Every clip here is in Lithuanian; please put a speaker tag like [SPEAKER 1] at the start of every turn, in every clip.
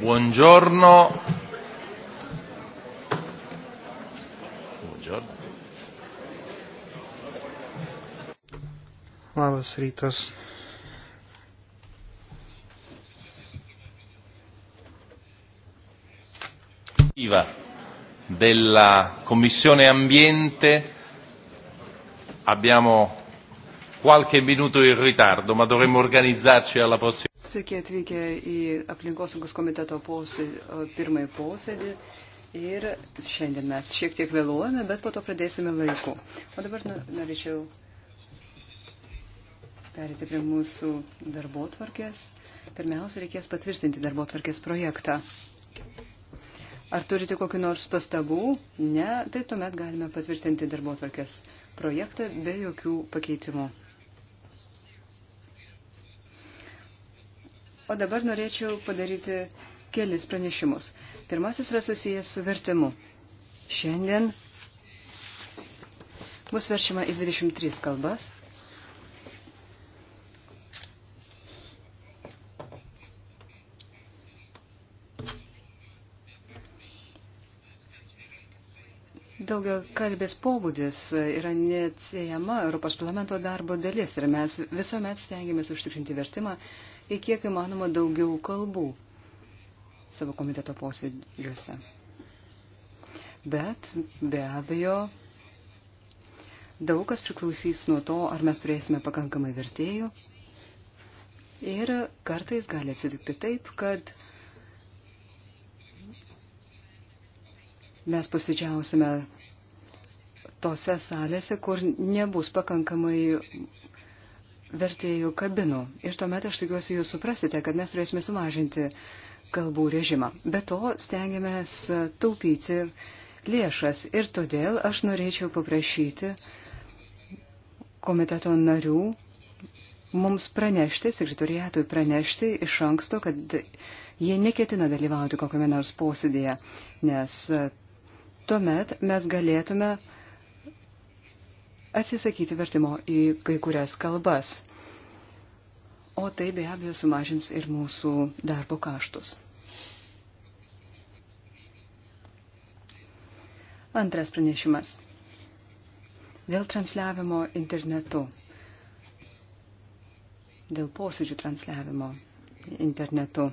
[SPEAKER 1] Buongiorno. Buongiorno.
[SPEAKER 2] Labas rytas.
[SPEAKER 3] della Commissione Ambiente
[SPEAKER 1] abbiamo qualche minuto in ritardo ma dovremmo organizzarci alla prossima
[SPEAKER 3] Sveiki atvykę į aplinkosaugos komiteto posėdį, pirmąjį posėdį. Ir šiandien mes šiek tiek vėluojame, bet po to pradėsime laiku. O dabar nu, norėčiau perėti prie mūsų darbo tvarkės. Pirmiausia, reikės patvirtinti darbo tvarkės projektą. Ar turite kokiu nors pastabų? Ne, tai tuomet galime patvirtinti darbo tvarkės projektą be jokių pakeitimų. O dabar norėčiau padaryti kelis pranešimus. Pirmasis yra susijęs su vertimu. Šiandien bus veršima į 23 kalbas. daugia kalbės pobūdis yra neatsiejama Europos parlamento darbo dalis ir mes visuomet stengiamės užtikrinti vertimą į kiek įmanoma daugiau kalbų savo komiteto posėdžiuose. Bet be abejo, daug kas priklausys nuo to, ar mes turėsime pakankamai vertėjų. Ir kartais gali atsitikti taip, kad mes posėdžiausime tose salėse, kur nebus pakankamai vertėjų kabinų. Ir tuomet aš tikiuosi, jūs suprasite, kad mes turėsime sumažinti kalbų režimą. Be to stengiamės taupyti lėšas ir todėl aš norėčiau paprašyti komiteto narių mums pranešti, sekretoriatui pranešti iš anksto, kad jie neketina dalyvauti kokiame nors posėdėje, nes tuomet mes galėtume uh, atsisakyti vertimo į kai kurias kalbas. O tai be abejo sumažins ir mūsų darbo kaštus. Antras pranešimas. Dėl transliavimo internetu. Dėl posėdžių transliavimo internetu.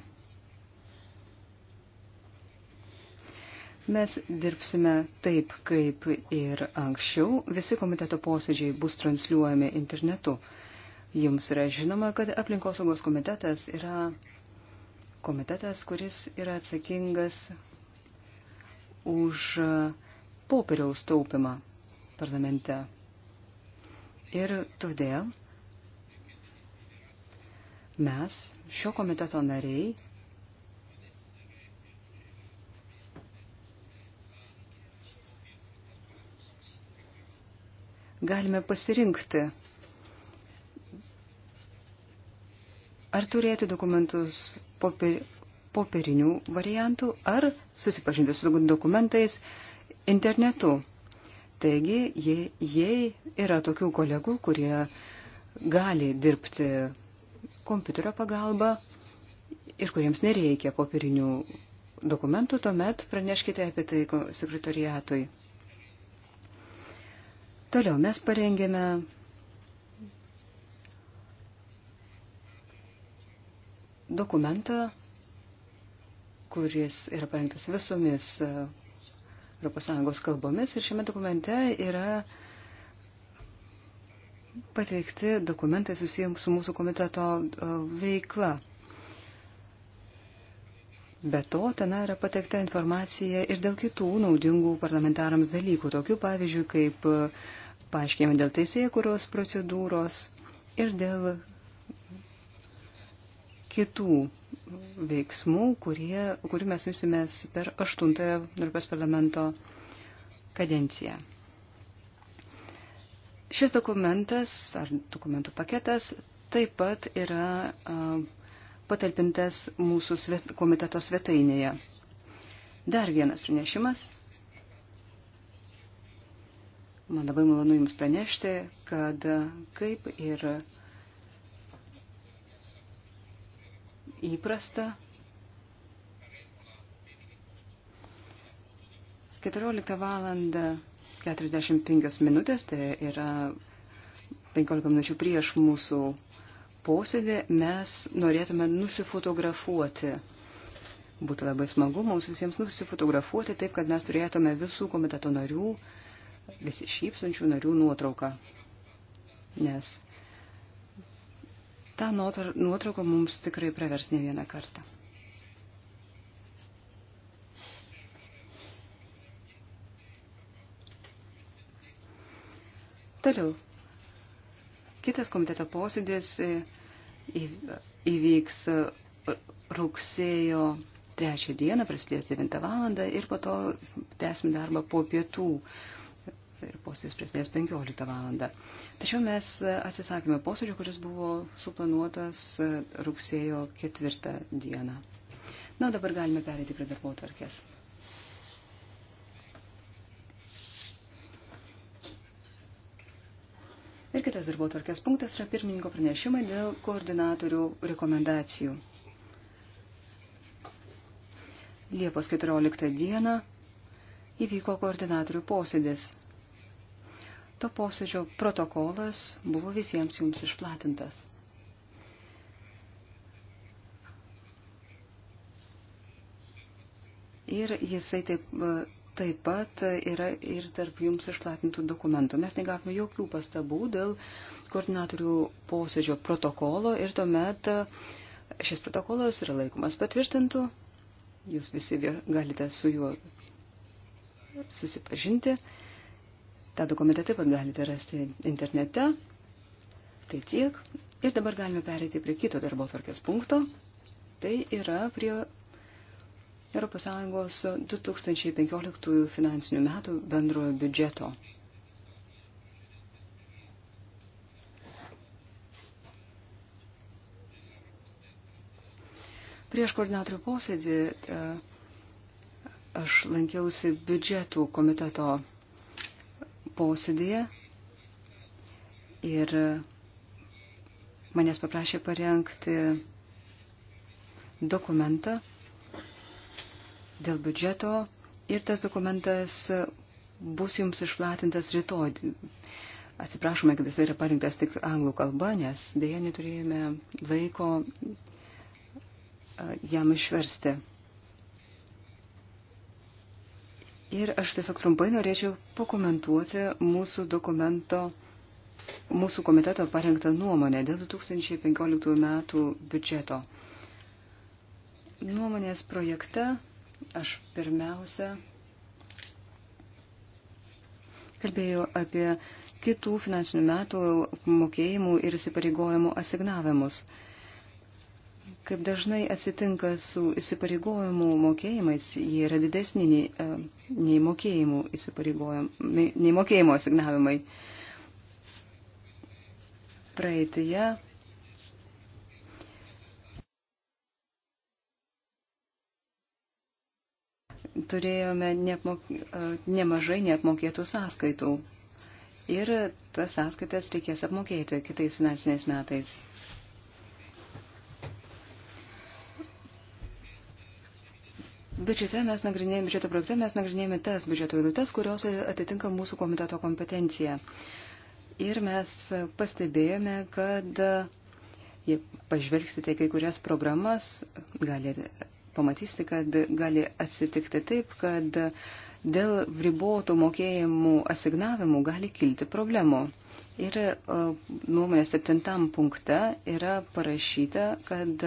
[SPEAKER 3] Mes dirbsime taip, kaip ir anksčiau. Visi komiteto posėdžiai bus transliuojami internetu. Jums yra žinoma, kad aplinkosaugos komitetas yra komitetas, kuris yra atsakingas už popieriaus taupimą parlamente. Ir todėl mes, šio komiteto nariai, galime pasirinkti. Ar turėti dokumentus popier, popierinių variantų, ar susipažinti su dokumentais internetu. Taigi, jei, jei yra tokių kolegų, kurie gali dirbti kompiuterio pagalba ir kuriems nereikia popierinių dokumentų, tuomet praneškite apie tai sekretoriatui. Toliau mes parengėme dokumentą, kuris yra parengtas visomis uh, ES kalbomis ir šiame dokumente yra pateikti dokumentai susijęs su mūsų komiteto uh, veikla. Be to, ten yra patekta informacija ir dėl kitų naudingų parlamentarams dalykų, tokių pavyzdžių kaip uh, paaiškinimų dėl teisėjų kuros procedūros ir dėl kitų veiksmų, kurie, kurių mes visimės per 8-ąją Europos parlamento kadenciją. Šis dokumentas ar dokumentų paketas taip pat yra patalpintas mūsų komiteto svetainėje. Dar vienas pranešimas Man labai malonu Jums pranešti, kad kaip ir įprasta, 14 val. 45 minutės, tai yra 15 minučių prieš mūsų posėdį, mes norėtume nusifotografuoti. Būtų labai smagu mums visiems nusifotografuoti taip, kad mes turėtume visų komiteto narių visi šypsančių narių nuotrauką. Nes ta nuotrauka mums tikrai pravers ne vieną kartą. Toliau. Kitas komiteto posėdis e, įvyks e, rugsėjo trečią dieną, prasidės 9 valandą ir po to tęsim darbą po pietų ir posėdis prasidės 15 val. Tačiau mes atsisakėme posėdžio, kuris buvo suplanuotas rugsėjo 4 dieną. Na, dabar galime perėti prie darbo tvarkės. Ir kitas darbo tvarkės punktas yra pirmininko pranešimai dėl koordinatorių rekomendacijų. Liepos 14 dieną įvyko koordinatorių posėdis. To posėdžio protokolas buvo visiems jums išplatintas. Ir jisai taip, e, taip pat yra ir tarp jums išplatintų dokumentų. Mes negavome jokių pastabų dėl koordinatorių posėdžio protokolo ir tuomet e, šis protokolas yra laikomas patvirtintų. Jūs visi galite su juo susipažinti. Ta dokumentą taip pat galite rasti internete. Tai tiek. Ir dabar galime pereiti prie kito darbo tvarkės punkto. Tai yra prie ES 2015 finansinių metų bendrojo biudžeto. Prieš koordinatorių posėdį e, aš lankiausi biudžetų komiteto posėdėje ir manęs paprašė parengti dokumentą dėl biudžeto ir tas dokumentas bus jums išplatintas rytoj. Atsiprašome, kad jis yra parinktas tik anglų kalba, nes dėja neturėjome laiko jam išversti. Ir aš tiesiog trumpai norėčiau pakomentuoti mūsų dokumento, mūsų komiteto parengtą nuomonę dėl 2015 metų biudžeto. Nuomonės projekte aš pirmiausia kalbėjau apie kitų finansinių metų mokėjimų ir įsipareigojimų asignavimus. Kaip dažnai atsitinka su įsipareigojimų mokėjimais, jie yra didesni nei, e, nei mokėjimų įsipareigojimai, nei mokėjimo asignavimai. Praeitėje turėjome neapmok... E, nemažai neapmokėtų sąskaitų. Ir tas sąskaitas reikės apmokėti kitais finansiniais metais. biudžete mes nagrinėjame, biudžeto projekte mes nagrinėjame tas biudžeto eilutes, kurios atitinka mūsų komiteto kompetenciją. Ir mes pastebėjome, kad jei pažvelgsite kai kurias programas, gali, pamatysite, kad gali atsitikti taip, kad dėl ribotų mokėjimų asignavimų gali kilti problemų. Ir e, nuomonės septintam punkte yra parašyta, kad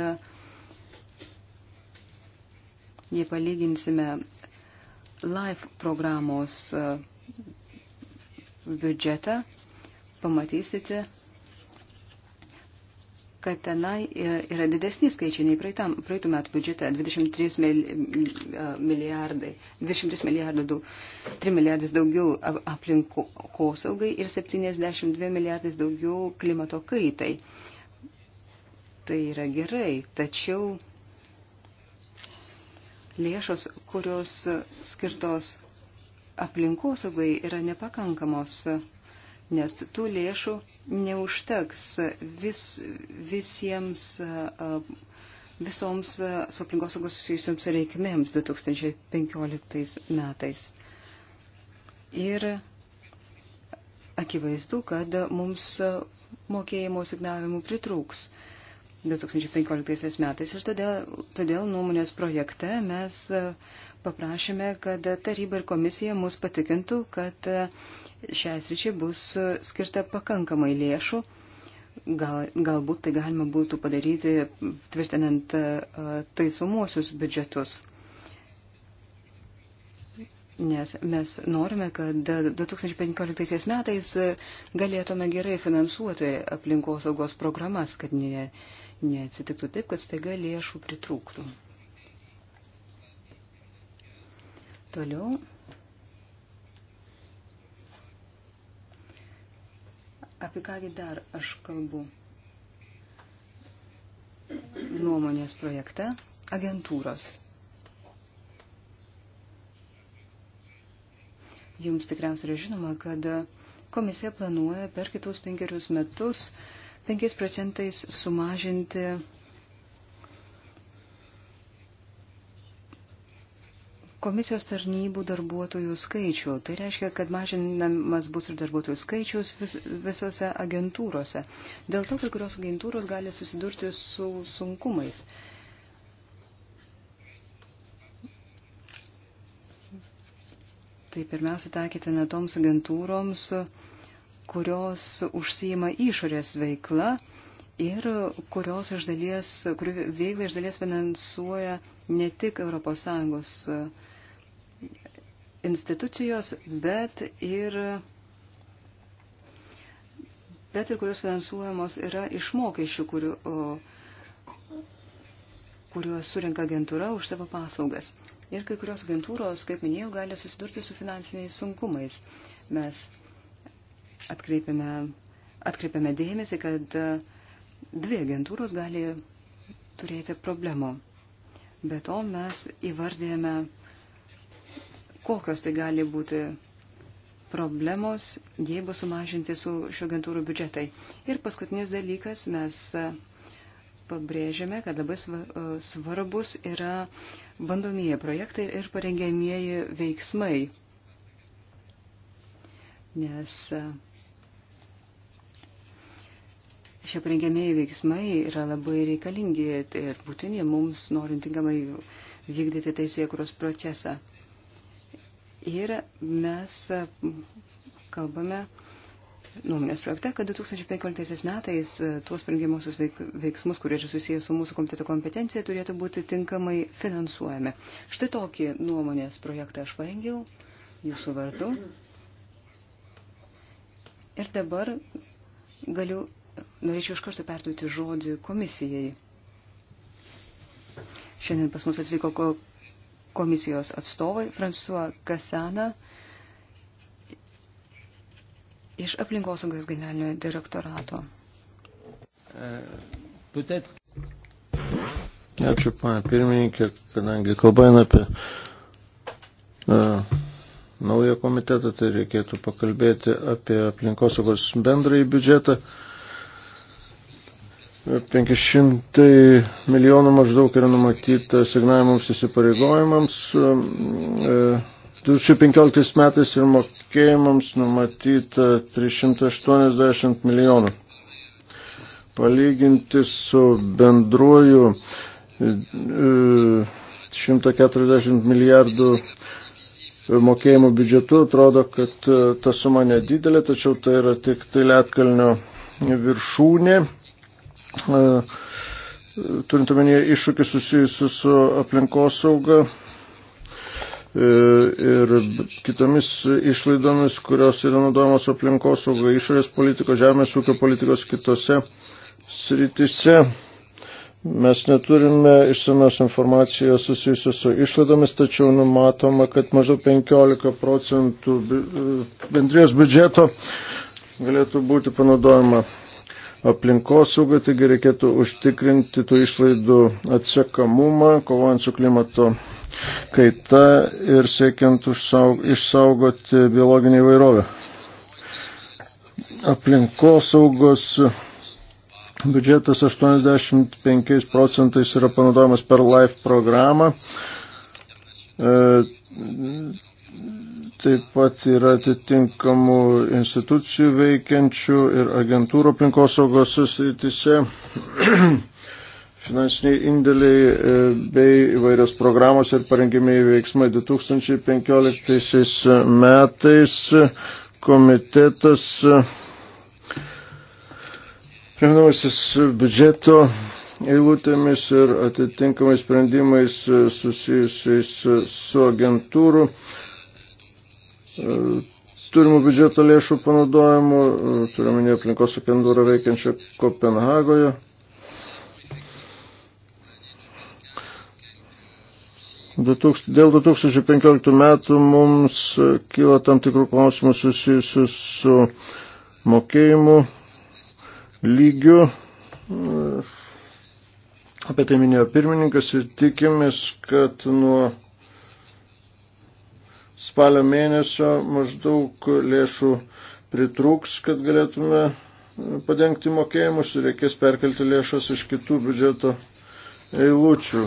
[SPEAKER 3] Jei palyginsime LIFE programos e, biudžetą, pamatysite, kad tenai yra, e, yra didesni skaičiai nei praeitam, praeitų metų biudžete 23 e, milijardai, 23 milijardų, 3 milijardais daugiau aplinkosaugai ir 72 milijardais daugiau klimato kaitai. Tai yra gerai, tačiau lėšos, kurios skirtos aplinkosaugai, yra nepakankamos, nes tų lėšų neužteks vis, visiems, visoms su aplinkosaugos susijusioms reikmėms 2015 metais. Ir akivaizdu, kad mums mokėjimo signavimų pritrūks. 2015 metais. Ir todėl, todėl nuomonės projekte mes e, paprašėme, kad taryba ir komisija mus patikintų, kad e, šiais ryčiai bus e, skirta pakankamai lėšų. Gal, galbūt tai galima būtų padaryti tvirtinant taisomosius biudžetus nes mes norime, kad 2015 metais galėtume gerai finansuoti aplinkosaugos programas, kad ne, neatsitiktų taip, kad staiga lėšų pritrūktų. Toliau. Apie kągi dar aš kalbu nuomonės projekte agentūros. Jums tikriausiai yra žinoma, kad komisija planuoja per kitus penkerius metus uh, 5 procentais sumažinti komisijos tarnybų darbuotojų skaičių. Tai reiškia, kad mažinamas bus ir darbuotojų skaičius vis, visose agentūrose. Dėl to kai kurios agentūros gali susidurti su sunkumais. Tai pirmiausia, taikytina toms agentūroms, kurios užsijima išorės veikla ir kurios iš dalies, kurių veiklą iš dalies finansuoja ne tik ES e, institucijos, bet ir, bet ir kurios finansuojamos yra iš mokesčių, kurių, kuriuos surinka agentūra už savo paslaugas. Ir kai kurios agentūros, kaip minėjau, gali susidurti su finansiniais sunkumais. Mes atkreipiame, atkreipiame dėmesį, kad e, dvi agentūros gali turėti problemų. Be to mes įvardėjame, kokios tai gali būti problemos, jei bus sumažinti su šio agentūrų biudžetai. Ir paskutinis dalykas, mes e, pabrėžiame, kad labai e, svarbus yra bandomieji projektai ir parengiamieji veiksmai. Nes uh, Šie parengiamieji veiksmai yra labai reikalingi ir būtini mums, norint tinkamai vykdyti teisėkuros procesą. Ir mes kalbame nuomonės projekte, kad 2015 metais tuos sprendimusius veiksmus, kurie yra susijęs su mūsų komiteto kompetencija, turėtų būti tinkamai finansuojami. Štai tokį nuomonės projektą aš parengiau jūsų vardu. Ir dabar galiu Norėčiau iš karto perduoti žodį komisijai. Šiandien pas mus atvyko komisijos atstovai François Kasana iš aplinkosaugos generalinio direktorato.
[SPEAKER 1] Uh, Ačiū, pana pirmininkė, kadangi kalba eina apie uh, naują komitetą, tai reikėtų pakalbėti apie aplinkosaugos bendrąjį biudžetą. Uh, 500 milijonų maždaug yra numatyta signavimams įsipareigojimams. 2015 e, metais ir mokėjimams numatyta 380 milijonų. Palyginti su bendruoju 140 e, milijardų mokėjimų biudžetu, atrodo, kad ta suma nedidelė, tačiau tai yra tik tai lietkalnio viršūnė turint omenyje iššūkį susijusiu su aplinkosauga e, ir kitomis išlaidomis, kurios yra naudojamos aplinkosauga, išorės politikos, žemės ūkio politikos kitose sritise. Mes neturime išsamios informacijos susijusios su išlaidomis, tačiau numatoma, kad maždaug 15 procentų e, bendrijos biudžeto galėtų būti panaudojama aplinkosaugai, taigi reikėtų užtikrinti tų išlaidų atsekamumą, kovojant su klimato kaita ir siekiant užsaug, išsaugoti biologinį įvairovę. Aplinkosaugos biudžetas 85 procentais yra panaudojamas per LIFE programą. E, Taip pat yra atitinkamų institucijų veikiančių ir agentūrų aplinkosaugos srityse. Finansiniai indėliai e, bei įvairios programos ir parengimiai veiksmai 2015 metais komitetas e, priimdamasis biudžeto eilutėmis ir atitinkamais sprendimais e, susijusiais su agentūrų turimų biudžeto lėšų panaudojimu, turiuomenį aplinkos apendūrą veikiančią Kopenhagoje. Dėl 2015 metų mums kyla tam tikrų klausimų susijusių su mokėjimu lygiu. Apie tai minėjo pirmininkas ir tikimės, kad nuo spalio mėnesio maždaug lėšų pritrūks, kad galėtume e, padengti mokėjimus ir reikės perkelti lėšas iš kitų biudžeto eilučių.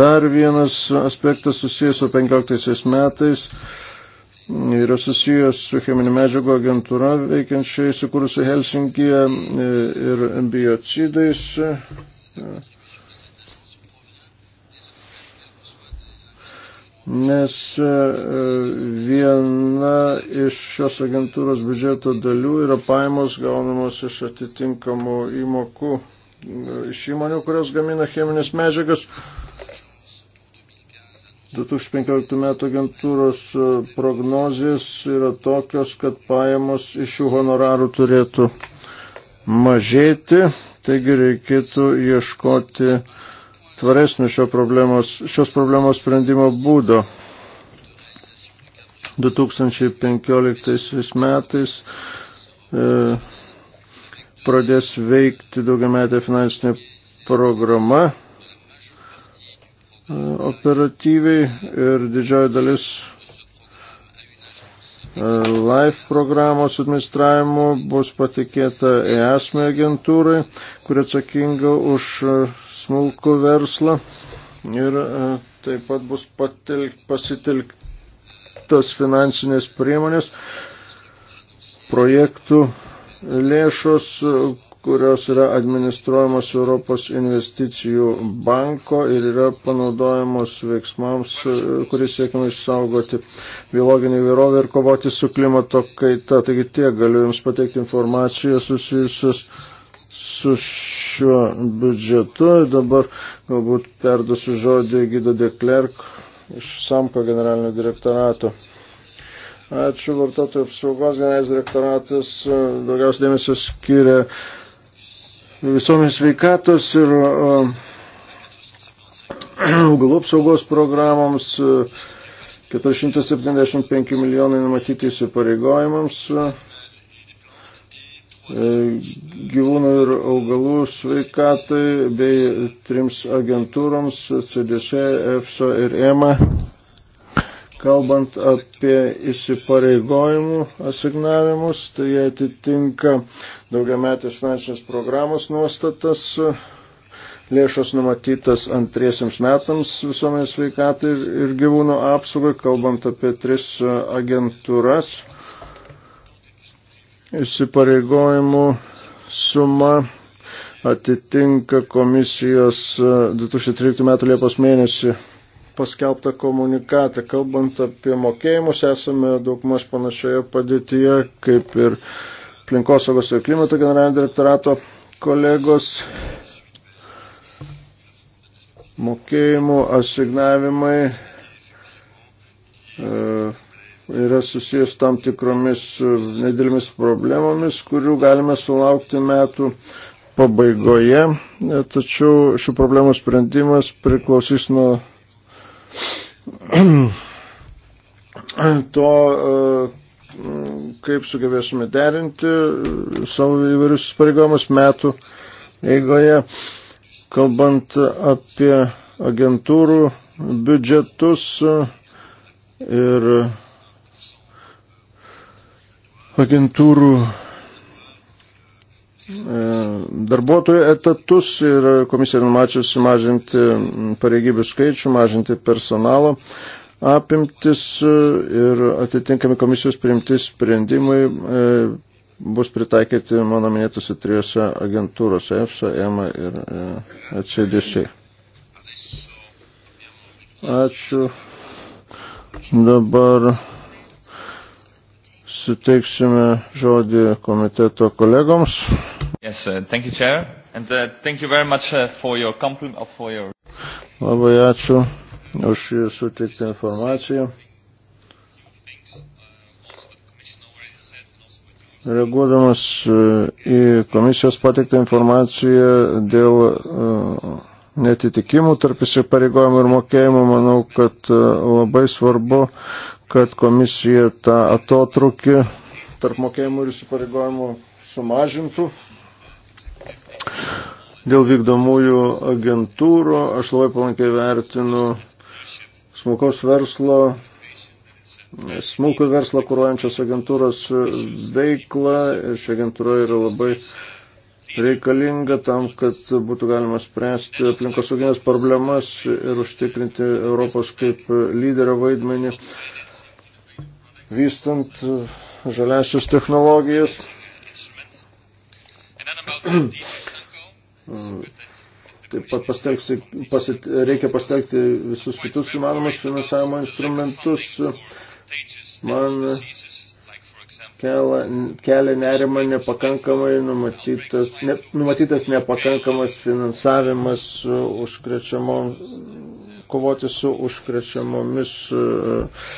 [SPEAKER 1] Dar vienas aspektas susijęs su 15 metais yra susijęs su cheminių medžiagų agentūra veikiančiai įsikūrusi Helsinkije e, ir biocidais. nes e, viena iš šios agentūros biudžeto dalių yra paimos gaunamos iš atitinkamų įmokų e, iš įmonių, kurios gamina cheminės medžiagas. 2015 metų agentūros e, prognozijas yra tokios, kad pajamos iš šių honorarų turėtų mažėti, taigi reikėtų ieškoti uh, tvaresnio šio problemos, šios problemos sprendimo būdo. 2015 metais e, pradės veikti daugiametė finansinė programa e, operatyviai ir didžioji dalis e, LIFE programos administravimo bus patikėta EASME agentūrai, kuri atsakinga už e, smulkų verslą ir e, taip pat bus patelk, pasitelktas finansinės priemonės projektų lėšos, kurios yra administruojamos Europos investicijų banko ir yra panaudojamos veiksmams, e, kuris siekime išsaugoti biologinį įvairovę ir kovoti su klimato kaita. Taigi tiek galiu Jums pateikti informaciją susijusius su šiuo biudžetu. Dabar galbūt perdusiu žodį Gido Deklerk iš Samko generalinio direktorato. Ačiū, vartotojų apsaugos generalinis direktoratas e, daugiausia dėmesio skiria visuomenės sveikatos ir e, augalų apsaugos programoms 475 e, milijonai numatyti įsipareigojimams. Uh, E, gyvūnų ir augalų sveikatai bei trims agentūroms CDC, EFSA ir EMA. Kalbant apie įsipareigojimų asignavimus, tai jie atitinka daugiametės finansinės programos nuostatas, lėšos numatytas antriesiams metams visuomenės sveikatai ir gyvūnų apsaugai, kalbant apie tris agentūras įsipareigojimų suma atitinka komisijos 2013 e, m. Liepos mėnesį paskelbtą komunikatą. Kalbant apie mokėjimus, esame daugmaž panašioje padėtyje, kaip ir aplinkosaugos ir klimato generalinio direktorato kolegos mokėjimų asignavimai. E, yra susijęs tam tikromis e, nedėlėmis problemomis, kurių galime sulaukti metų pabaigoje, e, tačiau šių problemų sprendimas priklausys nuo to, e, kaip sugebėsime derinti savo įvairius pareigomus metų eigoje, kalbant apie agentūrų biudžetus ir agentūrų e, darbuotojų etatus ir komisija numačiusi mažinti pareigybių skaičių, mažinti personalo apimtis ir atitinkami komisijos priimti sprendimai e, bus pritaikyti mano minėtose trijose agentūrose EFSA, EMA ir ECDC. Ačiū. Dabar Suteiksime žodį komiteto kolegoms.
[SPEAKER 2] Yes, uh, thank you, Chair. And uh, thank you very much uh, for your compliment, uh, for your...
[SPEAKER 1] Labai ačiū už jūsų teiktą informaciją. Reaguodamas uh, į komisijos pateiktą informaciją dėl uh, netitikimų tarp įsipareigojimų ir mokėjimų, manau, kad uh, labai svarbu kad komisija tą atotrukį tarp mokėjimų ir įsipareigojimų sumažintų. Dėl vykdomųjų agentūrų aš labai palankiai vertinu smulkaus verslo, smulkų verslą kūruojančios agentūros veiklą. Ši agentūra yra labai reikalinga tam, kad būtų galima spręsti aplinkosauginės problemas ir užtikrinti Europos kaip lyderio vaidmenį vystant e, žaliasios technologijas. E, taip pat pastelgsi, pasit, reikia pastelgti visus kitus įmanomus finansavimo instrumentus. Man kelia, kelia nerima nepakankamai numatytas, ne, numatytas nepakankamas finansavimas e, užkrečiamo, kovoti su užkrečiamomis uh,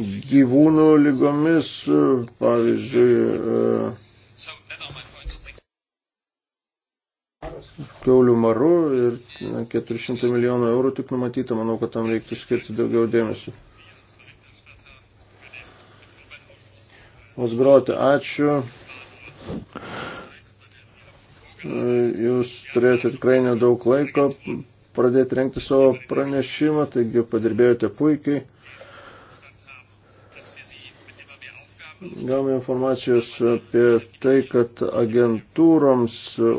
[SPEAKER 1] gyvūnų lygomis, pavyzdžiui, e, kiaulių maru ir 400 milijonų eurų tik numatyta, manau, kad tam reiktų skirti daugiau dėmesio. Osgroti, ačiū. Jūs turėjote tikrai nedaug laiko pradėti renkti savo pranešimą, taigi padirbėjote puikiai. Gavome informacijos apie tai, kad agentūroms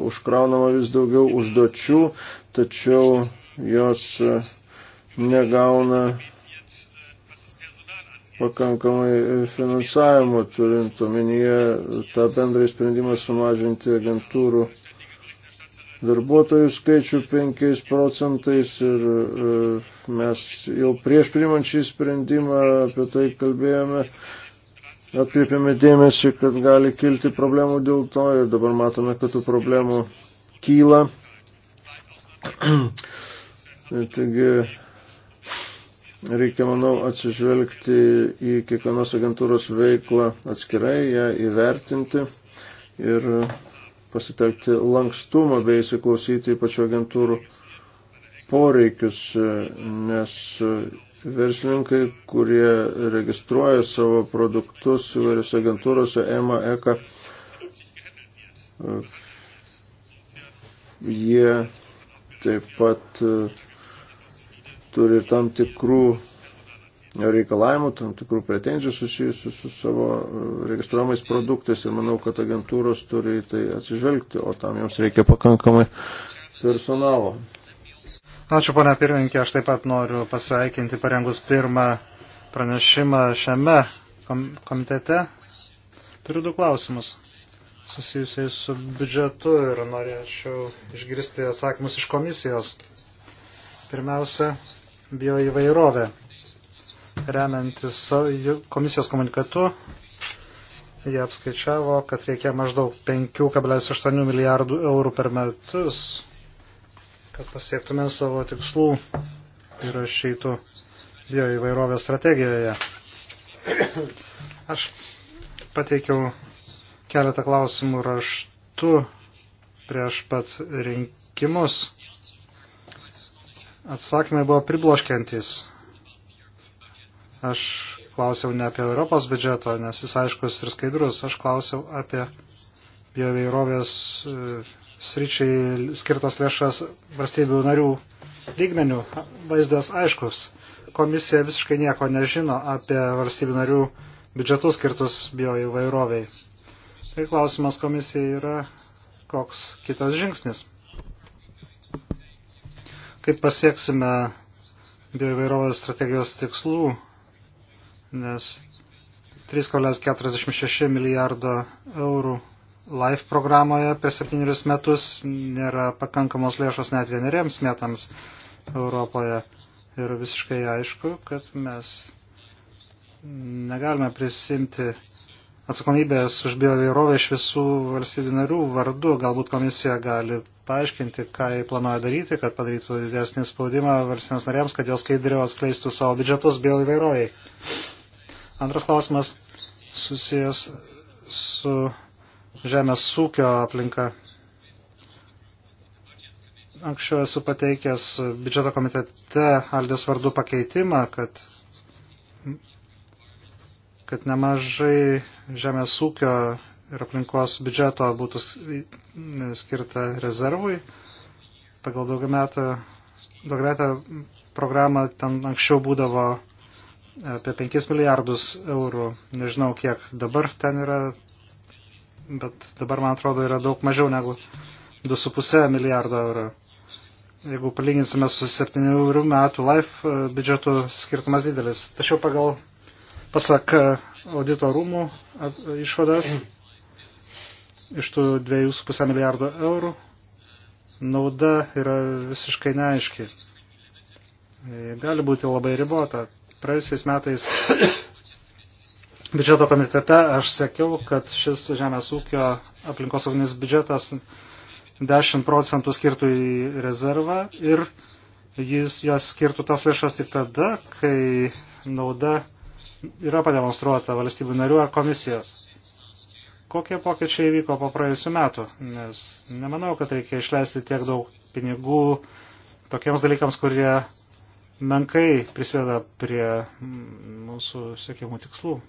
[SPEAKER 1] užkraunama vis daugiau užduočių, tačiau jos negauna pakankamai finansavimo, turint omenyje tą bendrą sprendimą sumažinti agentūrų darbuotojų skaičių 5 procentais ir e, mes jau prieš primant šį sprendimą apie tai kalbėjome atkreipiame dėmesį, kad gali kilti problemų dėl to ir dabar matome, kad tų problemų kyla. Taigi reikia, manau, atsižvelgti į kiekvienos agentūros veiklą atskirai, ją įvertinti ir pasitelkti lankstumą bei įsiklausyti į pačių agentūrų poreikius, nes verslininkai, kurie registruoja savo produktus įvairios agentūrose, EMA, ECA, jie taip pat e, turi tam tikrų reikalavimų, tam tikrų pretenzijų susijusių su savo e, registruojamais produktais ir manau, kad agentūros turi tai atsižvelgti, o tam jums reikia pakankamai personalo. Ačiū, ponia pirmininkė, aš taip pat noriu pasveikinti
[SPEAKER 2] parengus pirmą pranešimą šiame komitete. Turiu du klausimus susijusiai su biudžetu ir norėčiau išgirsti atsakymus iš komisijos. Pirmiausia, bioįvairovė. Remiantis komisijos komunikatu, jie apskaičiavo, kad reikia maždaug 5,8 milijardų eurų per metus kad pasiektume savo tikslų įrašytų bioįvairovės strategijoje. Aš pateikiau keletą klausimų raštu prieš pat rinkimus. Atsakymai buvo pribloškiantis. Aš klausiau ne apie Europos biudžeto, nes jis aiškus ir skaidrus. Aš klausiau apie bioįvairovės sričiai skirtas lėšas valstybių narių lygmenių, vaizdas aiškus. Komisija visiškai nieko nežino apie valstybių narių biudžetus skirtus bioįvairoviai. Tai klausimas komisijai yra, koks kitas žingsnis. Kaip pasieksime bioįvairovės strategijos tikslų, nes 3,46 milijardo eurų LIFE programoje per septynerius metus nėra pakankamos lėšos net vieneriems metams Europoje. Ir visiškai aišku, kad mes negalime prisimti atsakomybės už bioįvairovę iš visų valstybių narių vardu. Galbūt komisija gali paaiškinti, ką jie planuoja daryti, kad padarytų didesnį spaudimą valstybėms narėms, kad jos skaidriau atskleistų savo biudžetus bioįvairoviai. Antras klausimas susijęs su žemės ūkio aplinka. Anksčiau esu pateikęs biudžeto komitete Aldės vardu pakeitimą, kad, kad nemažai žemės ūkio ir aplinkos biudžeto būtų skirta rezervui. Pagal daugiametę programą ten anksčiau būdavo apie 5 milijardus eurų. Nežinau, kiek dabar ten yra bet dabar, man atrodo, yra daug mažiau negu 2,5 milijardo eurų. Jeigu palyginsime su 7 metų LIFE e, biudžetu, skirtumas didelis. Tačiau pagal, pasak e, audito rūmų e, išvadas, iš tų 2,5 milijardo eurų nauda yra visiškai neaiški. Gali būti labai ribota. Praėjusiais metais biudžeto komitete aš sakiau, kad šis žemės ūkio aplinkosauginis biudžetas 10 procentų skirtų į rezervą ir jis jas skirtų tas lėšas tik tada, kai nauda yra pademonstruota valstybių narių ar komisijos. Kokie pokyčiai vyko po praėjusiu metu? Nes nemanau, kad reikia išleisti tiek daug pinigų tokiems dalykams, kurie menkai prisideda prie mūsų sėkimų tikslų.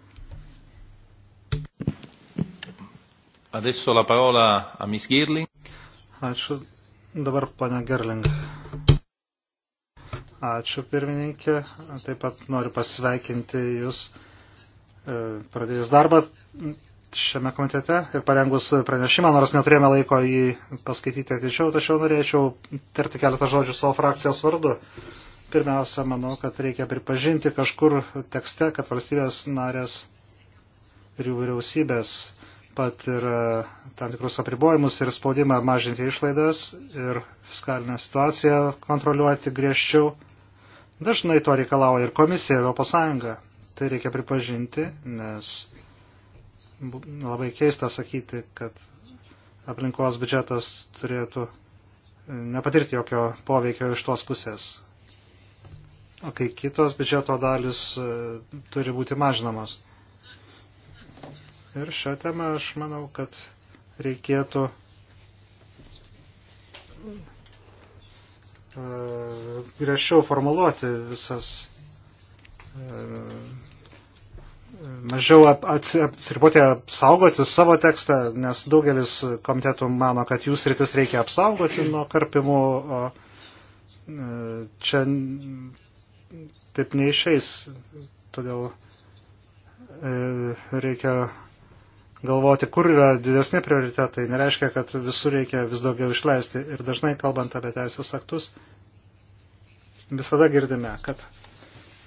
[SPEAKER 3] Adesso la parola a Miss Girling.
[SPEAKER 2] Ačiū. Dabar pana Gerling. Ačiū pirmininkė. Taip pat noriu pasveikinti Jūs e, pradėjus darbą šiame komitete ir parengus pranešimą, nors neturėjome laiko jį paskaityti atidžiau, tačiau norėčiau tarti keletą žodžių savo frakcijos vardu. Pirmiausia, manau, kad reikia pripažinti kažkur tekste, kad valstybės narės ir jų vyriausybės pat ir e, tam tikrus apribojimus ir spaudimą mažinti išlaidas ir fiskalinę situaciją kontroliuoti griežčiau. Dažnai to reikalauja ir komisija, ir Europos Sąjunga. Tai reikia pripažinti, nes labai keista sakyti, kad aplinkos biudžetas turėtų e, nepatirti jokio poveikio iš tos pusės. O kai kitos biudžeto dalis e, turi būti mažinamos. Ir šią temą aš manau, kad reikėtų e, griežčiau formuluoti visas e, mažiau atsiriboti apsaugoti savo tekstą, nes daugelis komitetų mano, kad jūs rytis reikia apsaugoti nuo karpimų, o e, čia taip neišeis, todėl reikia galvoti, kur yra didesni prioritetai, nereiškia, kad visur reikia vis daugiau išleisti. Ir dažnai, kalbant apie teisės aktus, visada girdime, kad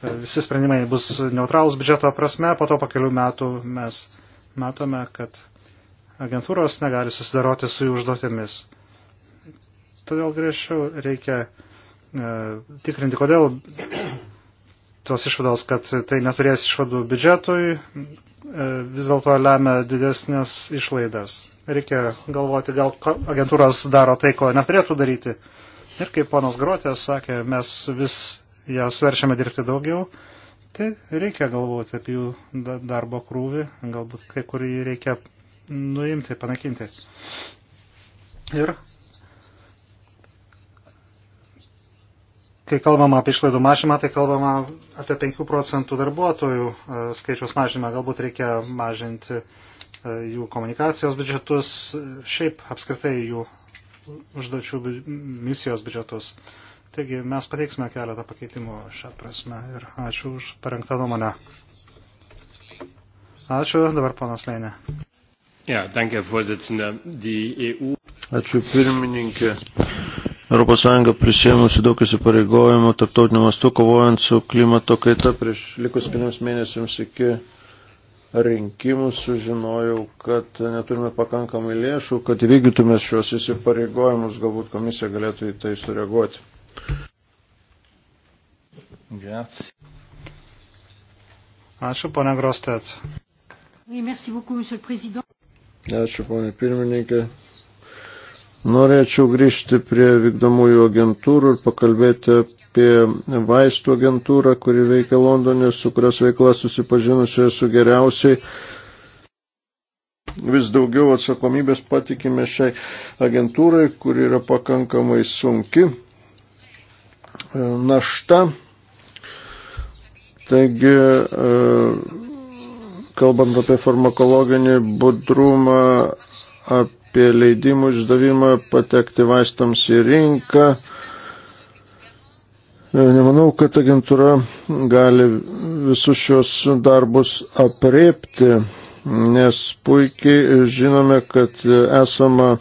[SPEAKER 2] e, visi sprendimai bus neutralūs biudžeto prasme, po to po kelių metų mes matome, kad agentūros negali susidaroti su jų užduotėmis. Todėl griežčiau reikia e, tikrinti, kodėl tos išvados, kad tai neturės išvadų biudžetui, e, vis dėlto lemia didesnės išlaidas. Reikia galvoti, gal agentūros daro tai, ko neturėtų daryti. Ir kaip ponas Grotės sakė, mes vis jas verčiame dirbti daugiau, tai reikia galvoti apie jų darbo krūvį, galbūt kai kurį reikia nuimti, panakinti. Ir kai kalbama apie išlaidų mažymą, tai kalbama apie 5 procentų darbuotojų e, skaičiaus mažymą. Galbūt reikia mažinti e, jų komunikacijos biudžetus, šiaip apskritai jų užduočių misijos biudžetus. Taigi mes pateiksime keletą pakeitimų šią prasme ir ačiū už parengtą nuomonę. Ačiū, dabar ponas Leinė.
[SPEAKER 1] Ja, danke, Vorsitzende. Die EU. Ačiū pirmininkė. ES prisėmusi daug įsipareigojimų tarptautiniu mastu kovojant su klimato kaita prieš likus keliams mėnesiams iki rinkimų sužinojau, kad neturime pakankamai lėšų, kad įvykdytume šios įsipareigojimus, galbūt komisija galėtų į tai sureaguoti. Grazie.
[SPEAKER 2] Ačiū, ponia Grostet.
[SPEAKER 3] Oui, merci beaucoup, monsieur le président.
[SPEAKER 1] Ačiū, ponia pirmininkė. Norėčiau grįžti prie vykdomųjų agentūrų ir pakalbėti apie vaistų agentūrą, kuri veikia Londone, su kurios veikla susipažinusiu esu geriausiai. Vis daugiau atsakomybės patikime šiai agentūrai, kuri yra pakankamai sunki e, našta. Taigi, e, kalbant apie farmakologinį budrumą, apie apie leidimų išdavimą patekti vaistams į rinką. E, nemanau, kad agentūra gali visus šios darbus apriepti, nes puikiai žinome, kad esama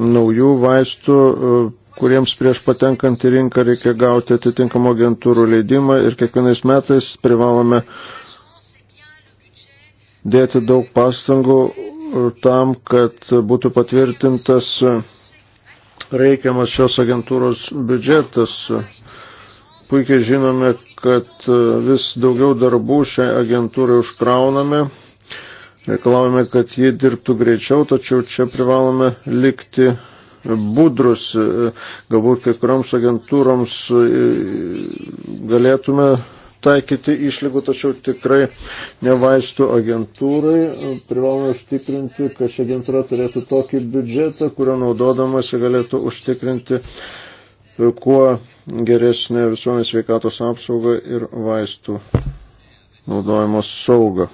[SPEAKER 1] naujų vaistų, e, kuriems prieš patenkant į rinką reikia gauti atitinkamą agentūrų leidimą ir kiekvienais metais privalome dėti daug pastangų tam, kad būtų patvirtintas reikiamas šios agentūros biudžetas. Puikiai žinome, kad vis daugiau darbų šiai agentūrai užkrauname. Reikalavome, kad ji dirbtų greičiau, tačiau čia privalome likti budrus. Galbūt kai kurioms agentūroms e, galėtume taikyti išlygų, tačiau tikrai ne vaistų agentūrai. Privalome užtikrinti, kad ši agentūra turėtų tokį biudžetą, kurio naudodamasi galėtų užtikrinti kuo geresnė visuomenės sveikatos apsauga ir vaistų naudojimo sauga.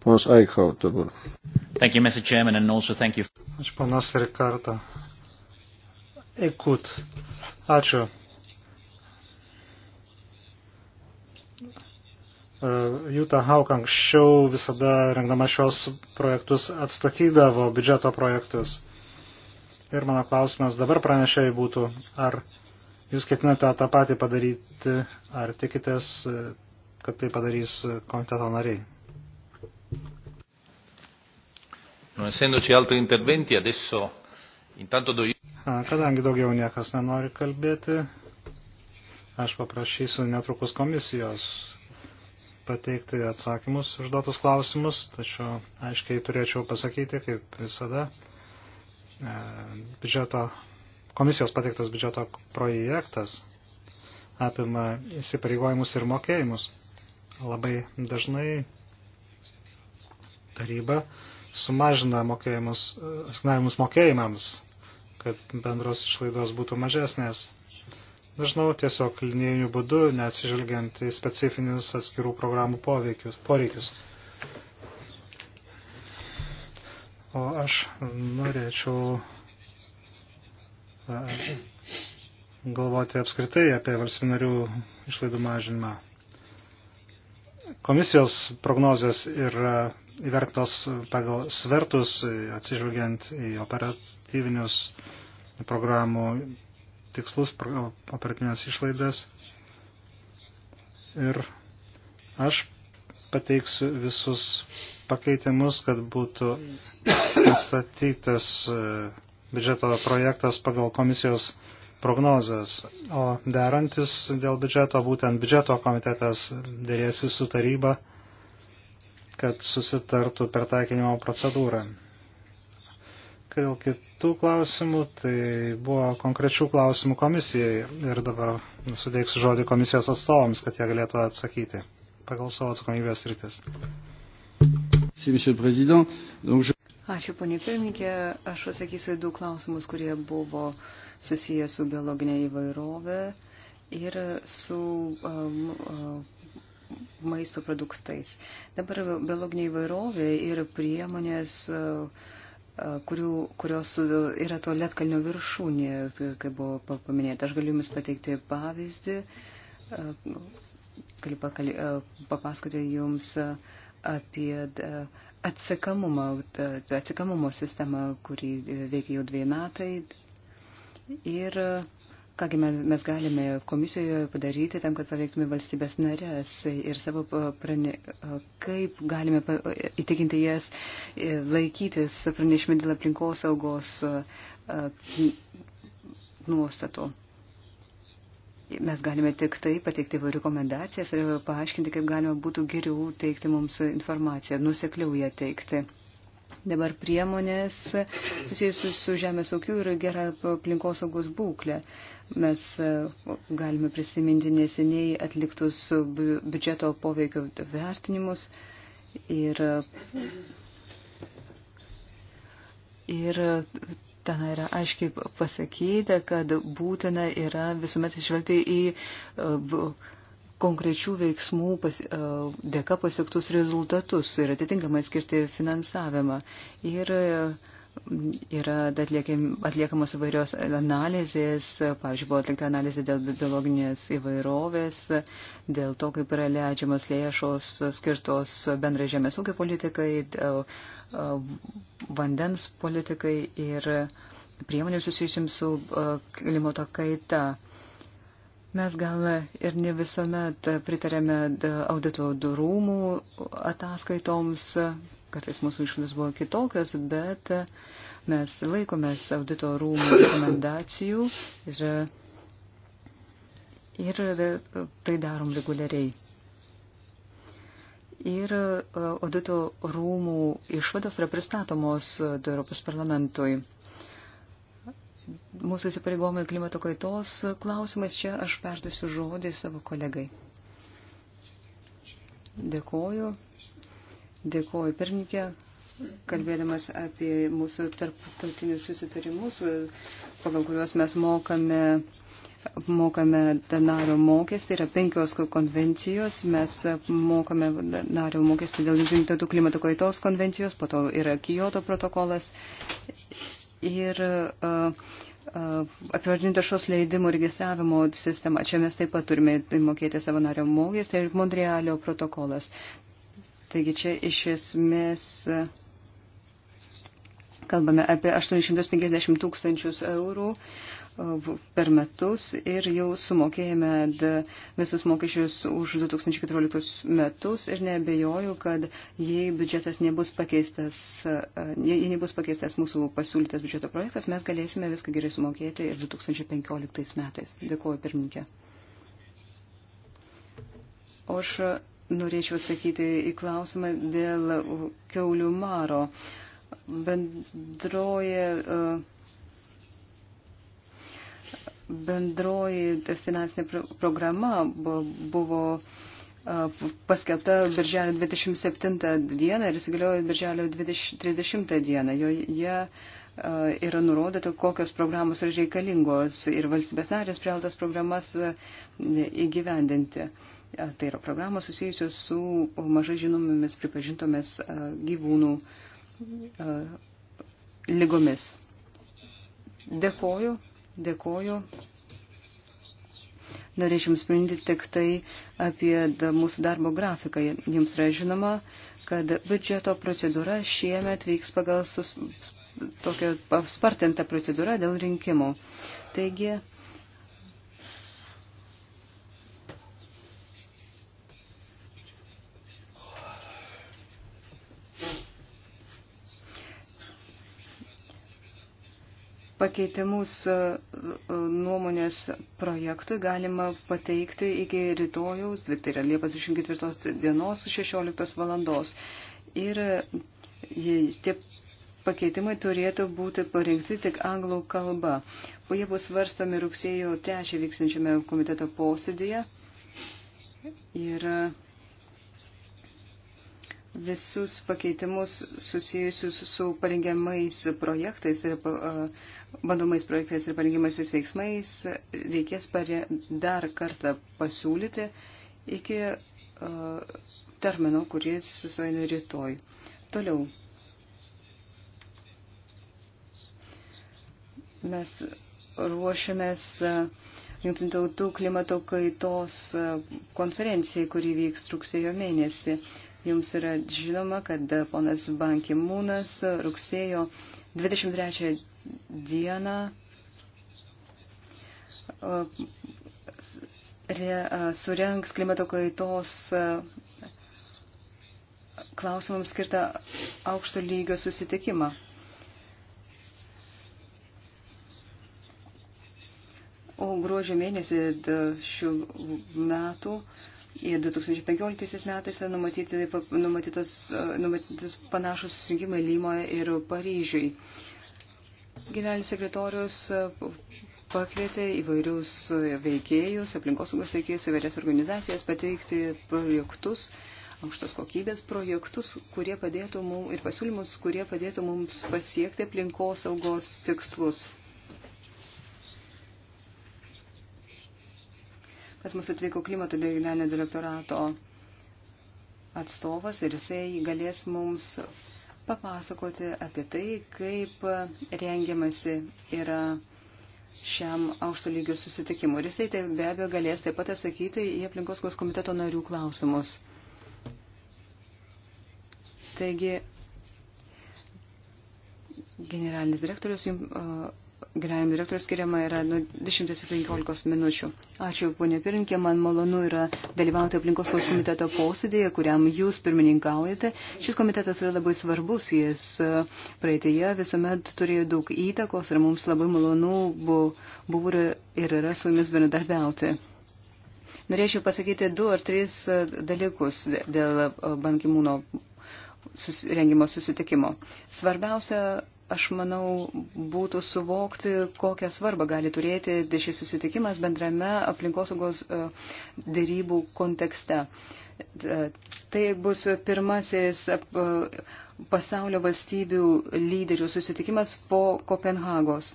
[SPEAKER 1] Ponas Eichhaut dabar. Thank you, Mr.
[SPEAKER 2] Chairman, and also thank you. Aš panas Rikardo. Ekut. Ačiū. E, Jūta Hauk anksčiau visada rengdama šios projektus atstatydavo biudžeto projektus. Ir mano klausimas dabar pranešėjai būtų, ar jūs ketinate tą patį padaryti, ar tikitės, e, kad tai padarys komiteto nariai. Kadangi daugiau niekas nenori kalbėti, aš paprašysiu netrukus komisijos pateikti atsakymus užduotus klausimus, tačiau aiškiai turėčiau pasakyti, kaip visada, e, biudžeto, komisijos pateiktas biudžeto projektas apima įsipareigojimus ir mokėjimus. Labai dažnai taryba sumažina mokėjimus, e, asignavimus mokėjimams, kad bendros išlaidos būtų mažesnės. Nežinau, tiesiog linijiniu būdu, neatsižvelgiant į specifinius atskirų programų poveikius, poreikius. O aš norėčiau e, galvoti apskritai apie valstybinarių išlaidų mažinimą. Komisijos prognozijos yra įvertintos pagal svertus, atsižvelgiant į operatyvinius programų tikslus, operatinės išlaidas. Ir aš pateiksiu visus pakeitimus, kad būtų atstatytas e, biudžeto projektas pagal komisijos prognozes. O derantis dėl biudžeto, būtent biudžeto komitetas dėrėsi su taryba, kad susitartų per taikinimo procedūrą kai dėl kitų klausimų, tai buvo konkrečių klausimų komisijai ir dabar sudėksiu žodį komisijos atstovams, kad jie galėtų atsakyti pagal savo atsakomybės rytis.
[SPEAKER 1] Ačiū,
[SPEAKER 3] ponė pirmininkė. Aš atsakysiu į du klausimus, kurie buvo susiję su biologinė įvairovė ir su um, um, maisto produktais. Dabar biologinė įvairovė ir priemonės. Uh, kurių, kurios yra to lietkalnio viršūnė, tai kaip buvo paminėta. Aš galiu Jums pateikti pavyzdį, galiu pakali, papasakoti Jums apie atsikamumo, atsikamumo sistemą, kuri veikia jau dviejų metai. Ir uh, Kągi mes galime komisijoje padaryti tam, kad paveiktume valstybės narės ir savo e, prane, e, kaip galime e, įtikinti jas laikytis pranešimą dėl aplinkos saugos nuostatų. Mes galime tik tai pateikti rekomendacijas ir paaiškinti, kaip galima būtų geriau teikti mums informaciją, nusekliau ją teikti. Dabar priemonės susijusius su žemės ūkiu ir gera aplinkosaugos būklė. Mes e, galime prisiminti neseniai atliktus biudžeto poveikio vertinimus ir, ir ten yra aiškiai pasakyta, kad būtina yra visuomet išvelgti į e, konkrečių veiksmų pas, e, dėka pasiektus rezultatus ir atitinkamai skirti finansavimą. Ir e, yra atliekamos įvairios analizės, pavyzdžiui, buvo atlikta analizė dėl biologinės įvairovės, dėl to, kaip yra leidžiamas lėšos skirtos bendrai žemės ūkio politikai, e, vandens politikai ir priemonių susijusim su klimato kaita. Mes gal ir ne visuomet pritarėme audito rūmų ataskaitoms, kartais mūsų išvis buvo kitokios, bet mes laikomės audito rūmų rekomendacijų ir, ir tai darom reguliariai. Ir e, audito rūmų išvados yra pristatomos Europos parlamentui mūsų įsipareigojimai klimato kaitos klausimais, čia aš perduosiu žodį savo kolegai. Dėkoju. Dėkoju, pirmininkė. Kalbėdamas apie mūsų tarptautinius susitarimus, pagal kuriuos mes mokame, mokame nario mokestį, yra penkios konvencijos, mes mokame nario mokestį dėl jungtinių tautų klimato kaitos konvencijos, po to yra Kyoto protokolas ir uh, apivardinta šios leidimų registravimo sistema. Čia mes taip pat turime mokėti savanario mokestį ir Montrealio protokolas. Taigi čia iš esmės kalbame apie 850 tūkstančius eurų. Uh, per metus ir jau sumokėjome visus mokesčius už 2014 metus ir nebejoju, kad jei biudžetas nebus pakeistas, e, jei nebus pakeistas mūsų pasiūlytas biudžeto projektas, mes galėsime viską gerai sumokėti ir 2015 metais. Dėkuoju, pirmininkė. O aš norėčiau sakyti į klausimą dėl keulių maro. Bendroje uh, Bendroji finansinė programa buvo paskelbta birželio 27 dieną ir įsigaliojo birželio 20, 30 dieną. Joje yra nurodyta, kokios programos yra reikalingos ir valstybės narės prieal tas programas įgyvendinti. Tai yra programos susijusios su mažai žinomomis pripažintomis gyvūnų lygomis. Dėkoju. Dėkoju. Norėčiau Jums priminti tik tai apie mūsų darbo grafiką. Jums yra žinoma, kad biudžeto procedūra šiemet vyks pagal sus, tokią spartintą procedūrą dėl rinkimų. Taigi, Pakeitimus e, e, nuomonės projektui galima pateikti iki rytojaus, tai yra Liepos 24 dienos 16 valandos. Ir e, tie pakeitimai turėtų būti parengti tik anglų kalba. O jie bus svarstomi rugsėjo 3 vyksančiame komiteto posėdėje. Ir visus pakeitimus susijusius su parengiamais projektais ir bandomais projektais ir parengiamaisiais veiksmais reikės pare, dar kartą pasiūlyti iki uh, termino, kuris susueina rytoj. Toliau. Mes ruošiamės Junktinių tautų klimato kaitos konferencijai, kuri vyks rugsėjo mėnesį. Uh, Jums yra žinoma, kad ponas Bankimūnas rugsėjo 23 dieną surenks klimato kaitos klausimams skirtą aukšto lygio susitikimą. O gruožio mėnesį šių metų uh, Ir 2015 metais numatyti, numatytos, e, numatytos panašus susirinkimai Lymoje ir Paryžiui. Generalinis sekretorius e, pakvietė įvairius veikėjus, aplinkosaugos veikėjus, įvairias organizacijas pateikti projektus, aukštos kokybės projektus, kurie padėtų mums ir pasiūlymus, kurie padėtų mums pasiekti aplinkosaugos tikslus. pas mus atvyko klimato generalinio direktorato atstovas ir jisai galės mums papasakoti apie tai, kaip rengiamasi yra šiam aukšto lygio susitikimui. Ir jisai tai be abejo galės taip pat atsakyti į aplinkoskos komiteto narių klausimus. Taigi, generalinis direktorius jums. Uh, Generaliniam direktoriui skiriama yra nuo 10-15 minučių. Ačiū, ponė Pirinkė, man malonu yra dalyvauti aplinkos komiteto posėdėje, kuriam jūs pirmininkaujate. Šis komitetas yra labai svarbus, jis e, praeitėje visuomet turėjo daug įtakos ir mums labai malonu buvo, buvo ir yra su jumis bendradarbiauti. Norėčiau pasakyti du ar tris e, dalykus dėl e, bankimūno rengimo susitikimo. Svarbiausia aš manau, būtų suvokti, kokią svarbą gali turėti šis susitikimas bendrame aplinkosaugos e, dėrybų kontekste. E, tai bus pirmasis e, pasaulio valstybių lyderių susitikimas po Kopenhagos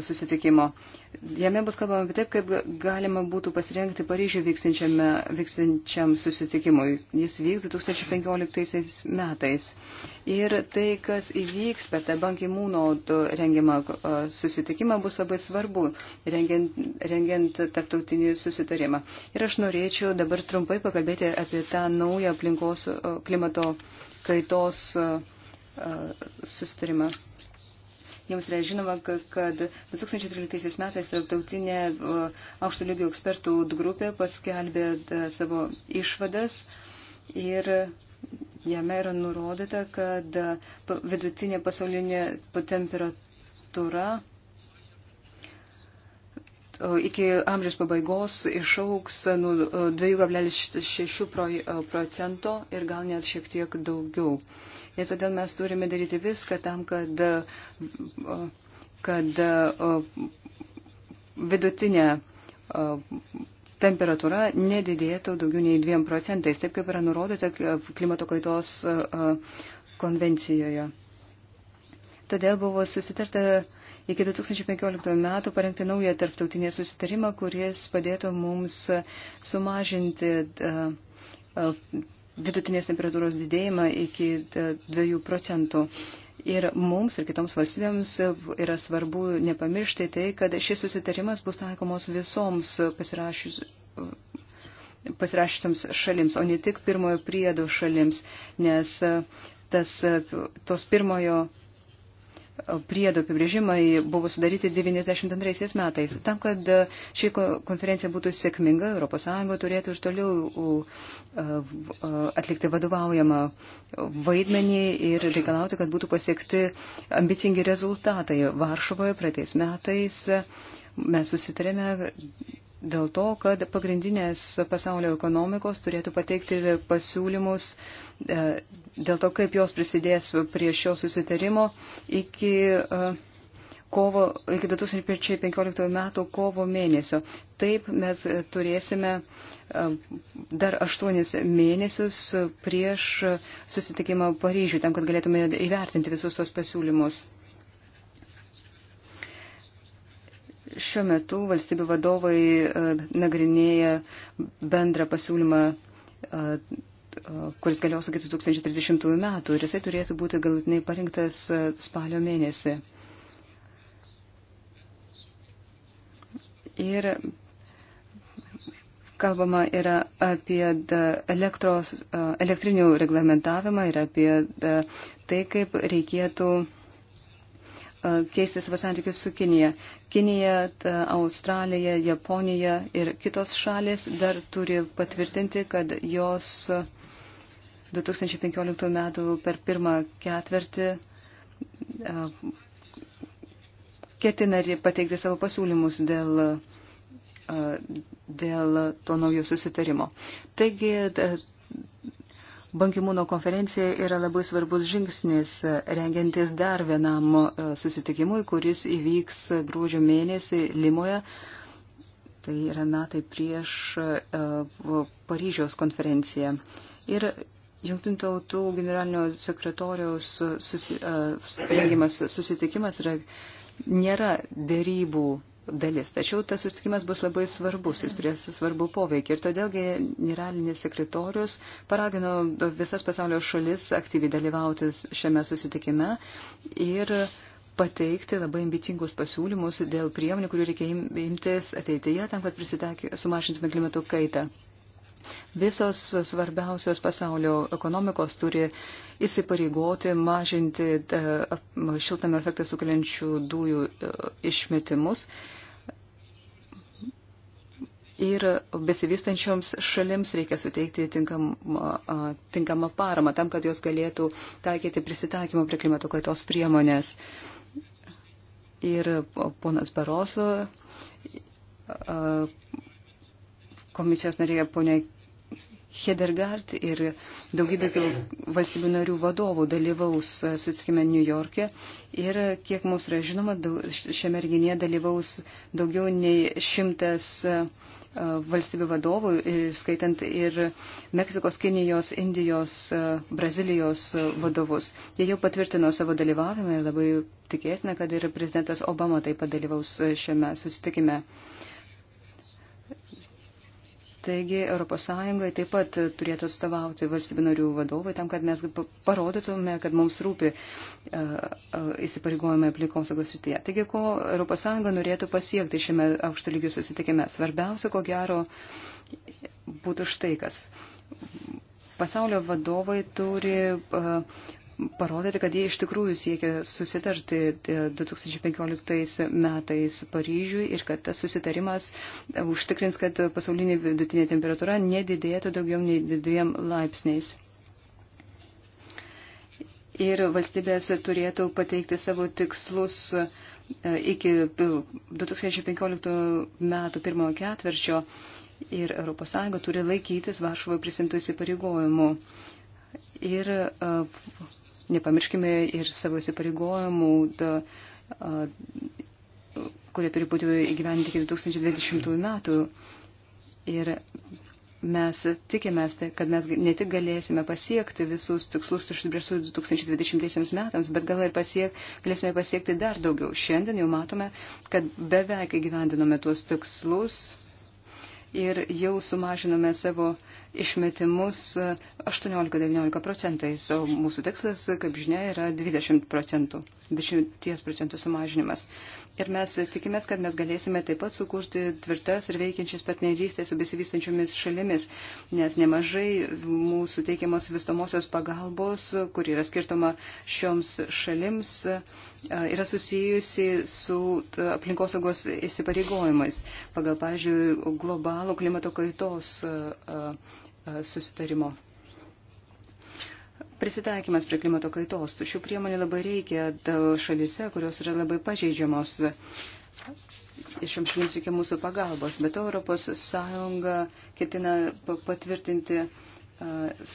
[SPEAKER 3] susitikimo. Jame bus kalbama apie taip, kaip galima būtų pasirengti Paryžiuje vyksinčiam susitikimui. Jis vyks 2015 metais. Ir tai, kas įvyks per tą bankimūno rengimą susitikimą, bus labai svarbu, rengiant, rengiant tarptautinį susitarimą. Ir aš norėčiau dabar trumpai pakalbėti apie tą naują aplinkos klimato kaitos susitarimą. Jums yra žinoma, kad 2013 metais tarptautinė aukšto lygio ekspertų grupė paskelbė e, savo išvadas ir jame yra nurodyta, kad e, vidutinė pasaulinė temperatūra iki amžiaus pabaigos išauks nuo 2,6 procento ir gal net šiek tiek daugiau. Ir todėl mes turime daryti viską tam, kad, kad vidutinė temperatūra nedidėtų daugiau nei 2 procentais, taip kaip yra nurodyta klimato kaitos konvencijoje. Todėl buvo susitarta iki 2015 metų parengti naują tarptautinį susitarimą, kuris padėtų mums sumažinti e, e, vidutinės temperatūros didėjimą iki 2 e, procentų. Ir mums ir kitoms valstybėms yra svarbu nepamiršti tai, kad šis susitarimas bus taikomos visoms pasirašius pasirašytoms šalims, o ne tik pirmojo priedo šalims, nes tas, tos pirmojo priedo apibrėžimai buvo sudaryti 92 metais. Tam, kad ši konferencija būtų sėkminga, ES turėtų ir toliau atlikti vadovaujamą vaidmenį ir reikalauti, kad būtų pasiekti ambicingi rezultatai. Varšuvoje praeitais metais mes susitarėme dėl to, kad pagrindinės pasaulio ekonomikos turėtų pateikti pasiūlymus e, dėl to, kaip jos prisidės prie šio susitarimo iki, e, kovo, iki 2015 metų kovo mėnesio. Taip mes turėsime e, dar aštuonis mėnesius prieš susitikimą Paryžių, tam, kad galėtume įvertinti visus tos pasiūlymus. šiuo metu valstybių vadovai e, nagrinėja bendrą pasiūlymą, e, e, kuris galios iki 2030 metų ir jisai turėtų būti galutinai parinktas spalio mėnesį. Ir kalbama yra apie elektros, elektrinių reglamentavimą ir apie tai, kaip reikėtų E, keisti savo santykius su Kinija. Kinija, Australija, Japonija ir kitos šalis dar turi patvirtinti, kad jos 2015 metų per pirmą ketvirtį e, ketina pateikti savo pasiūlymus dėl, e, dėl to naujo susitarimo. Taigi Bankimūno konferencija yra labai svarbus žingsnis, rengiantis dar vienam e, susitikimui, kuris įvyks gruodžio mėnesį Limoje. Tai yra metai prieš uh, Paryžiaus konferenciją. Ir Junktinių tautų generalinio sekretoriaus susi, uh, rengiamas susitikimas yra, nėra dėrybų dalis. Tačiau tas susitikimas bus labai svarbus, jis turės svarbu poveikį. Ir todėl generalinis sekretorius paragino visas pasaulio šalis aktyviai dalyvauti šiame susitikime ir pateikti labai ambicingus pasiūlymus dėl priemonių, kurių reikia imtis ateityje, tam, kad sumažintume klimato kaitą. Visos svarbiausios pasaulio ekonomikos turi įsipareigoti mažinti e, šiltame efektą sukeliančių dujų e, išmetimus. Ir besivystančioms šalims reikia suteikti tinkamą, tinkamą paramą tam, kad jos galėtų taikyti prisitaikymo prie klimato kaitos priemonės. Ir ponas Baroso komisijos narė ponė Hedergard ir daugybė valstybių narių vadovų dalyvaus e, susitikime New York'e ir, kiek mums yra žinoma, šiame renginėje dalyvaus daugiau nei šimtas e, e, valstybių vadovų, skaitant ir Meksikos, Kinijos, Indijos, Brazilijos vadovus. Jie jau patvirtino savo dalyvavimą ir labai tikėtina, kad ir prezidentas Obama taip pat dalyvaus šiame susitikime. Uh, Taigi ES taip pat turėtų atstovauti valstybių narių vadovai tam, kad mes parodytume, kad mums rūpi e, e, įsipareigojimai aplinkosaugos rytyje. Taigi, ko ES norėtų pasiekti šiame aukšto lygio susitikime? Svarbiausia, ko gero, būtų štai kas. Pasaulio vadovai turi uh, parodėte, kad jie iš tikrųjų siekia susitarti 2015 e, metais Paryžiui ir kad tas susitarimas užtikrins, kad pasaulinė vidutinė temperatūra nedidėtų daugiau nei dviem laipsniais. Ir valstybės turėtų pateikti savo tikslus e, iki 2015 e, metų pirmojo ketvirčio ir ES turi laikytis Varšuvoje prisimtų įsipareigojimų. Ir uh, Nepamirškime ir savo įsipareigojimų, kurie turi būti įgyvendinti iki 2020 metų. Ir mes tikimės, tai, kad mes ne tik galėsime pasiekti visus tikslus užsibrėžtus 2020 metams, bet gal ir pasiek, galėsime pasiekti dar daugiau. Šiandien jau matome, kad beveik įgyvendinome tuos tikslus ir jau sumažinome savo uh, išmetimus 18-19 procentais, o mūsų tikslas, kaip žinia, yra 20 procentų, 20 procentų sumažinimas. Ir mes tikimės, kad mes galėsime taip pat sukurti tvirtas ir veikiančias partnerystės su besivystančiomis šalimis, nes nemažai mūsų teikiamos vystomosios pagalbos, kur yra skirtoma šioms šalims, yra susijusi su aplinkosaugos įsipareigojimais pagal, pavyzdžiui, globalų klimato kaitos uh, E, susitarimo. Prisitaikymas prie klimato kaitos. Šių priemonių labai reikia šalise, kurios yra labai pažeidžiamos. Šiams šalims reikia mūsų pagalbos, bet Europos Sąjunga ketina patvirtinti e,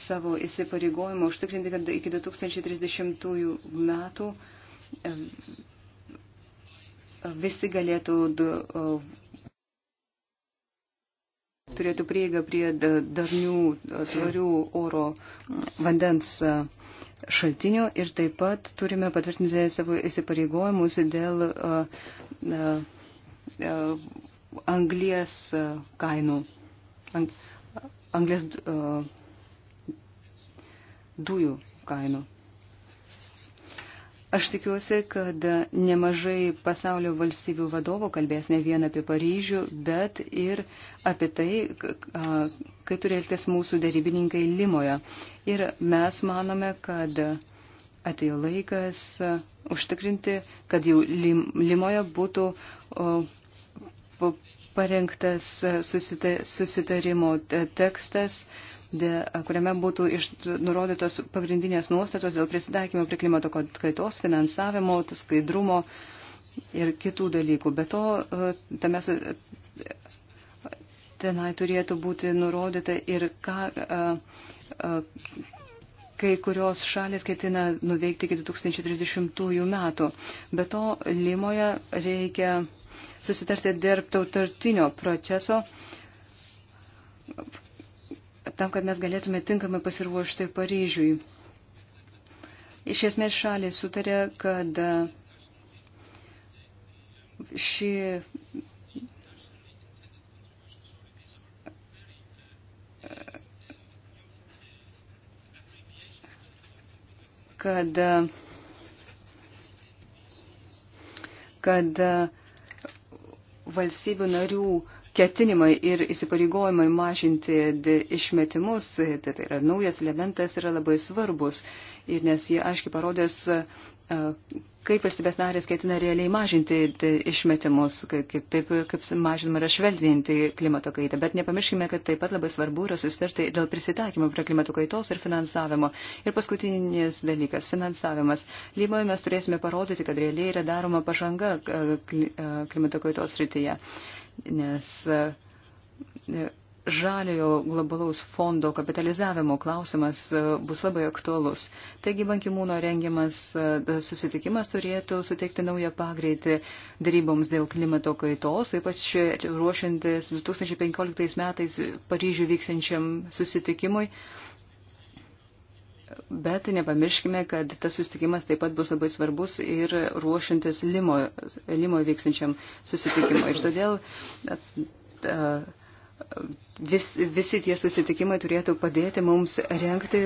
[SPEAKER 3] savo įsipareigojimą užtikrinti, kad iki 2030 metų e, visi galėtų turėtų prieigą prie darnių, tvarių oro mm, vandens šaltinių ir taip pat turime patvirtinti savo įsipareigojimus dėl anglies kainų, anglies dujų kainų. Aš tikiuosi, kad nemažai pasaulio valstybių vadovų kalbės ne vien apie Paryžių, bet ir apie tai, kaip turi elgtis mūsų darybininkai Limoje. Ir mes manome, kad atėjo laikas užtikrinti, kad jau Limoje būtų parengtas susitarimo tekstas, de, kuriame būtų iš, nurodytos pagrindinės nuostatos dėl prisitaikymo prie klimato kaitos, finansavimo, skaidrumo ir kitų dalykų. Be to, e, tame, tenai turėtų būti nurodyta ir ką. A, e, a, e, kai kurios šalis ketina nuveikti iki 2030 metų. Be to, Limoje reikia susitarti dėl tautartinio proceso, tam, kad mes galėtume tinkamai pasiruošti Paryžiui. Iš esmės šaliai sutarė, kad e, ši kad, kad e, valstybių narių ketinimai ir įsipareigojimai mažinti išmetimus, e, tai, tai yra naujas elementas, yra labai svarbus, ir nes jie aiškiai parodės, e, kaip valstybės narės ketina realiai mažinti išmetimus, kaip, taip, kaip mažinama yra švelninti klimato kaitą. Bet nepamirškime, kad taip pat labai svarbu yra susitarti dėl prisitaikymo prie klimato kaitos ir finansavimo. Ir paskutinis dalykas - finansavimas. Lymoje mes turėsime parodyti, kad realiai yra daroma pažanga e, klimato kaitos rytyje nes e, žaliojo globalaus fondo kapitalizavimo klausimas e, bus labai aktuolus. Taigi bankimūno rengiamas e, susitikimas turėtų suteikti naują pagreitį daryboms dėl klimato kaitos, ypač ruošiantis 2015 metais Paryžių vyksiančiam susitikimui Bet nepamirškime, kad tas susitikimas taip pat bus labai svarbus ir ruošintis Limo, Limo vyksančiam susitikimui. Ir todėl vis, visi tie susitikimai turėtų padėti mums renkti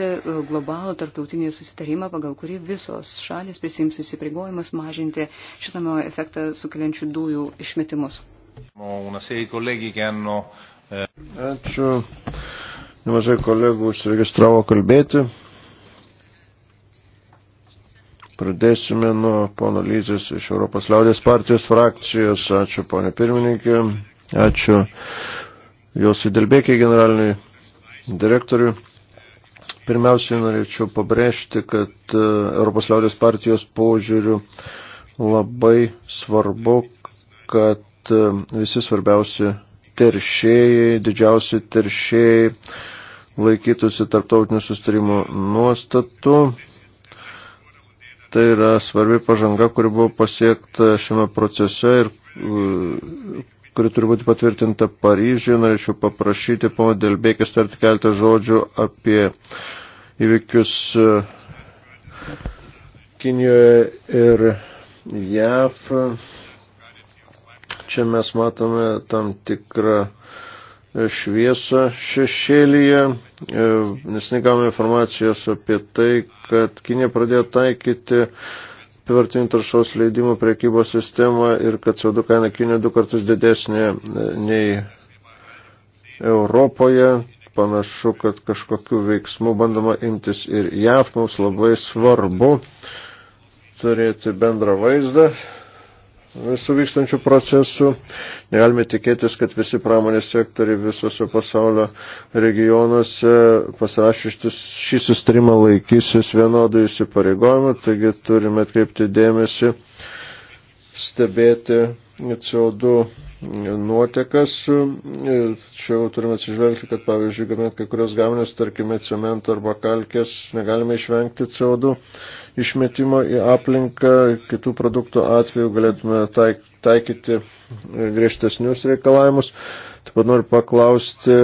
[SPEAKER 3] globalų tarptautinį susitarimą, pagal kurį visos šalis prisims įsipareigojimus mažinti šitame efektą sukeliančių dujų išmetimus.
[SPEAKER 1] Eh, Ačiū. Nemažai kolegų užsiregistravo kalbėti. Pradėsime nuo pono Lyzės iš Europos liaudės partijos frakcijos. Ačiū, ponė pirmininkė. Ačiū jos įdėlbėkiai generaliniai direktoriui. Pirmiausiai norėčiau pabrėžti, kad e, Europos liaudės partijos požiūrių labai svarbu, kad e, visi svarbiausi teršėjai, didžiausi teršėjai laikytųsi tarptautinių sustarimų nuostatų Tai yra svarbi pažanga, kuri buvo pasiekta šiame procese ir uh, kuri turi būti patvirtinta Paryžiuje. Norėčiau paprašyti pono Delbėkės tarti keletą žodžių apie įvykius uh, Kinijoje ir JAV. Čia mes matome tam tikrą uh, šviesą šešėlyje E, nes negavome informacijos apie tai, kad Kinė pradėjo taikyti apivartinių taršos leidimų prekybos sistemą ir kad CO2 kaina Kinė du kartus didesnė e, nei Europoje. Panašu, kad kažkokiu veiksmu bandoma imtis ir JAV. Mums labai svarbu turėti bendrą vaizdą visų vykstančių procesų. Negalime tikėtis, kad visi pramonės sektoriai visose pasaulio regionuose pasirašyštis šį sustarimą laikysis vienodų įsipareigojimų, taigi turime atkreipti dėmesį stebėti CO2 nuotekas, čia jau turime atsižvelgti, kad pavyzdžiui, gaminant kai kurios gaminės, tarkime, cementą arba kalkės, negalime išvengti CO2 išmetimo į aplinką, kitų produktų atveju galėtume taik, taikyti griežtesnius reikalavimus. Taip pat noriu paklausti,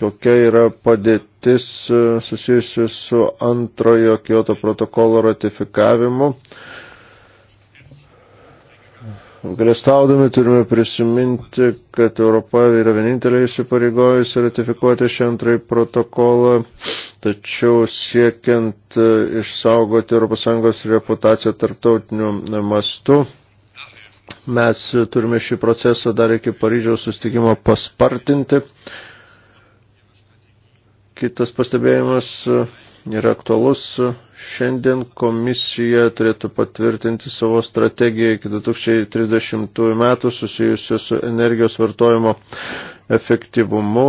[SPEAKER 1] kokia yra padėtis e, susijusi su antrojo Kyoto protokolo ratifikavimu. Galėstaudami turime prisiminti, kad Europa yra vienintelė įsipareigojusi ratifikuoti šią antrąjį protokolą Tačiau siekiant e, išsaugoti ES reputaciją tarptautiniu mastu, mes turime šį procesą dar iki Paryžiaus sustikimo paspartinti. Kitas pastebėjimas e, yra aktualus. Šiandien komisija turėtų patvirtinti savo strategiją iki 2030 metų susijusią su energijos vartojimo efektyvumu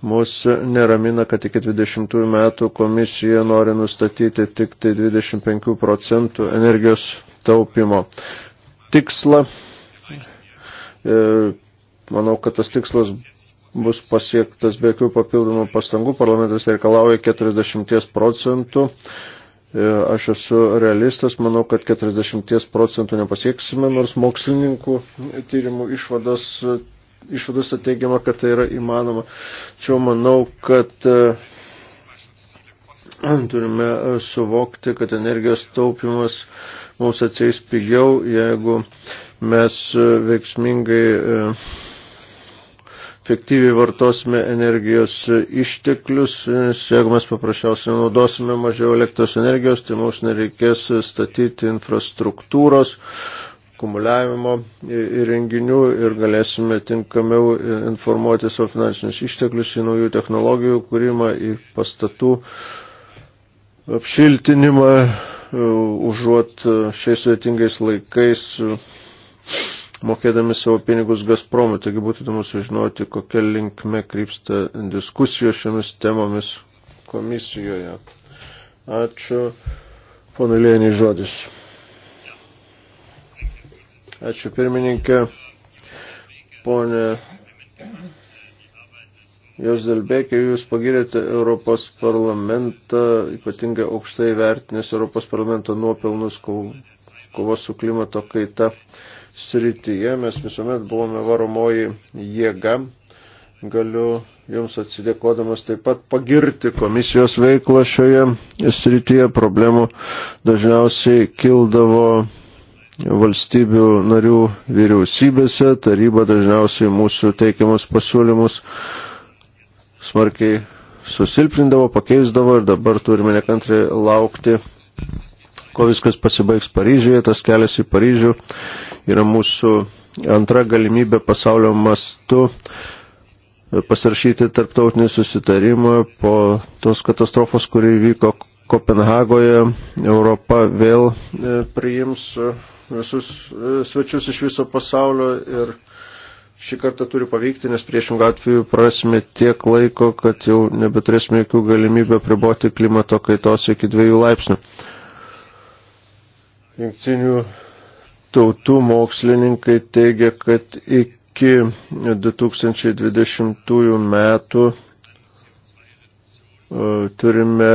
[SPEAKER 1] Mūsų neramina, kad iki 20 metų komisija nori nustatyti tik tai 25 procentų energijos taupimo tikslą. E, manau, kad tas tikslas bus pasiektas be jokių papildomų pastangų. Parlamentas reikalauja 40 procentų. E, aš esu realistas, manau, kad 40 procentų nepasieksime, nors mokslininkų tyrimų išvados išvadose teigiama, kad tai yra įmanoma. Čia manau, kad e, turime e, suvokti, kad energijos taupimas mums atsiais pigiau, jeigu mes e, veiksmingai efektyviai vartosime energijos išteklius, nes jeigu mes paprasčiausiai naudosime mažiau elektros energijos, tai mums nereikės statyti infrastruktūros, akumuliavimo įrenginių ir galėsime tinkamiau e, informuoti savo finansinius išteklius į naujų technologijų kūrimą, į pastatų apšiltinimą, e, užuot e, šiais sudėtingais laikais mokėdami savo pinigus Gazpromui. Taigi būtų įdomu sužinoti, kokia linkme krypsta diskusijos šiomis temomis komisijoje. Ačiū. Ponai Lėniai žodis. Ačiū pirmininkė, ponė Josdelbekė, jūs pagirėte Europos parlamentą, ypatingai aukštai vertinės Europos parlamento nuopelnus kovos su klimato kaita srityje. Mes visuomet buvome varomoji jėga. Galiu Jums atsidėkodamas taip pat pagirti komisijos veiklą šioje srityje. Problemų dažniausiai kildavo valstybių narių vyriausybėse. Taryba dažniausiai mūsų teikiamus pasiūlymus smarkiai susilpnindavo, pakeisdavo ir dabar turime nekantriai laukti, ko viskas pasibaigs Paryžiuje. Tas kelias į Paryžių yra mūsų antra galimybė pasaulio mastu pasirašyti tarptautinį susitarimą po tos katastrofos, kuri vyko Kopenhagoje. Europa vėl e, priims visus e, svečius iš viso pasaulio ir šį kartą turi pavykti, nes priešingų atveju prasme tiek laiko, kad jau nebeturėsime jokių galimybę priboti klimato kaitos iki dviejų laipsnių. Jungtinių tautų mokslininkai teigia, kad iki 2020 metų e, turime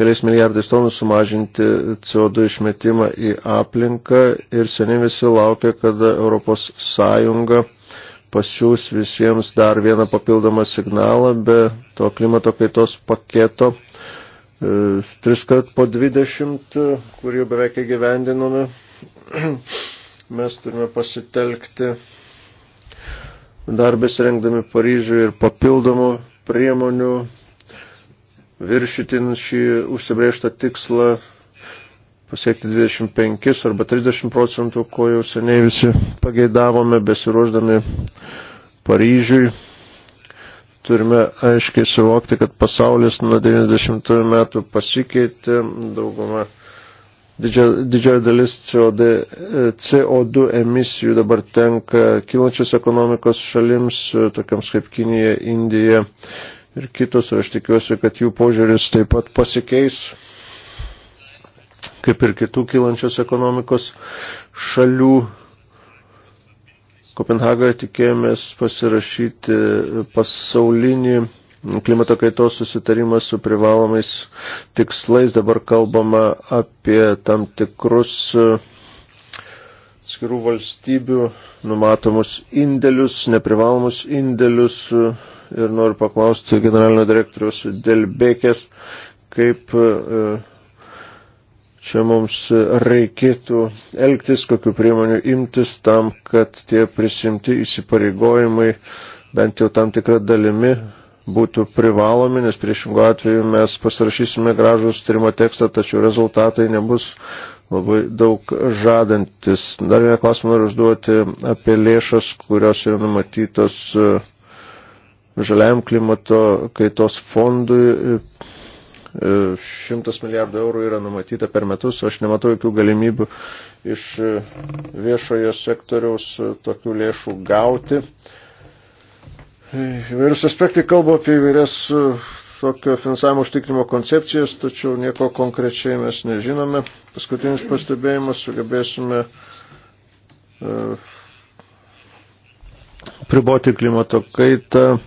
[SPEAKER 1] keliais milijardais tonų sumažinti CO2 išmetimą į aplinką ir seniai visi laukia, kada Europos Sąjunga pasiūs visiems dar vieną papildomą signalą be to klimato kaitos paketo. E, tris kart po 20, kurį beveik įgyvendinome, mes turime pasitelkti dar besirengdami Paryžiui ir papildomų priemonių viršyti šį užsibrėžtą tikslą pasiekti 25 arba 30 procentų, ko jau seniai visi pageidavome, besiruoždami Paryžiui. Turime aiškiai suvokti, kad pasaulis nuo 90 metų pasikeitė, dauguma didžioji dalis CO2, CO2 emisijų dabar tenka kylančios ekonomikos šalims, tokiams kaip Kinija, Indija, ir kitos, ir aš tikiuosi, kad jų požiūris taip pat pasikeis, kaip ir kitų kylančios ekonomikos šalių. Kopenhagoje tikėjomės pasirašyti pasaulinį klimato kaitos susitarimas su privalomais tikslais. Dabar kalbama apie tam tikrus e, skirų valstybių numatomus indėlius, neprivalomus indėlius ir noriu paklausti generalinio direktoriaus Delbekės, kaip e, čia mums reikėtų elgtis, kokiu priemoniu imtis tam, kad tie prisimti įsipareigojimai bent jau tam tikrą dalimi būtų privalomi, nes priešingų atveju mes pasirašysime gražų sutarimo tekstą, tačiau rezultatai nebus labai daug žadantis. Dar vieną klausimą noriu užduoti apie lėšas, kurios yra numatytos uh, žaliajam klimato kaitos fondui 100 e, e, milijardų eurų yra numatyta per metus, aš nematau jokių galimybių iš e, viešojo sektoriaus tokių lėšų gauti. Įvairius aspektai kalba apie įvairias tokio finansavimo užtikrimo koncepcijas, tačiau nieko konkrečiai mes nežinome. Paskutinis pastebėjimas sugebėsime priboti klimato kaitą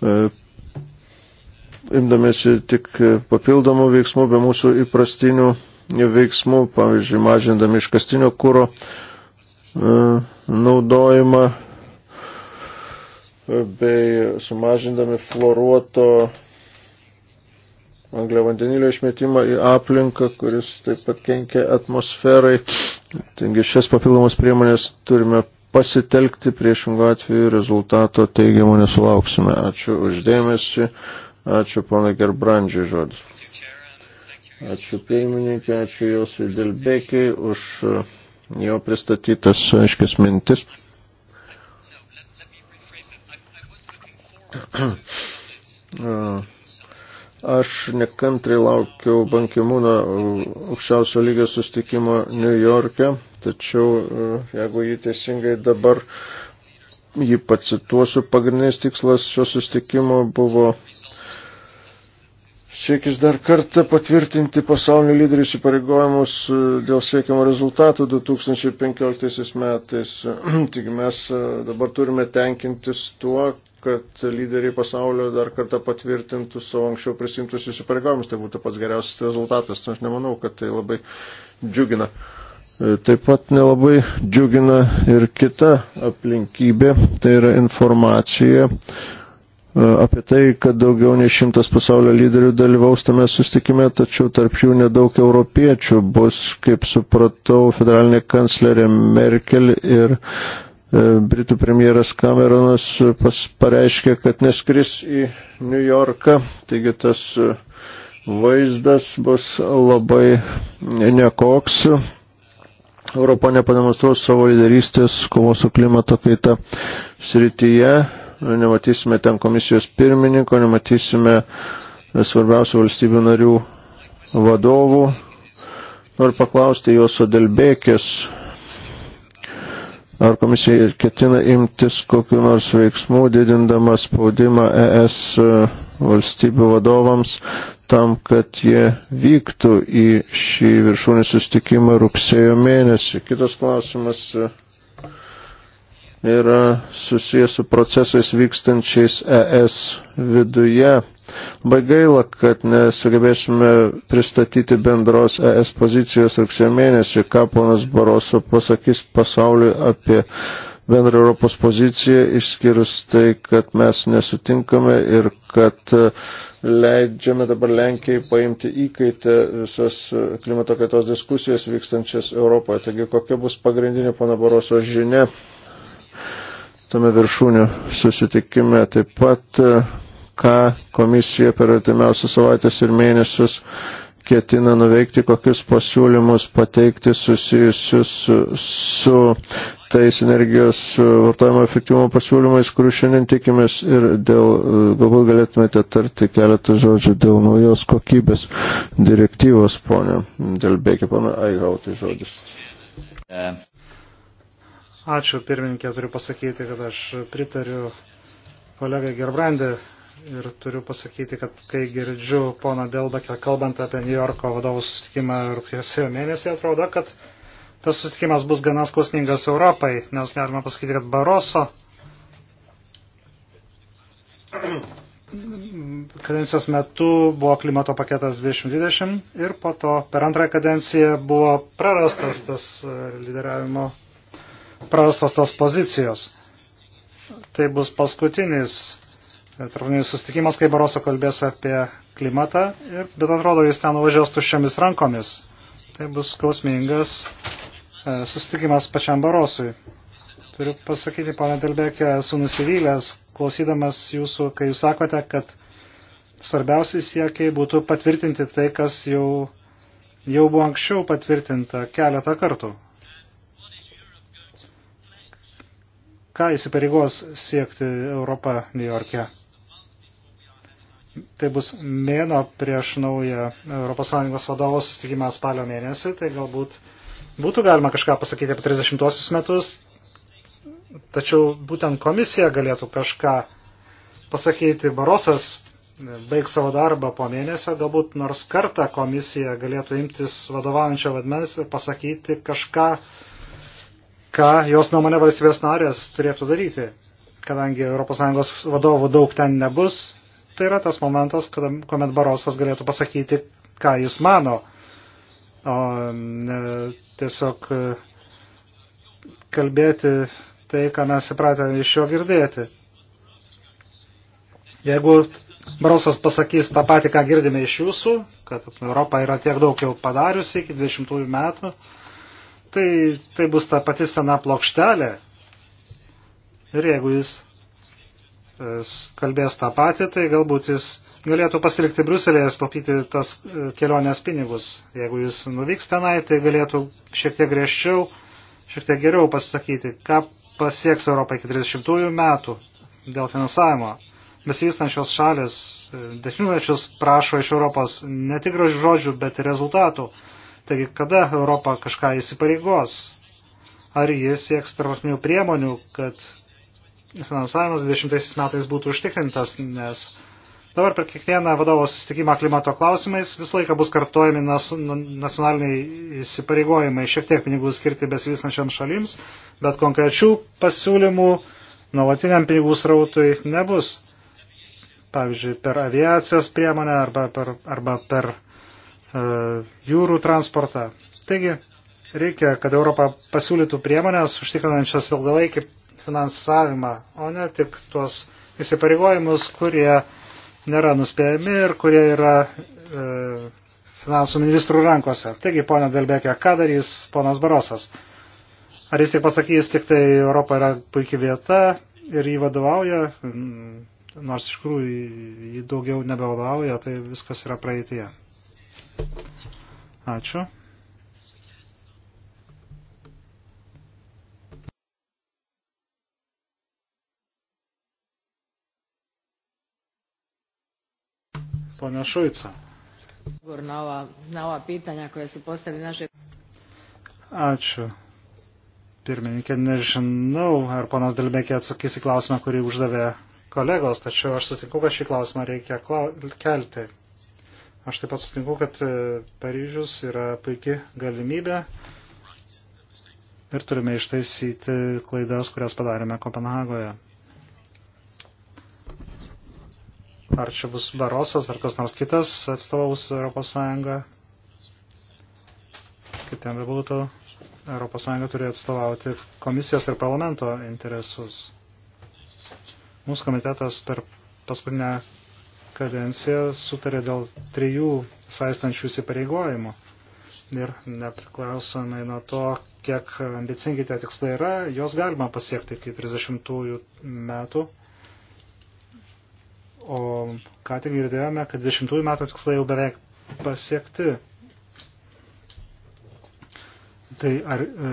[SPEAKER 1] E, imdamėsi tik papildomų veiksmų be mūsų įprastinių veiksmų, pavyzdžiui, mažindami iškastinio kūro e, naudojimą e, bei sumažindami fluoruoto angliavandenilio išmetimą į aplinką, kuris taip pat kenkia atmosferai. Taigi šias papildomas priemonės turime pasitelkti, priešingų atveju rezultato teigiamo nesulauksime. Ačiū uždėmesi, ačiū pana Gerbrandžiai žodis. Ačiū pirmininkai, ačiū Josui Dilbekiai už jo pristatytas aiškis mintis. Uh. Aš nekantrai laukiau bankimūno aukščiausio lygio sustikimo New York'e, tačiau e, jeigu jį teisingai dabar jį pacituosiu, pagrindinis tikslas šio sustikimo buvo siekis dar kartą patvirtinti pasaulio lyderių įsipareigojimus e, dėl siekiamo rezultato 2015 metais. Tik mes e, dabar turime tenkintis tuo, kad lyderiai pasaulio dar kartą patvirtintų savo anksčiau prisimtus įsipareigojimus, tai būtų pats geriausias rezultatas. Aš nemanau, kad tai labai džiugina. E, taip pat nelabai džiugina ir kita aplinkybė, tai yra informacija e, apie tai, kad daugiau nei šimtas pasaulio lyderių dalyvaus tame sustikime, tačiau tarp jų nedaug europiečių bus, kaip supratau, federalinė kanclerė Merkel ir uh, E, Britų premjeras Cameronas pareiškė, kad neskris į New Yorką, taigi tas e, vaizdas bus labai nekoks. Europa nepademonstruos savo lyderystės kovos su klimato kaita srityje, nematysime ten komisijos pirmininko, nematysime svarbiausių valstybių narių vadovų. Noriu paklausti jos odelbėkės Ar komisija ketina imtis kokiu nors veiksmų, didindama spaudimą ES e, valstybių vadovams tam, kad jie vyktų į šį viršūnį sustikimą rugsėjo mėnesį. Kitas klausimas e, yra susijęs su procesais vykstančiais ES viduje. Labai gaila, kad nesugebėsime pristatyti bendros ES pozicijos rugsėjo mėnesį, ką ponas Baroso pasakys pasauliui apie bendrą Europos poziciją, išskyrus tai, kad mes nesutinkame ir kad e, leidžiame dabar Lenkijai paimti įkaitę visas e, klimato kaitos diskusijas vykstančias Europoje. Taigi, kokia bus pagrindinė pana Baroso žinia tame viršūnių susitikime. Taip pat e, ką komisija per artimiausias savaitės ir mėnesius ketina nuveikti, kokius pasiūlymus pateikti susijusius su, su tais energijos vartojimo efektyvumo pasiūlymais, kurių šiandien tikimės ir dėl, galbūt galėtumėte tarti keletą žodžių dėl naujos kokybės direktyvos, ponė, dėl bėgi, pana, aigautai žodis.
[SPEAKER 2] Ačiū, pirmininkė, turiu pasakyti, kad aš pritariu kolegai Gerbrandė ir turiu pasakyti, kad kai girdžiu poną Delbakę kalbant apie New Yorko vadovų sustikimą rugsėjo mėnesį, atrodo, kad tas sustikimas bus gana skausmingas Europai, nes galima pasakyti, kad Baroso kadencijos metu buvo klimato paketas 2020 ir po to per antrąją kadenciją buvo prarastas tas e, lyderiavimo, prarastos tos pozicijos. Tai bus paskutinis elektroninis sustikimas, kai Baroso kalbės apie klimatą, ir, bet atrodo, jis ten nuvažiuos tuščiamis rankomis. Tai bus skausmingas e, sustikimas pačiam Barosui. Turiu pasakyti, pana Delbekė, esu nusivylęs, klausydamas jūsų, kai jūs sakote, kad svarbiausiai siekiai būtų patvirtinti tai, kas jau, jau buvo anksčiau patvirtinta keletą kartų. Ką įsipareigos siekti Europą New York'e? tai bus mėno prieš naują ES vadovo susitikimą spalio mėnesį, tai galbūt būtų galima kažką pasakyti apie 30-osius metus, tačiau būtent komisija galėtų kažką pasakyti. Barosas baigs savo darbą po mėnesio, galbūt nors kartą komisija galėtų imtis vadovaujančio vadmens ir pasakyti kažką, ką jos nuomonė valstybės narės turėtų daryti. Kadangi ES vadovų daug ten nebus, tai yra tas momentas, kuomet Barosas galėtų pasakyti, ką jis mano, o ne tiesiog e, kalbėti tai, ką mes įpratę iš jo girdėti. Jeigu Barosas pasakys tą patį, ką girdime iš jūsų, kad Europa yra tiek daug jau padariusi iki 20 metų, tai, tai bus ta pati sena plokštelė. Ir jeigu jis kalbės tą patį, tai galbūt jis galėtų pasilikti Bruselėje ir stopyti tas e, kelionės pinigus. Jeigu jis nuvyks tenai, tai galėtų šiek tiek griežčiau, šiek tiek geriau pasisakyti, ką pasieks Europą iki 30 metų dėl finansavimo. Besivystančios šalis e, dešimtmečius prašo iš Europos ne tik gražių žodžių, bet ir rezultatų. Taigi, kada Europa kažką įsipareigos? Ar jis sieks tarptautinių priemonių, kad finansavimas 20 metais būtų užtikrintas, nes dabar per kiekvieną vadovo susitikimą klimato klausimais visą laiką bus kartuojami nu, nacionaliniai įsipareigojimai šiek tiek pinigų skirti besivystančiams šalims, bet konkrečių pasiūlymų nuolatiniam pinigų srautui nebus. Pavyzdžiui, per aviacijos priemonę arba per, arba per uh, jūrų transportą. Taigi, reikia, kad Europa pasiūlytų priemonės užtikrinančias ilgalaikį finansavimą, o ne tik tuos įsipareigojimus, kurie nėra nuspėjami ir kurie yra e, finansų ministrų rankose. Taigi, ponia Delbekė, ką darys ponas Barosas? Ar jis tik pasakys, tik tai Europa yra puikia vieta ir jį vadovauja, mm, nors iš tikrųjų jį daugiau nebevadovauja, tai viskas yra praeitie. Ačiū. Pone Šuica. Ačiū. Pirmininkė, nežinau, ar ponas Dalbekė atsakys į klausimą, kurį uždavė kolegos, tačiau aš sutinku, kad šį klausimą reikia klau kelti. Aš taip pat sutinku, kad e, Paryžius yra puikia galimybė ir turime ištaisyti klaidas, kurias padarėme Kopenhagoje. Ar čia bus Barosas, ar kas nors kitas atstovaus Europos Sąjungą. Kaip ten bebūtų, Europos Sąjunga turi atstovauti komisijos ir parlamento interesus. Mūsų komitetas per paskutinę kadenciją sutarė dėl trijų saistančių įsipareigojimų. Ir nepriklausomai nuo to, kiek ambicingi tie tikslai yra, juos galima pasiekti iki 30 metų o ką tik girdėjome, kad 20 metų tikslai jau beveik pasiekti. Tai ar e,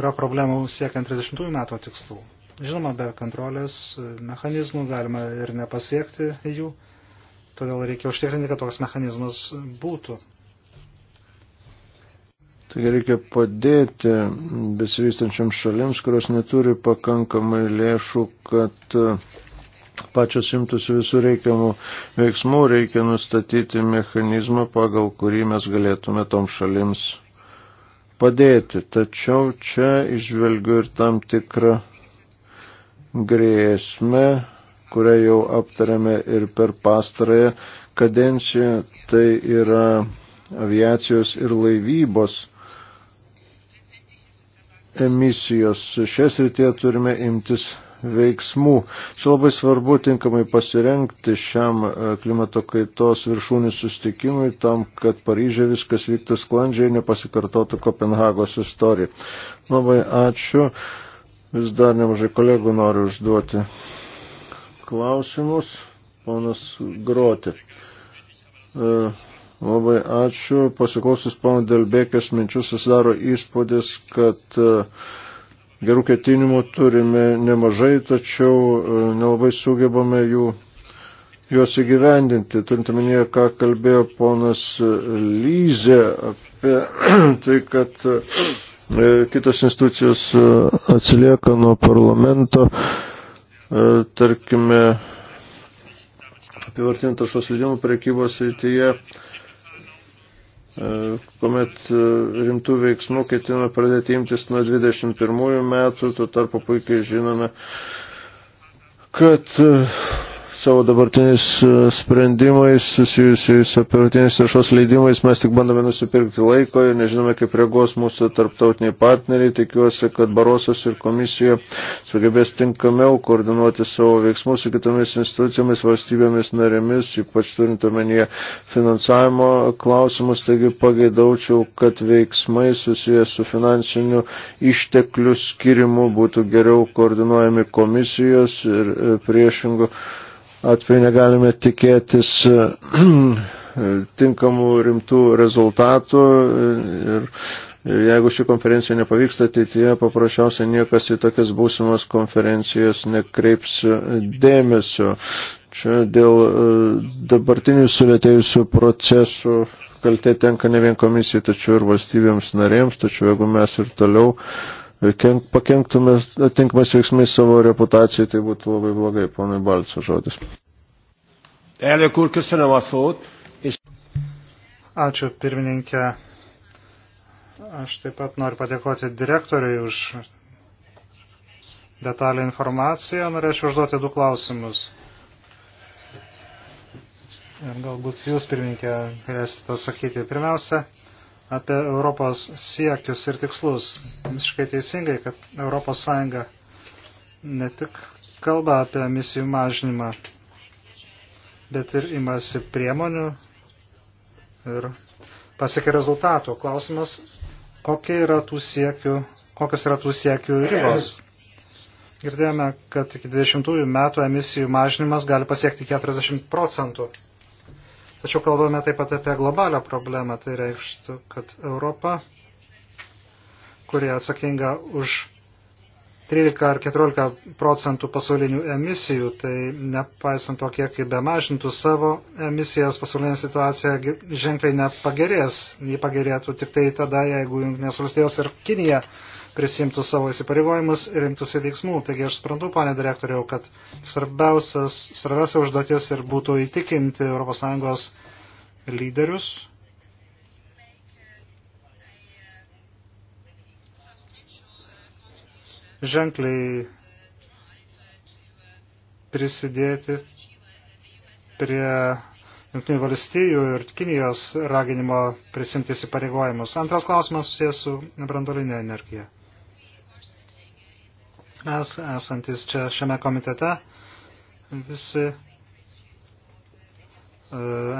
[SPEAKER 2] yra problemų siekiant 30 metų tikslų? Žinoma, be kontrolės e, mechanizmų galima ir nepasiekti jų, todėl reikia užtikrinti, kad toks mechanizmas būtų.
[SPEAKER 1] Taigi reikia padėti besivystančiam šalims, kurios neturi pakankamai lėšų, kad uh, pačios imtųsi visų reikiamų veiksmų, reikia nustatyti mechanizmą, pagal kurį mes galėtume tom šalims padėti. Tačiau čia išvelgiu ir tam tikrą grėsmę, kurią jau aptarėme ir per pastarąją kadenciją, tai yra aviacijos ir laivybos emisijos. Šias rytie turime imtis veiksmų. Čia labai svarbu tinkamai pasirengti šiam e, klimato kaitos viršūnių sustikimui tam, kad Paryžė viskas vyktų sklandžiai ir nepasikartotų Kopenhagos istorija. Labai ačiū. Vis dar nemažai kolegų noriu užduoti klausimus. Ponas Groti. Uh, e, Labai ačiū. Pasiklausus pono Delbėkės minčių susidaro įspūdis, kad uh, gerų ketinimų turime nemažai, tačiau e, nelabai sugebame jų, juos įgyvendinti. Turint omenyje, ką kalbėjo ponas e, Lyzė apie tai, kad e, kitos institucijos atsilieka nuo parlamento, tarkime, apivartintos šios leidimų prekybos rytyje. Tai E, kuomet e, rimtų veiksmų ketina pradėti imtis nuo 21 metų, tuo tarpu puikiai žinome, kad e, savo dabartiniais e, sprendimais susijusiais operatiniais taršos leidimais mes tik bandome nusipirkti laiko ir nežinome, kaip reaguos mūsų tarptautiniai partneriai. Tikiuosi, kad Barosas ir komisija sugebės tinkamiau koordinuoti savo veiksmus su kitomis institucijomis, valstybėmis narėmis, ypač turint omenyje finansavimo klausimus. Taigi pageidaučiau, kad veiksmai susijęs su finansiniu išteklių skirimu būtų geriau koordinuojami komisijos ir e, priešingų atveju negalime tikėtis tinkamų rimtų rezultatų ir jeigu ši konferencija nepavyksta ateityje, paprasčiausiai niekas į tokias būsimas konferencijas nekreips dėmesio. Čia dėl e, dabartinių sulėtėjusių procesų kaltė tenka ne vien komisijai, tačiau ir valstybėms narėms, tačiau jeigu mes ir toliau uh, pakenktume atinkamais veiksmais savo reputacijai, tai būtų labai blogai, ponai Balco žodis. Elnök úr, köszönöm a szót. És...
[SPEAKER 2] Ačiū pirmininkė. Aš taip pat noriu padėkoti direktoriui už detalę informaciją. Norėčiau užduoti du klausimus. Galbūt jūs, pirmininkė, galėsite atsakyti. Pirmiausia, apie Europos siekius ir tikslus. Visiškai teisingai, kad Europos Sąjunga ne tik kalba apie emisijų mažinimą, bet ir imasi priemonių ir pasiekia rezultatų. Klausimas, kokie yra tų siekių, kokios yra tų siekių ribos. Girdėjome, kad iki 20 metų emisijų mažinimas gali pasiekti 40 procentų. Tačiau kalbame taip pat apie globalią problemą. Tai reikštų, kad Europa, kurie atsakinga už 13 ar 14 procentų pasaulinių emisijų, tai nepaisant to, kiek bemažintų savo emisijas, pasaulinė situacija ženkliai nepagerės. Ji pagerėtų tik tai tada, jeigu Junktinės valstijos ir Kinija prisimtų savo įsipareigojimus ir imtųsi veiksmų. Taigi aš suprantu, pane direktoriau, kad svarbiausia užduotis ir būtų įtikinti ES lyderius ženkliai prisidėti prie Junktinių valstijų ir Kinijos raginimo prisimti įsipareigojimus. Antras klausimas susijęs su brandolinė energija mes esantis čia šiame komitete visi e,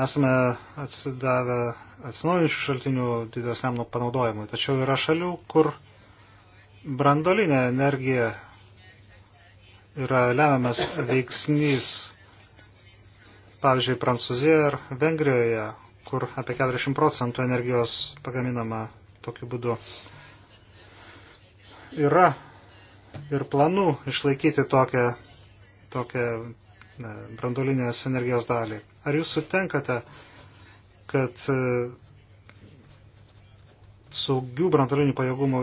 [SPEAKER 2] esame atsidavę atsinaujančių šaltinių didesniam panaudojimui. Tačiau yra šalių, kur brandolinė energija yra lemiamas veiksnys. Pavyzdžiui, Prancūzijoje ir Vengrijoje, kur apie 40 procentų energijos pagaminama tokiu būdu. Yra ir planų išlaikyti tokią, tokią brandolinės energijos dalį. Ar jūs sutenkate, kad e, saugių brandolinių pajėgumų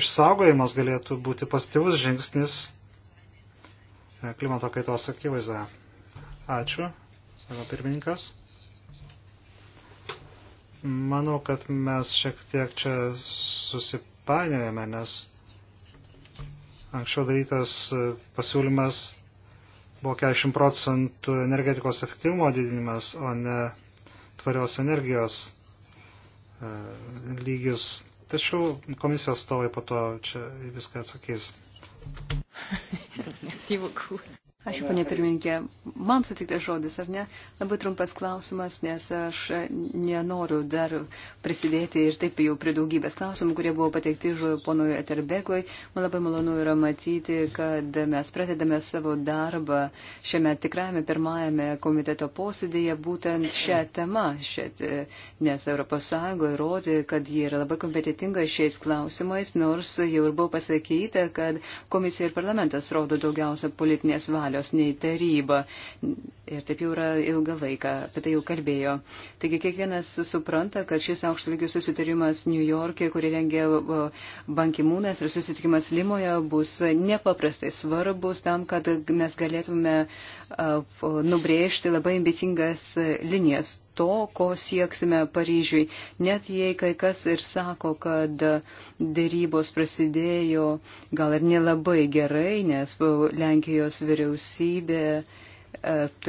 [SPEAKER 2] išsaugojimas galėtų būti pozityvus žingsnis e, klimato kaitos akivaizdoje. Ačiū, sako pirmininkas. Manau, kad mes šiek tiek čia susipainiojame, nes Anksčiau darytas e, pasiūlymas buvo 40 procentų energetikos efektyvumo didinimas, o ne tvarios energijos e, lygis. Tačiau komisijos stovai po to čia viską atsakys.
[SPEAKER 3] Ačiū, ponė pirmininkė. Man sutiktas žodis, ar ne? Labai trumpas klausimas, nes aš nenoriu dar prisidėti ir taip jau prie daugybės klausimų, kurie buvo pateikti ponui Eterbekui. Man labai malonu yra matyti, kad mes pradedame savo darbą šiame tikrame pirmajame komiteto posėdėje būtent šią temą, šią, nes ES įrodė, kad ji yra labai kompetitinga šiais klausimais, nors jau ir buvo pasakyta, kad komisija ir parlamentas rodo daugiausia politinės valios galios nei taryba. Ir taip jau yra ilgą laiką, apie tai jau kalbėjo. Taigi kiekvienas supranta, kad šis aukšto lygio susitarimas New York'e, kurį rengia bankimūnas ir susitikimas Limoje, bus nepaprastai svarbus tam, kad mes galėtume nubrėžti labai ambicingas linijas to, ko sieksime Paryžiui. Net jei kai kas ir sako, kad dėrybos prasidėjo gal ir nelabai gerai, nes Lenkijos vyriausybė, e,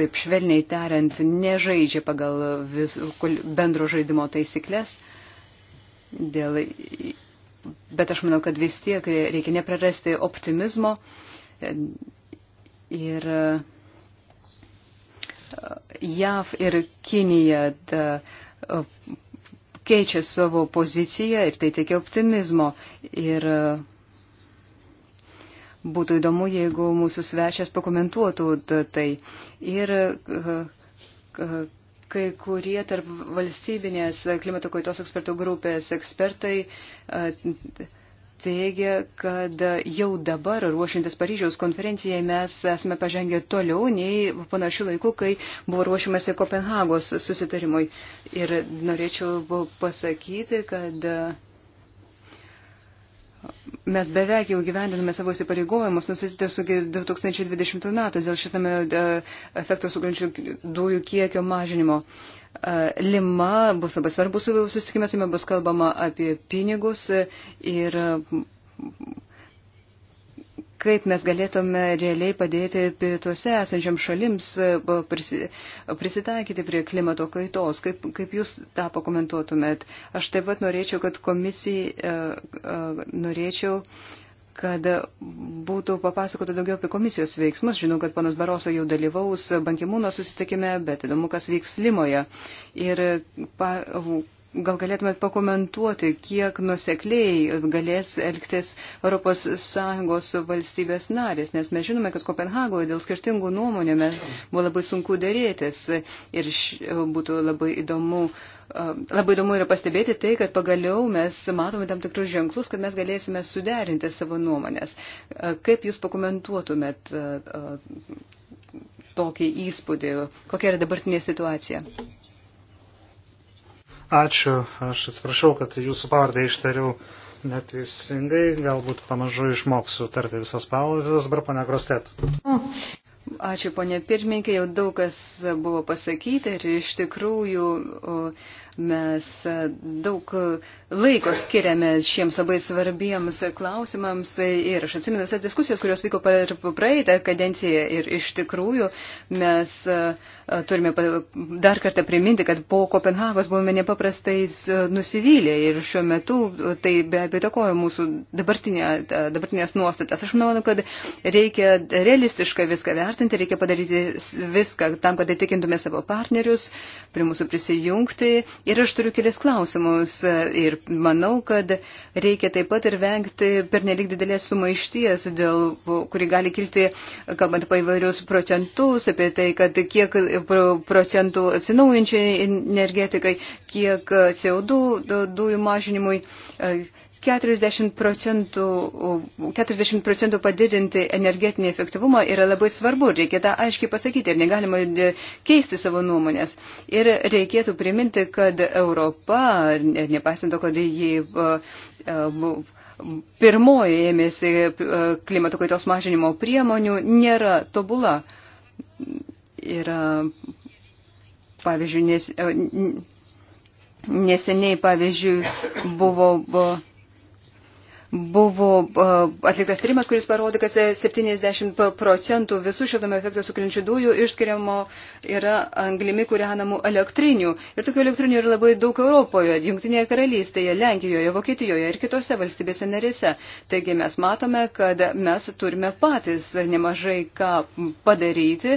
[SPEAKER 3] taip švelniai tariant, nežaidžia pagal vis, bendro žaidimo taisyklės. Dėl, bet aš manau, kad vis tiek reikia neprarasti optimizmo. E, ir uh, JAV ir Kinija da, keičia savo poziciją ir tai teikia optimizmo. Ir būtų įdomu, jeigu mūsų svečias pakomentuotų tai. Ir kai kurie tarp valstybinės klimato kaitos ekspertų grupės ekspertai. A, teigia, kad jau dabar ruošintis Paryžiaus konferencijai mes esame pažengę toliau nei panašių laikų, kai buvo ruošiamasi Kopenhagos susitarimui. Ir norėčiau pasakyti, kad Mes beveik jau gyvendiname savo įsipareigojimus nusitytę su 2020 metų dėl šitame e, efekto sukeliančių dujų kiekio mažinimo. E, Lima bus labai svarbus susitikimas, jame bus kalbama apie pinigus ir kaip mes galėtume realiai padėti pietuose esančiam šalims e, prisitaikyti prie klimato kaitos. Kaip, kaip jūs tą pakomentuotumėt? Aš taip pat norėčiau, kad komisija, e, e, norėčiau, kad būtų papasakota daugiau apie komisijos veiksmus. Žinau, kad panas Baroso jau dalyvaus bankimūno susitikime, bet įdomu, kas vyks Limoje. Ir pa, Gal galėtumėt pakomentuoti, kiek nusekliai galės elgtis ES valstybės narės, nes mes žinome, kad Kopenhagoje dėl skirtingų nuomonė buvo labai sunku dėrėtis ir būtų labai įdomu. Labai įdomu yra pastebėti tai, kad pagaliau mes matome tam tikrus ženklus, kad mes galėsime suderinti savo nuomonės. Kaip Jūs pakomentuotumėt tokį įspūdį, kokia yra dabartinė situacija?
[SPEAKER 2] Ačiū, aš atsiprašau, kad jūsų pavardę ištariau neteisingai, galbūt pamažu išmoksiu tarti visas pavardes, dabar pane Grostet.
[SPEAKER 3] Ačiū, ponė pirmininkė, jau daug kas buvo pasakyta ir iš tikrųjų Mes e, daug e, laiko skiriame šiems labai svarbiems klausimams e, ir aš atsimenu visas diskusijas, kurios vyko per praeitą kadenciją ir iš tikrųjų mes turime dar kartą priminti, kad po Kopenhagos buvome nepaprastai nusivylę ir šiuo metu tai be abejo takojo mūsų dabartinė, dabartinės nuostatas. Aš manau, kad reikia realistiškai viską vertinti, reikia padaryti viską tam, kad įtikintume savo partnerius prie mūsų prisijungti Ir aš turiu kelis klausimus e, ir manau, kad reikia taip pat ir vengti per nelik didelės sumaišties, dėl, kuri gali kilti, kalbant apie įvairius procentus, apie tai, kad kiek procentų atsinaujančiai energetikai, kiek CO2 dujų mažinimui, e, 40 procentų, 40 procentų padidinti energetinį efektyvumą yra labai svarbu, reikia tą aiškiai pasakyti ir negalima keisti savo nuomonės. Ir reikėtų priminti, kad Europa, nepasinto, kad jį pirmoji ėmėsi klimato kaitos mažinimo priemonių, nėra tobula. Yra, pavyzdžiui, nes, neseniai, pavyzdžiui, buvo, buvo buvo atliktas tyrimas, kuris parodė, kad 70 procentų visų šiltame efekto sukeliančių dujų išskiriamo yra anglimi kūrenamų elektrinių. Ir tokių elektrinių yra labai daug Europoje, Junktinėje karalystėje, Lenkijoje, Vokietijoje ir kitose valstybėse narėse. Taigi mes matome, kad mes turime patys nemažai ką padaryti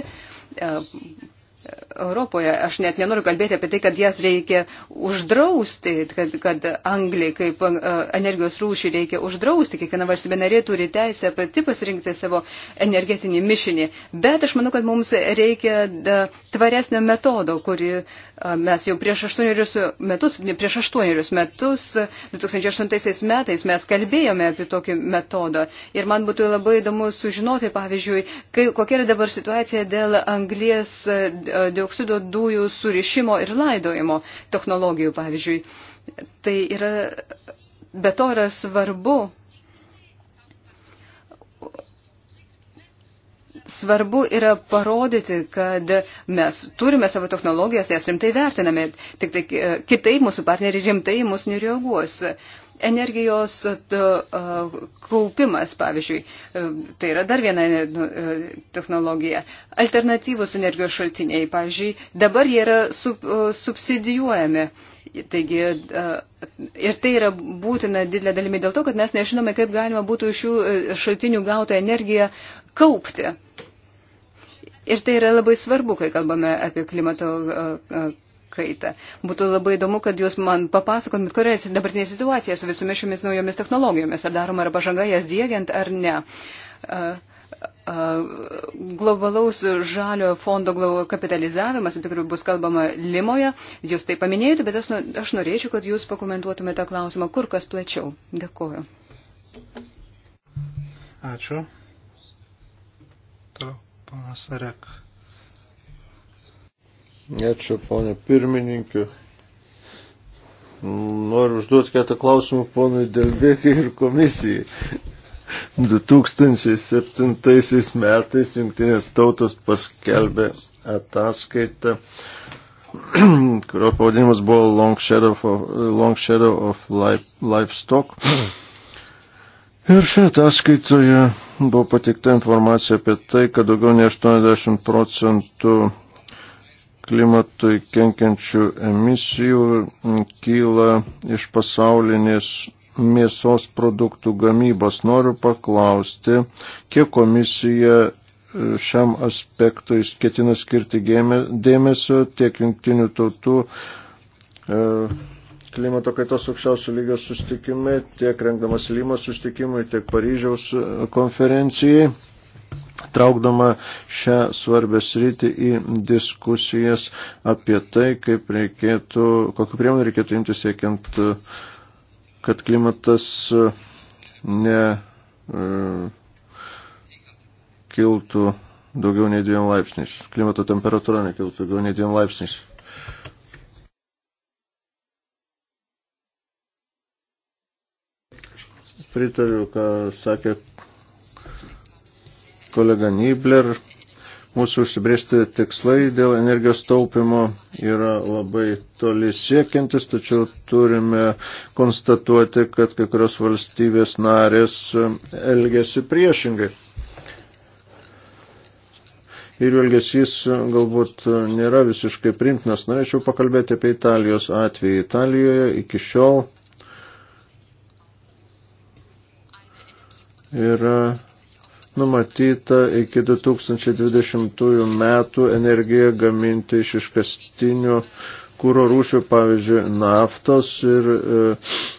[SPEAKER 3] Europoje. Aš net nenoriu kalbėti apie tai, kad jas reikia uždrausti, kad, kad anglį kaip e, energijos rūšį reikia uždrausti. Kiekviena valstybė narė turi teisę pati pasirinkti savo energetinį mišinį. Bet aš manau, kad mums reikia e, tvaresnio metodo, kuri, Mes jau prieš aštuonerius metus, ne prieš aštuonerius metus, 2008 metais mes kalbėjome apie tokį metodą. Ir man būtų labai įdomu sužinoti, pavyzdžiui, kai, kokia yra dabar situacija dėl anglies dioksido dujų surišimo ir laidojimo technologijų, pavyzdžiui. Tai yra, be to yra svarbu Svarbu yra parodyti, kad mes turime savo technologijas, jas rimtai vertiname, tik tai e, kitaip mūsų partneriai rimtai mus nereaguos. Energijos e, kaupimas, pavyzdžiui, e, tai yra dar viena technologija. Alternatyvus energijos šaltiniai, pavyzdžiui, dabar jie yra sub, subsidijuojami. Taigi, ir tai yra būtina didelė dalimi dėl to, kad mes nežinome, kaip galima būtų iš šių šaltinių gautą energiją kaupti. Ir tai yra labai svarbu, kai kalbame apie klimato kaitą. Būtų labai įdomu, kad jūs man papasakotumėt, kuria dabartinė situacija su visomis šiomis naujomis technologijomis, ar daroma ar pažanga jas dėgiant ar ne. Globalaus žalio fondo kapitalizavimas, apie kurį bus kalbama Limoje, jūs tai paminėjote, bet aš, nu, aš norėčiau, kad jūs pakomentuotumėte tą klausimą kur kas plačiau. Dėkuoju.
[SPEAKER 2] Ačiū. Panas Arek.
[SPEAKER 1] Ačiū, ponė pirmininkė. Noriu užduoti keletą klausimų ponui Delbėkai ir komisijai. 2007 metais Junktinės tautos paskelbė ataskaitą, kurio pavadinimas buvo Long Shadow of, Long Shadow of Livestock. Life Ir šioje ataskaitoje buvo pateikta informacija apie tai, kad daugiau nei 80 procentų klimatui kenkiančių emisijų kyla iš pasaulinės mėsos produktų gamybos. Noriu paklausti, kiek komisija šiam aspektui ketina skirti dėmesio tiek jungtinių tautų e, klimato kaitos aukščiausio lygio sustikime, tiek rengdamas Lymos sustikimui, tiek Paryžiaus e, konferencijai, traukdama šią svarbę sritį į diskusijas apie tai, kaip reikėtų, kokiu priemonių reikėtų imti siekiant, e, kad klimatas e, ne kiltų daugiau nei dviem laipsniais, klimato temperatūra nekiltų daugiau nei dviem laipsniais. pritariu, ką sakė kolega Nibler. Mūsų užsibriežti tikslai dėl energijos taupimo yra labai toli siekiantis, tačiau turime konstatuoti, kad kai kurios valstybės narės elgesi priešingai. Ir jų elgesys galbūt nėra visiškai primtinas. Norėčiau pakalbėti apie Italijos atvejį. Italijoje iki šiol yra numatyta iki 2020 metų energiją gaminti iš iškastinių kūro rūšių, pavyzdžiui, naftos ir e,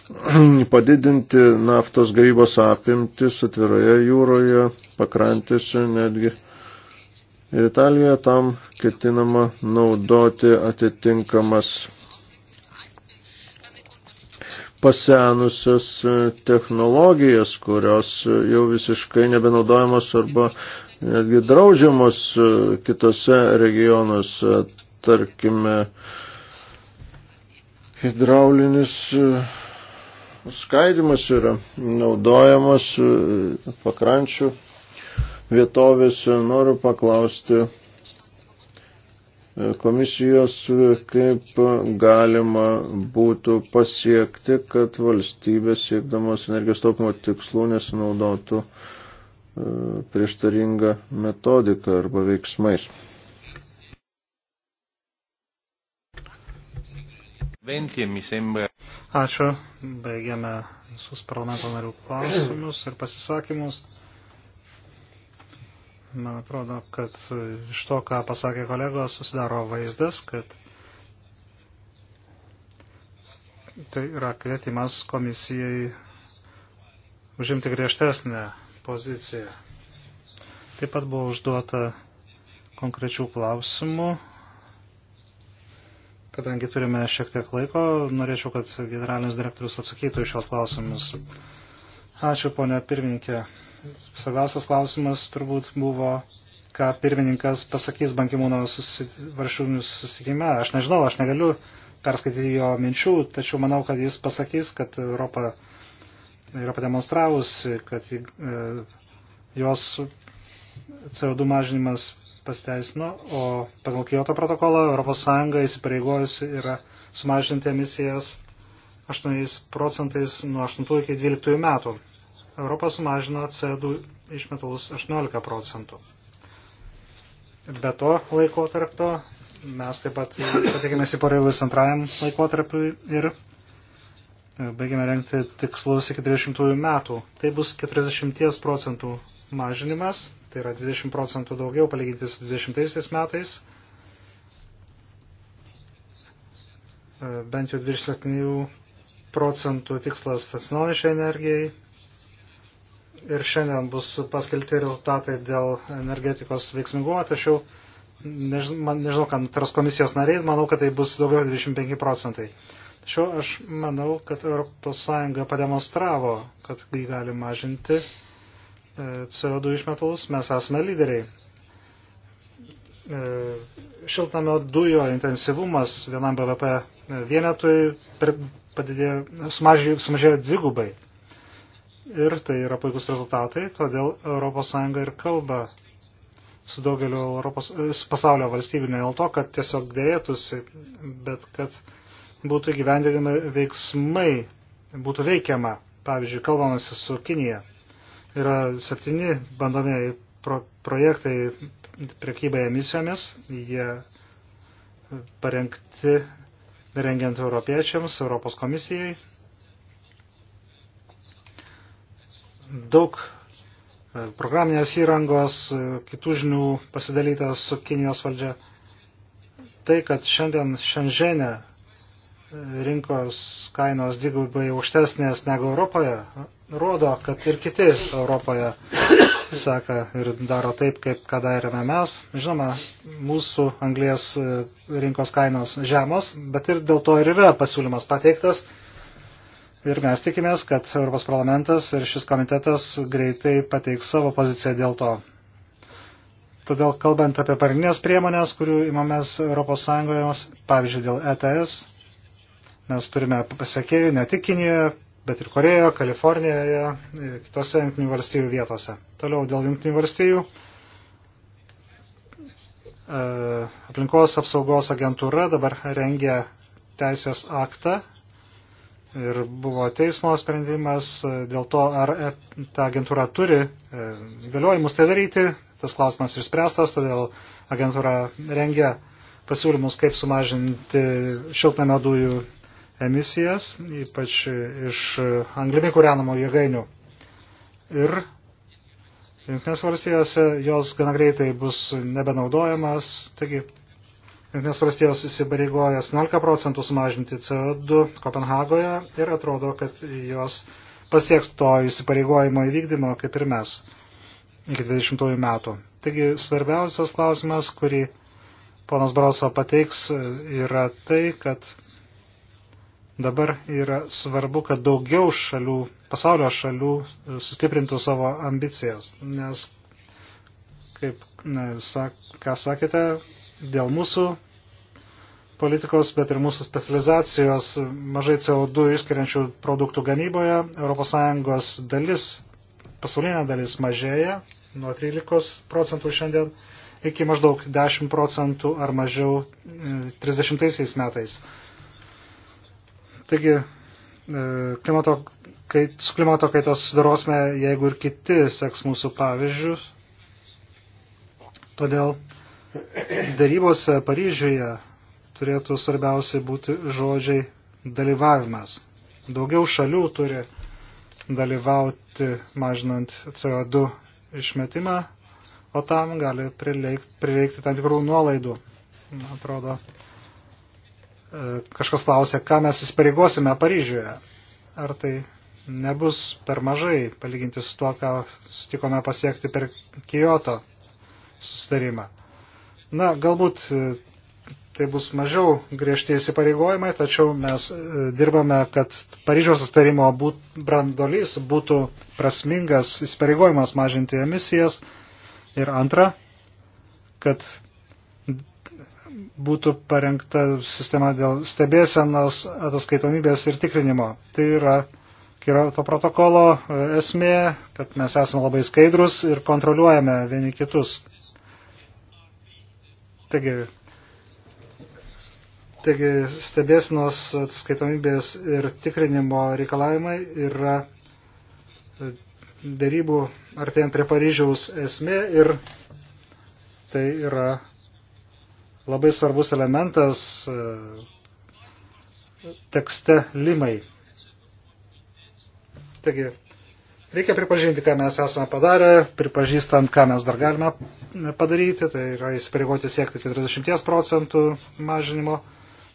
[SPEAKER 1] padidinti naftos gavybos apimtis atviroje jūroje, pakrantėse netgi. Ir Italijoje tam ketinama naudoti atitinkamas pasenusias e, technologijas, kurios e, jau visiškai nebenaudojamos arba netgi draudžiamos e, kitose regionuose, tarkime, hidraulinis skaidimas yra naudojamas pakrančių vietovėse. Noriu paklausti komisijos, kaip galima būtų pasiekti, kad valstybės siekdamos energijos taupimo tikslų nesinaudotų e, prieštaringa metodika arba veiksmais.
[SPEAKER 2] Ačiū. Baigiame visus parlamento narių klausimus ir pasisakymus. Man atrodo, kad iš to, ką pasakė kolegos, susidaro vaizdas, kad tai yra kvietimas komisijai užimti griežtesnę poziciją. Taip pat buvo užduota konkrečių klausimų. Kadangi turime šiek tiek laiko, norėčiau, kad generalinis direktorius atsakytų iš šios klausimus. Ačiū, ponia pirmininkė svarbiausias klausimas turbūt buvo, ką pirmininkas pasakys bankimūno susi... varšūnių susitikime. Aš nežinau, aš negaliu perskaityti jo minčių, tačiau manau, kad jis pasakys, kad Europa yra pademonstravusi, kad e, jos CO2 mažinimas pasiteisino, o pagal Kyoto protokolą ES įsipareigojusi yra sumažinti emisijas 8 procentais nuo 8 iki 12 metų. Europa sumažino CO2 išmetalus 18 procentų. Be to laikotarpio mes taip pat patikėme įsipareigus antrajam laikotarpiui ir e, baigėme renkti tikslus iki 30 metų. Tai bus 40 procentų mažinimas, tai yra 20 procentų daugiau palyginti su 20 metais. E, bent jau 27 procentų tikslas atsinaujinčiai energijai ir šiandien bus paskelbti rezultatai dėl energetikos veiksmingumo, tačiau nežinau, man, nežinau ką nutars komisijos nariai, manau, kad tai bus daugiau 25 procentai. Tačiau aš manau, kad ES pademonstravo, kad jį gali mažinti e, CO2 išmetalus, mes esame lyderiai. E, šiltnamio dujo intensyvumas vienam BVP vienetui padidėjo, sumažėjo, sumažėjo dvigubai ir tai yra puikus rezultatai, todėl ES ir kalba su daugeliu Europos, e, su pasaulio valstybių ne dėl to, kad tiesiog dėrėtųsi, bet kad būtų gyvendinami veiksmai, būtų veikiama. Pavyzdžiui, kalbamasi su Kinija. Yra septyni bandomieji pro projektai priekybai emisijomis. Jie parengti rengiant europiečiams, Europos komisijai daug e, programinės įrangos, e, kitų žinių pasidalyta su Kinijos valdžia. Tai, kad šiandien Šenženė e, rinkos kainos dvigubai aukštesnės negu Europoje, rodo, kad ir kiti Europoje seka ir daro taip, kaip ką darėme mes. Žinoma, mūsų anglės rinkos kainos žemos, bet ir dėl to ir yra pasiūlymas pateiktas Ir mes tikimės, kad Europos parlamentas ir šis komitetas greitai pateiks savo poziciją dėl to. Todėl, kalbant apie pagrindinės priemonės, kurių imamės ES, pavyzdžiui, dėl ETS, mes turime pasiekėjų ne tik Kinijoje, bet ir Korejoje, Kalifornijoje, kitose jungtinių valstybių vietose. Toliau dėl jungtinių valstybių. E, aplinkos apsaugos agentūra dabar rengia teisės aktą Ir buvo teismo sprendimas dėl to, ar e, ta agentūra turi e, įgaliojimus tai daryti. Tas klausimas išspręstas, todėl agentūra rengia pasiūlymus, kaip sumažinti šiltnamio dujų emisijas, ypač iš anglimi kūrenamo jėgainių. Ir Junktinės valstijose jos gana greitai bus nebenaudojamas, taigi Junktinės valstijos įsibareigoja 11 procentų sumažinti CO2 Kopenhagoje ir atrodo, kad jos pasieks to įsipareigojimo įvykdymo kaip ir mes iki 20 metų. Taigi svarbiausias klausimas, kurį ponas Brauso pateiks, yra tai, kad dabar yra svarbu, kad daugiau šalių, pasaulio šalių sustiprintų savo ambicijas, nes kaip ne, sak, ką sakėte, dėl mūsų politikos, bet ir mūsų specializacijos mažai CO2 išskiriančių produktų gamyboje ES dalis, pasaulinė dalis mažėja nuo 13 procentų šiandien iki maždaug 10 procentų ar mažiau 30 e, metais. Taigi, e, klimato, kai, su klimato kaitos sudarosime, jeigu ir kiti seks mūsų pavyzdžius. Todėl darybose Paryžiuje turėtų svarbiausiai būti žodžiai dalyvavimas. Daugiau šalių turi dalyvauti mažinant CO2 išmetimą, o tam gali prireikti, prireikti tam tikrų nuolaidų. Man atrodo, e, kažkas klausė, ką mes įsipareigosime Paryžiuje. Ar tai nebus per mažai palyginti su tuo, ką sutikome pasiekti per Kyoto susitarimą. Na, galbūt e, tai bus mažiau griežti įsipareigojimai, tačiau mes e, dirbame, kad Paryžiaus sustarimo būt, brandolys būtų prasmingas įsipareigojimas mažinti emisijas. Ir antra, kad būtų parengta sistema dėl stebėsenos, ataskaitomybės ir tikrinimo. Tai yra Kyoto tai protokolo e, esmė, kad mes esame labai skaidrus ir kontroliuojame vieni kitus. Taigi, taigi stebėsinos atskaitomybės ir tikrinimo reikalavimai yra dėrybų artėjant prie Paryžiaus esmė ir tai yra labai svarbus elementas e, tekste Limai. Taigi, Reikia pripažinti, ką mes esame padarę, pripažįstant, ką mes dar galime padaryti, tai yra įsipareigoti siekti 40 procentų mažinimo,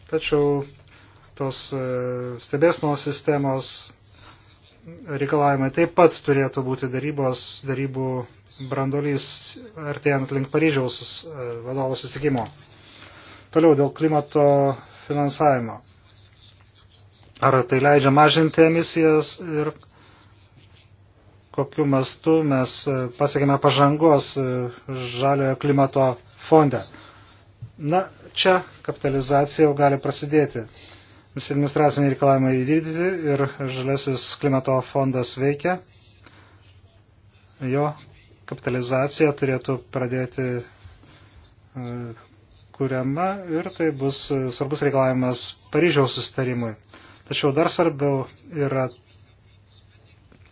[SPEAKER 2] tačiau tos e, stebėsnos sistemos reikalavimai taip pat turėtų būti darybos, darybų brandolys artėjant link Paryžiaus e, vadovų susitikimo. Toliau dėl klimato finansavimo. Ar tai leidžia mažinti emisijas ir kokiu mastu mes e, pasiekėme pažangos e, žaliojo klimato fonde. Na, čia kapitalizacija jau gali prasidėti. Visi administraciniai reikalavimai įvykdyti ir žaliasis klimato fondas veikia. Jo kapitalizacija turėtų pradėti e, kuriama ir tai bus svarbus reikalavimas Paryžiaus sustarimui. Tačiau dar svarbiau yra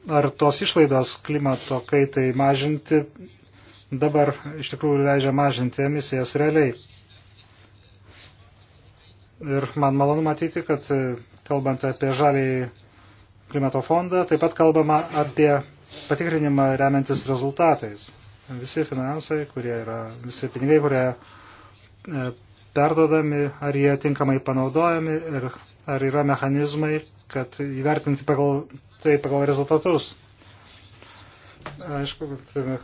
[SPEAKER 2] ar tos išlaidos klimato kaitai mažinti dabar iš tikrųjų leidžia mažinti emisijas realiai. Ir man malonu matyti, kad e, kalbant apie žalį klimato fondą, taip pat kalbama apie patikrinimą remiantis rezultatais. Visi finansai, kurie yra, visi pinigai, kurie e, perdodami, ar jie tinkamai panaudojami ir ar yra mechanizmai, kad įvertinti pagal, tai pagal rezultatus. Aišku, e,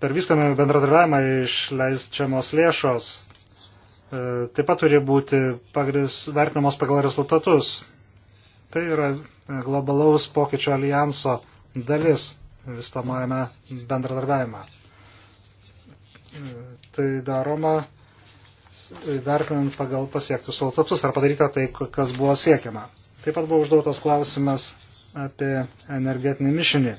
[SPEAKER 2] per vystamą bendradarbiavimą išleisčiamos lėšos e, taip pat turi būti pagris, vertinamos pagal rezultatus. Tai yra e, globalaus pokyčio alijanso dalis vystamajame bendradarbiavime. Tai daroma vertinant pagal pasiektus rezultatus, ar padaryta tai, kas buvo siekiama. Taip pat buvo užduotas klausimas apie energetinį mišinį.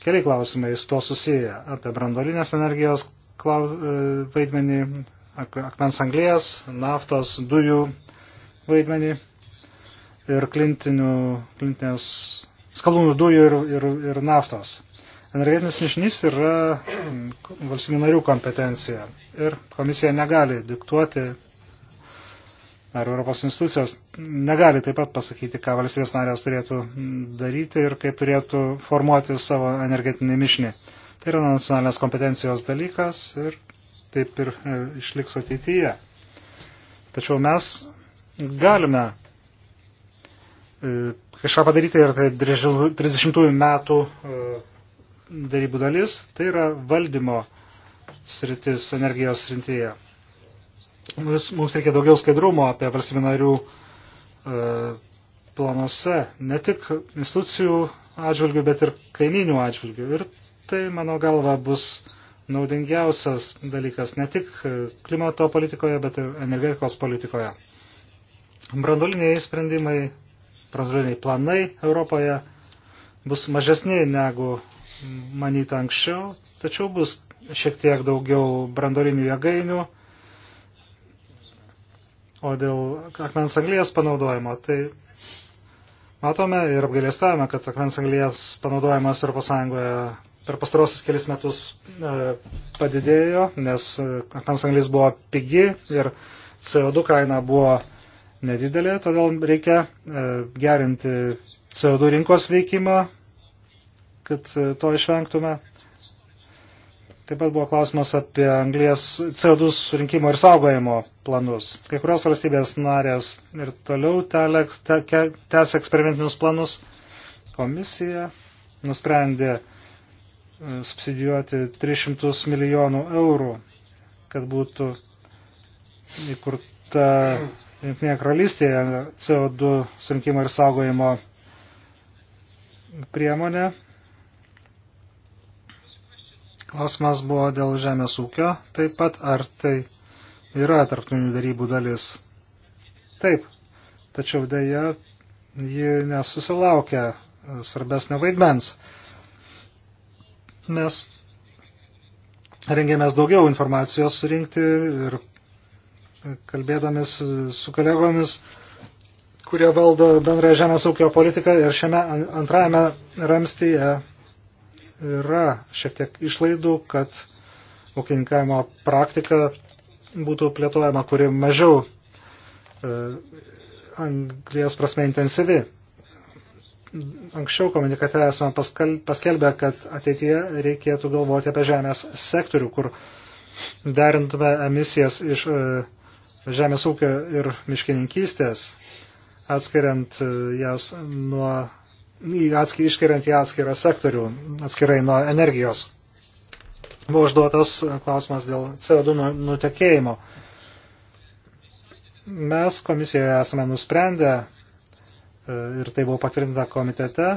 [SPEAKER 2] Keli klausimai su to susiję apie brandolinės energijos klau, e, vaidmenį, akmens anglijas, naftos, dujų vaidmenį ir klintinių, klintinės skalūnų dujų ir, ir, ir naftos. Energetinis mišinys yra valstybių narių kompetencija ir komisija negali diktuoti, ar Europos institucijos negali taip pat pasakyti, ką valstybės narės turėtų daryti ir kaip turėtų formuoti savo energetinį mišinį. Tai yra nacionalinės kompetencijos dalykas ir taip ir e, išliks ateityje. Tačiau mes galime e, kažką padaryti ir tai 30 metų e, darybų dalis, tai yra valdymo sritis energijos srityje. Mums reikia daugiau skaidrumo apie valstybių narių e, planuose, ne tik institucijų atžvilgių, bet ir kaiminių atžvilgių. Ir tai, mano galva, bus naudingiausias dalykas ne tik klimato politikoje, bet ir energetikos politikoje. Brandoliniai sprendimai, brandoliniai planai Europoje bus mažesni negu manyta anksčiau, tačiau bus šiek tiek daugiau brandolinių jėgainių. O dėl akmens anglijas panaudojimo, tai matome ir apgailestavome, kad akmens anglijas panaudojimas ES per pastarosius kelias metus e, padidėjo, nes akmens anglis buvo pigi ir CO2 kaina buvo nedidelė, todėl reikia e, gerinti CO2 rinkos veikimą, kad e, to išvengtume. Taip pat buvo klausimas apie anglės CO2 surinkimo ir saugojimo planus. Kai kurios valstybės narės ir toliau telek, te, te, tęs eksperimentinius planus. Komisija nusprendė e, subsidijuoti 300 milijonų eurų, kad būtų įkurta Junktinėje karalystėje CO2 surinkimo ir saugojimo priemonė Klausimas buvo dėl žemės ūkio, taip pat ar tai yra tarptautinių darybų dalis. Taip, tačiau dėja ji nesusilaukia svarbesnio vaidmens. Mes rengėmės daugiau informacijos surinkti ir kalbėdamis su kolegomis, kurie valdo bendrą žemės ūkio politiką ir šiame antrajame ramstyje yra šiek tiek išlaidų, kad ūkininkavimo praktika būtų plėtojama, kuri mažiau e, anglės prasme intensyvi. Anksčiau komunikate esame paskelbę, kad ateityje reikėtų galvoti apie žemės sektorių, kur derintume emisijas iš e, žemės ūkio ir miškininkystės, atskiriant e, jas nuo atskir, išskiriant į atskirą sektorių, atskirai nuo energijos. Buvo užduotas klausimas dėl CO2 nu, nutekėjimo. Mes komisijoje esame nusprendę e, ir tai buvo patvirtinta komitete,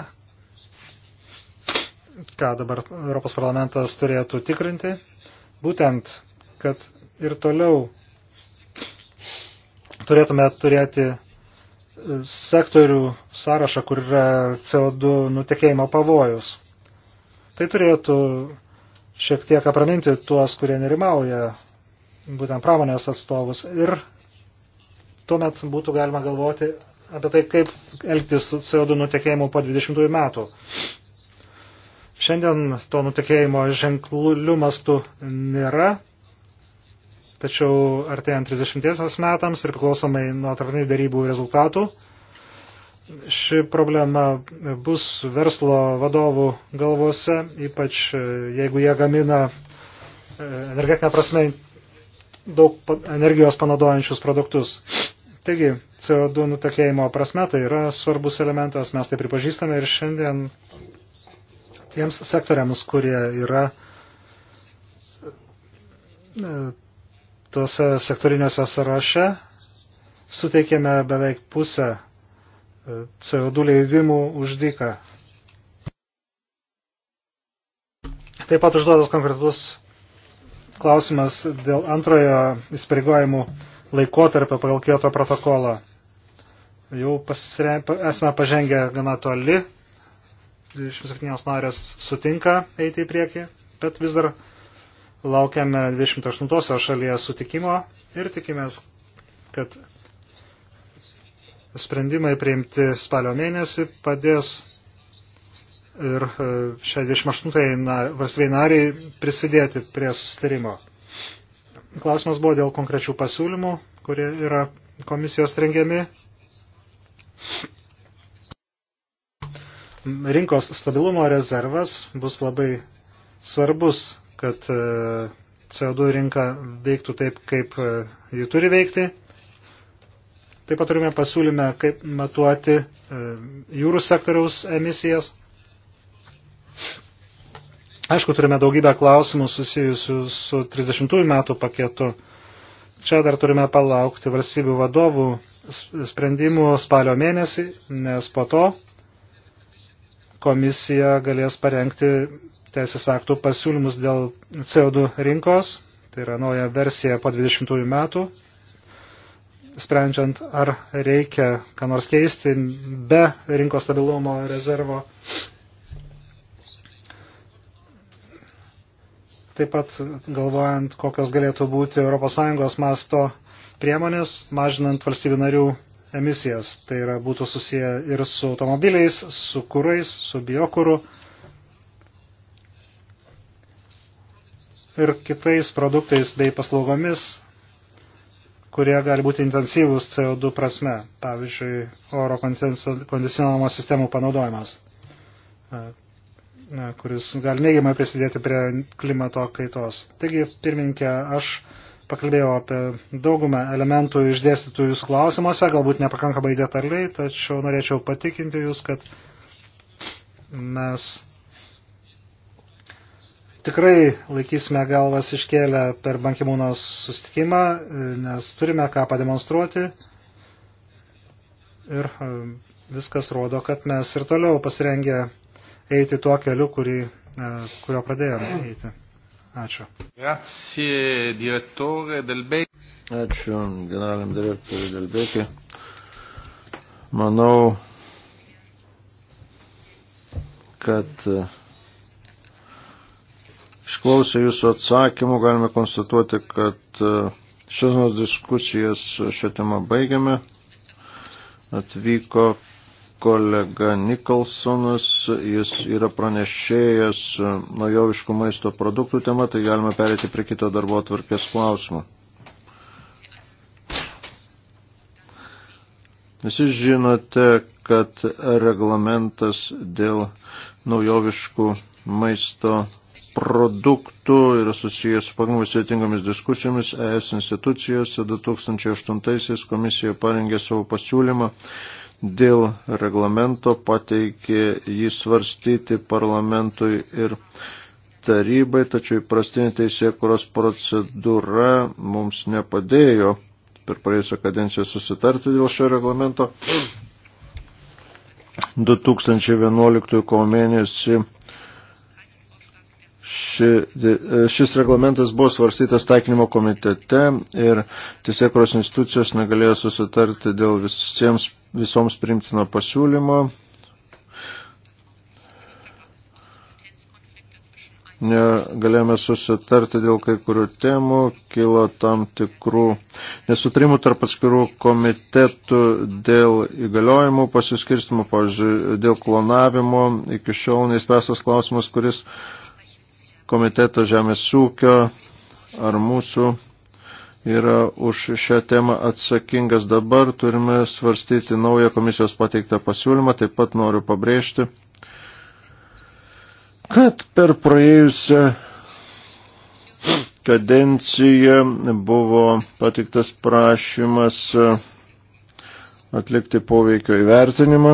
[SPEAKER 2] ką dabar Europos parlamentas turėtų tikrinti, būtent, kad ir toliau turėtume turėti sektorių sąrašą, kur yra CO2 nutekėjimo pavojus. Tai turėtų šiek tiek apraminti tuos, kurie nerimauja, būtent pramonės atstovus. Ir tuomet būtų galima galvoti apie tai, kaip elgtis su CO2 nutekėjimu po 20 metų. Šiandien to nutekėjimo ženklių mastų nėra, Tačiau artėjant 30 metams ir priklausomai nuo tarpinių darybų rezultatų, ši problema bus verslo vadovų galvose, ypač e, jeigu jie gamina e, energetinę prasme daug energijos panaudojančius produktus. Taigi, CO2 nutekėjimo prasme tai yra svarbus elementas, mes tai pripažįstame ir šiandien tiems sektoriams, kurie yra e, tuose sektoriniuose sąraše suteikėme beveik pusę e, CO2 leidimų už dyką. Taip pat užduotas konkretus klausimas dėl antrojo įsipareigojimų laikotarpio pagal Kyoto protokolą. Jau pasire... esame pažengę gana toli, 27 narės sutinka eiti į priekį, bet vis dar Laukiame 28 šalies sutikimo ir tikimės, kad sprendimai priimti spalio mėnesį padės ir 68 e, valstybei nariai prisidėti prie susitarimo. Klausimas buvo dėl konkrečių pasiūlymų, kurie yra komisijos rengiami. Rinkos stabilumo rezervas bus labai svarbus kad e, CO2 rinka veiktų taip, kaip e, ji turi veikti. Taip pat turime pasiūlymę, kaip matuoti e, jūrų sektoriaus emisijas. Aišku, turime daugybę klausimų susijusių su 30 metų paketu. Čia dar turime palaukti valstybių vadovų sprendimų spalio mėnesį, nes po to komisija galės parengti teisės aktų pasiūlymus dėl CO2 rinkos, tai yra nauja versija po 20 metų, sprendžiant, ar reikia ką nors keisti be rinkos stabilumo rezervo. Taip pat galvojant, kokios galėtų būti ES masto priemonės, mažinant valstybių narių emisijas. Tai yra būtų susiję ir su automobiliais, su kurais, su biokuru. ir kitais produktais bei paslaugomis, kurie gali būti intensyvūs CO2 prasme, pavyzdžiui, oro kondicionavimo sistemų panaudojimas, e, e, kuris gali neigiamai prisidėti prie klimato kaitos. Taigi, pirmininkė, aš pakalbėjau apie daugumą elementų išdėstytų jūsų klausimuose, galbūt nepakankamai detaliai, tačiau norėčiau patikinti jūs, kad mes tikrai laikysime galvas iškėlę per bankimūno sustikimą, nes turime ką pademonstruoti. Ir e, viskas rodo, kad mes ir toliau pasirengę eiti tuo keliu, kurį, e, kurio pradėjome eiti. Ačiū.
[SPEAKER 1] Grazie, direttore Delbekė. Ačiū, generaliniam direktoriui Delbekė. Manau, kad uh, Išklausę jūsų atsakymų galime konstatuoti, kad e, šios diskusijas šią temą baigiame. Atvyko kolega Nikolsonas, jis yra pranešėjas naujoviškų maisto produktų tema, tai galime perėti prie kito darbo atvarkės klausimo. Visi žinote, kad reglamentas dėl naujoviškų maisto produktų produktų ir susijęs su pakankamai sveitingomis diskusijomis ES institucijose 2008 komisija parengė savo pasiūlymą dėl reglamento, pateikė jį svarstyti parlamentui ir tarybai, tačiau įprastinė teisėkuros procedūra mums nepadėjo per praėjusią kadenciją susitarti dėl šio reglamento. 2011 kovo mėnesį Ši, e, šis reglamentas buvo svarstytas taikinimo komitete ir tiesiekros institucijos negalėjo susitarti dėl visiems, visoms primtino pasiūlymo. Negalėjome susitarti dėl kai kurių temų, kilo tam tikrų nesutrimų tarp atskirų komitetų dėl įgaliojimų pasiskirstimo, pavyzdžiui, dėl klonavimo, iki šiol neįspręstas klausimas, kuris uh, komiteto žemės ūkio ar mūsų yra už šią temą atsakingas dabar. Turime svarstyti naują komisijos pateiktą pasiūlymą. Taip pat noriu pabrėžti, kad per praėjusią kadenciją buvo patiktas prašymas atlikti poveikio įvertinimą.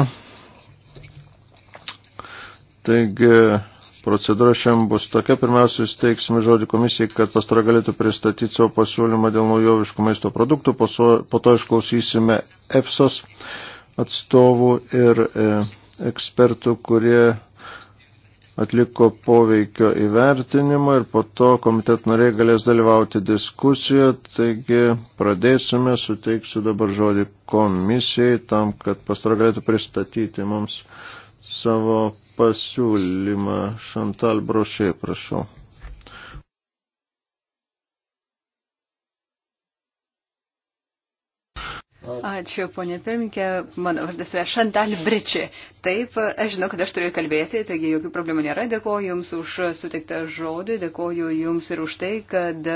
[SPEAKER 1] Taigi Procedūra šiandien bus tokia. Pirmiausia, steiksime žodį komisijai, kad pastara galėtų pristatyti savo pasiūlymą dėl naujoviškų maisto produktų. Po to išklausysime EFSOS atstovų ir e, ekspertų, kurie atliko poveikio įvertinimą ir po to komitet norėjai galės dalyvauti diskusijoje. Taigi pradėsime, suteiksiu dabar žodį komisijai tam, kad pastara galėtų pristatyti mums savo pasiūlymą. Šantal Brošė, prašau.
[SPEAKER 3] Ačiū, ponė pirminkė. Mano vardas yra Šantal Bričiai. Taip, aš žinau, kad aš turėjau kalbėti, taigi jokių problemų nėra. Dėkoju Jums už sutiktą žodį, dėkoju Jums ir už tai, kad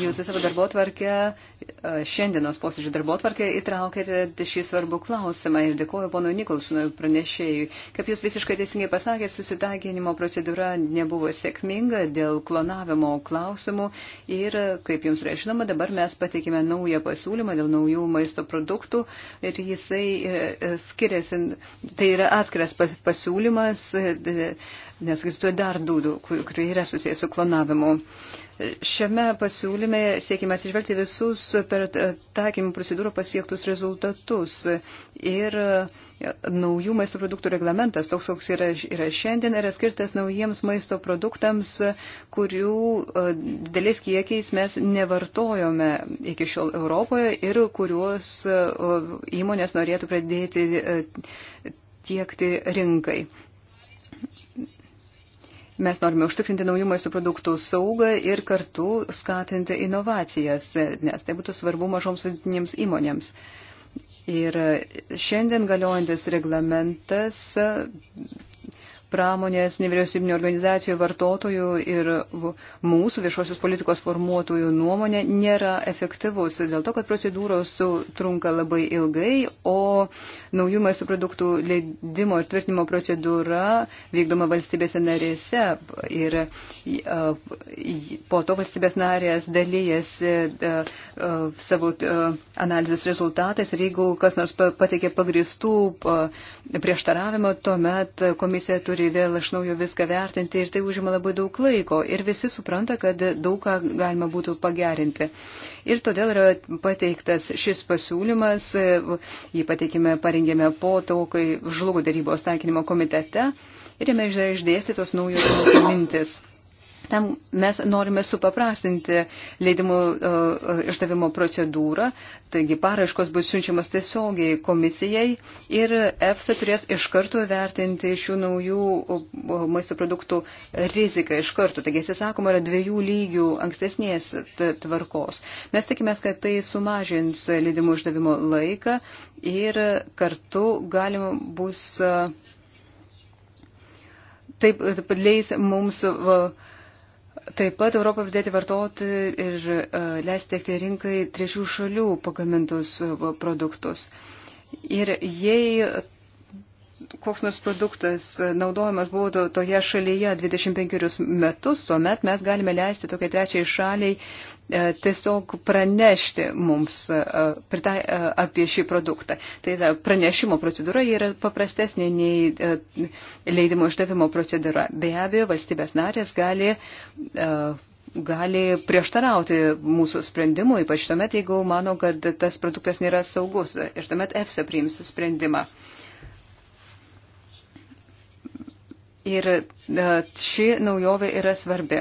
[SPEAKER 3] Jūs į savo darbo tvarkę, šiandienos posėdžių darbo tvarkę įtraukėte šį svarbų klausimą ir dėkoju pono Nikolsonui pranešėjui. Kaip Jūs visiškai teisingai pasakėte, susitaikinimo procedūra nebuvo sėkminga dėl klonavimo klausimų ir, kaip Jums yra žinoma, dabar mes pateikime naują pasiūlymą dėl naujų maisto produktų produktų ir jisai e, e, skiriasi, tai yra atskiras pasiūlymas, e, nes egzistuoja dar dūdų, kurie yra susijęs su klonavimu. Šiame pasiūlyme siekime atsižvelgti visus per taikymų procedūrą pasiektus rezultatus ir uh, naujų maisto produktų reglamentas, toks, koks yra, yra šiandien, yra skirtas naujiems maisto produktams, kurių e, dėlės kiekiais mes nevartojome iki šiol Europoje ir kuriuos e, įmonės norėtų pradėti e, tiekti rinkai. Mes norime užtikrinti naujų maisto produktų saugą ir kartu skatinti inovacijas, nes tai būtų svarbu mažoms vidutinėms įmonėms. Uh, Ir šiandien galiojantis reglamentas pramonės, nevyriausybinio organizacijų, vartotojų ir mūsų viešosios politikos formuotojų nuomonė nėra efektyvus, dėl to, kad procedūros trunka labai ilgai, o naujų maisto produktų leidimo ir tvirtinimo procedūra vykdoma valstybėse narėse ir po to valstybės narės dalyjasi savo analizės rezultatais ir jeigu kas nors pateikė pagristų prieštaravimą, tuomet komisija turi turi vėl iš naujo viską vertinti ir tai užima labai daug laiko ir visi supranta, kad daug ką galima būtų pagerinti. Ir todėl yra pateiktas šis pasiūlymas, jį pateikime, parengėme po to, kai žlugo darybos taikinimo komitete ir jame išdėstytos naujos mintis. Tam mes norime supaprastinti leidimų e, e, išdavimo procedūrą, taigi paraiškos bus siunčiamas tiesiogiai komisijai ir EFSA turės iš karto vertinti šių naujų e, maisto produktų riziką iš karto. Taigi, sakoma, yra dviejų lygių ankstesnės tvarkos. Mes tikimės, kad tai sumažins leidimų išdavimo laiką ir kartu galima bus. Taip leis mums. Uh, Taip pat Europą pradėti vartoti ir e, leisti tiekti rinkai trečių šalių pagamintus e, produktus. Ir jei koks nors produktas naudojamas buvo toje šalyje 25 metus, tuomet mes galime leisti tokiai trečiai šaliai e, tiesiog pranešti mums e, e, apie šį produktą. Tai yra, pranešimo procedūra yra paprastesnė nei leidimo išdavimo procedūra. Be abejo, valstybės narės gali gali prieštarauti mūsų sprendimu, ypač tuomet, jeigu mano, kad tas produktas nėra saugus. Ir tuomet EFSA priims sprendimą. Uh, Ir e, ši naujovė yra svarbi.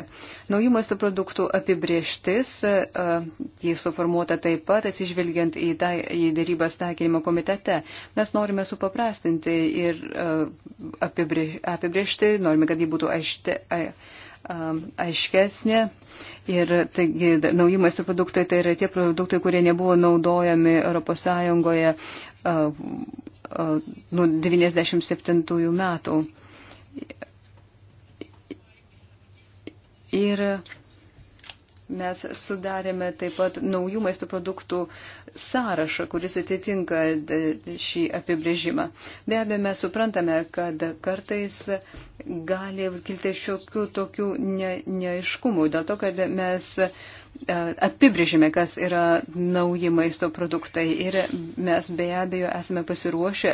[SPEAKER 3] Naujų maisto produktų apibrieštis, e, jį suformuota taip pat atsižvelgiant į, tai, į dėrybas taikinimo komitete. Mes norime supaprastinti ir e, apibriešti, norime, kad jį būtų aišti, aiškesnė. Ir taigi naujų maisto produktai tai yra tie produktai, kurie nebuvo naudojami ES nuo 1997 metų. Ir mes sudarėme taip pat naujų maisto produktų sąrašą, kuris atitinka šį apibrėžimą. Be abejo, mes suprantame, kad kartais gali kilti šiokių tokių ne, neaiškumų, dėl to, kad mes E, apibrėžime, kas yra nauji maisto produktai ir mes be abejo esame pasiruošę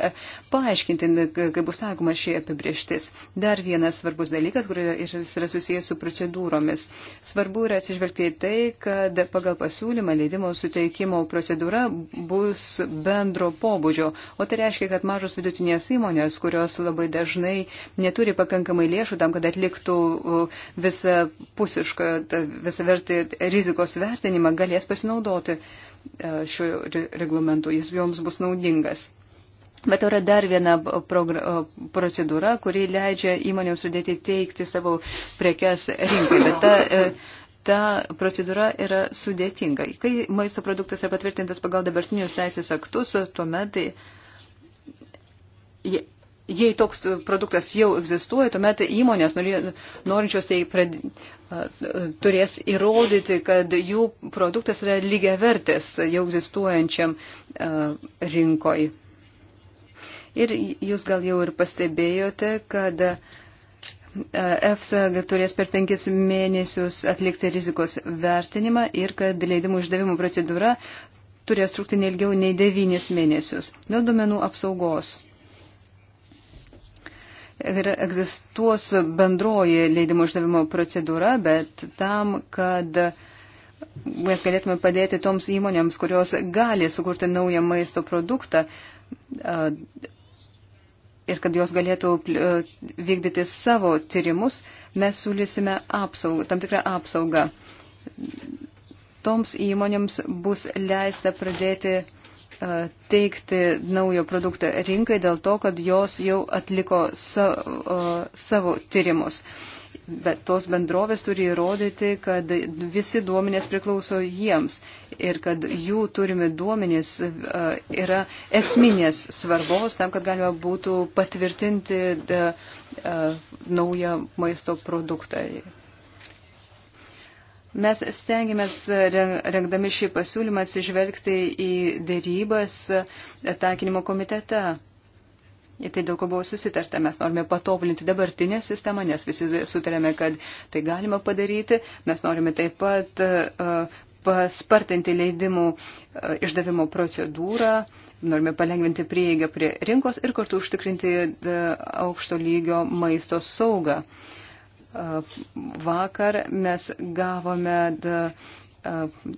[SPEAKER 3] paaiškinti, kaip bus sakoma šį apibrėžtis. Dar vienas svarbus dalykas, kuris yra susijęs su procedūromis. Svarbu yra atsižvelgti į tai, kad pagal pasiūlymą leidimo suteikimo procedūra bus bendro pobūdžio, o tai reiškia, kad mažos vidutinės įmonės, kurios labai dažnai neturi pakankamai lėšų tam, kad atliktų e, visą pusišką, visą vertį riziką, rizikos vertinimą, galės pasinaudoti e, šiuo reglamentu. Jis joms bus naudingas. Bet yra dar viena procedūra, kuri leidžia įmonėms sudėti teikti savo prekes rinkai. Bet ta, e, ta procedūra yra sudėtinga. Kai maisto produktas yra patvirtintas pagal dabartinius teisės aktus, tuomet e, jei toks e, produktas jau egzistuoja, tuomet įmonės norinčios tai prad... turės įrodyti, kad jų produktas yra lygiavertis jau egzistuojančiam rinkoj. Ir jūs gal jau ir pastebėjote, kad EFSA turės per penkis mėnesius atlikti rizikos vertinimą ir kad leidimų išdavimų procedūra turės trukti neilgiau nei devynis mėnesius. Dėl duomenų apsaugos Ir egzistuos bendroji leidimo išdavimo procedūra, bet tam, kad mes galėtume padėti toms įmonėms, kurios gali sukurti naują maisto produktą ir kad jos galėtų vykdyti savo tyrimus, mes siūlysime apsaugą, tam tikrą apsaugą. Toms įmonėms bus leista pradėti E, teikti naujo produkto rinkai dėl to, kad jos jau atliko savo, e, savo tyrimus. Bet tos bendrovės turi įrodyti, kad visi duomenės priklauso jiems ir kad jų turimi duomenys e, yra esminės svarbos tam, kad galima būtų patvirtinti naują maisto produktą. Mes stengiamės, rengdami šį pasiūlymą, atsižvelgti į dėrybas takinimo komitete. Ir tai dėl ko buvo susitarta. Mes norime patobulinti dabartinę sistemą, nes visi sutarėme, kad tai galima padaryti. Mes norime taip pat uh, paspartinti leidimų uh, išdavimo procedūrą, norime palengventi prieigą prie rinkos ir kartu užtikrinti uh, aukšto lygio maisto saugą. Uh, Vakar mes gavome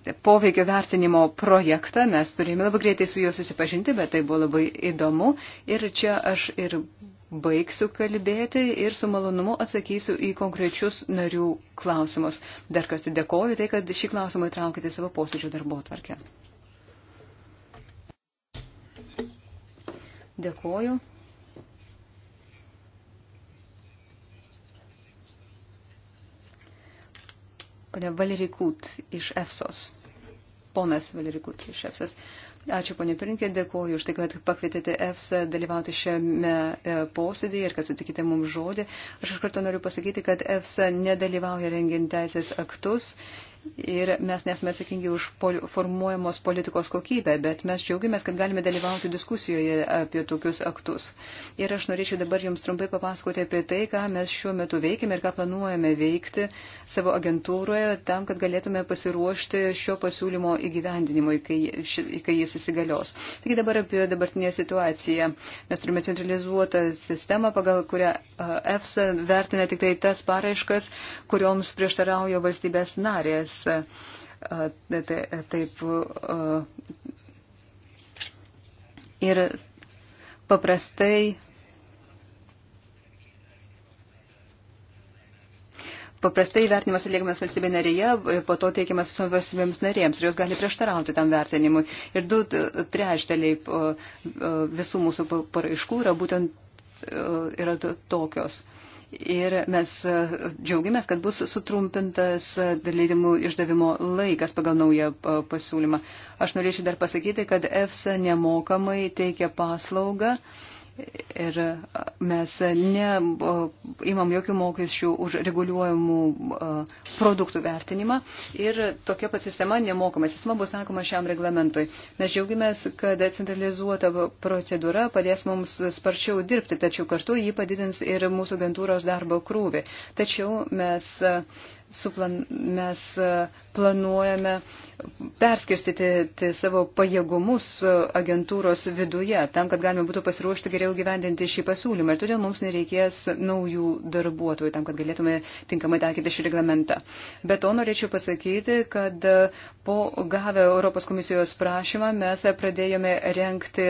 [SPEAKER 3] e, poveikio vertinimo projektą, mes turėjome labai greitai su juo susipažinti, bet tai buvo labai įdomu. Ir čia aš ir baigsiu kalbėti ir su malonumu atsakysiu į konkrečius narių klausimus. Dar kartą dėkoju tai, kad šį klausimą įtraukite savo posėdžio darbo tvarkę. Dėkoju. Pone Valerikut iš EFSOS. Ponas Valerikut iš EFSOS. Ačiū, ponė Pirinkė, dėkuoju už tai, kad pakvietėte EFSA dalyvauti šiame e, posėdėje ir kad sutikite mums žodį. Aš iš karto noriu pasakyti, kad EFSA nedalyvauja rengiant teisės aktus ir mes nesame atsakingi už pol formuojamos politikos kokybę, bet mes džiaugiamės, kad galime dalyvauti diskusijoje apie tokius aktus. Ir aš norėčiau dabar Jums trumpai papasakoti apie tai, ką mes šiuo metu veikiame ir ką planuojame veikti savo agentūroje, tam, kad galėtume pasiruošti šio pasiūlymo įgyvendinimui, kai, ši, kai jis įsigalios. Taigi dabar apie dabartinę situaciją. Mes turime centralizuotą sistemą, pagal kurią EFSA vertina tik tai tas paraiškas, kurioms prieštarauja valstybės narės mes e, e, tai, e, taip. Ir paprastai paprastai vertinimas atliekamas valstybė narėje, po to teikiamas visoms valstybėms narėms ir jos gali prieštarauti tam vertinimui. Ir du trečdaliai visų mūsų paraiškų yra būtent yra tokios. Ir mes e, džiaugiamės, kad bus sutrumpintas e, leidimų išdavimo laikas pagal naują e, pasiūlymą. Aš norėčiau dar pasakyti, kad EFSA nemokamai teikia paslaugą. Uh, Ir mes neimam jokių mokesčių už reguliuojamų produktų vertinimą. Ir tokia pat sistema, nemokama sistema, bus sakoma šiam reglamentui. Mes džiaugiamės, kad centralizuota procedūra padės mums sparčiau dirbti, tačiau kartu jį padidins ir mūsų agentūros darbo krūvį. Tačiau mes suplan, mes e, planuojame perskirstyti tai, savo pajėgumus e, agentūros viduje, tam, kad galime būtų pasiruošti geriau gyvendinti šį pasiūlymą. Ir todėl mums nereikės naujų darbuotojų, tam, kad galėtume tinkamai taikyti šį reglamentą. Bet to norėčiau pasakyti, kad e, po gavę Europos komisijos prašymą mes pradėjome renkti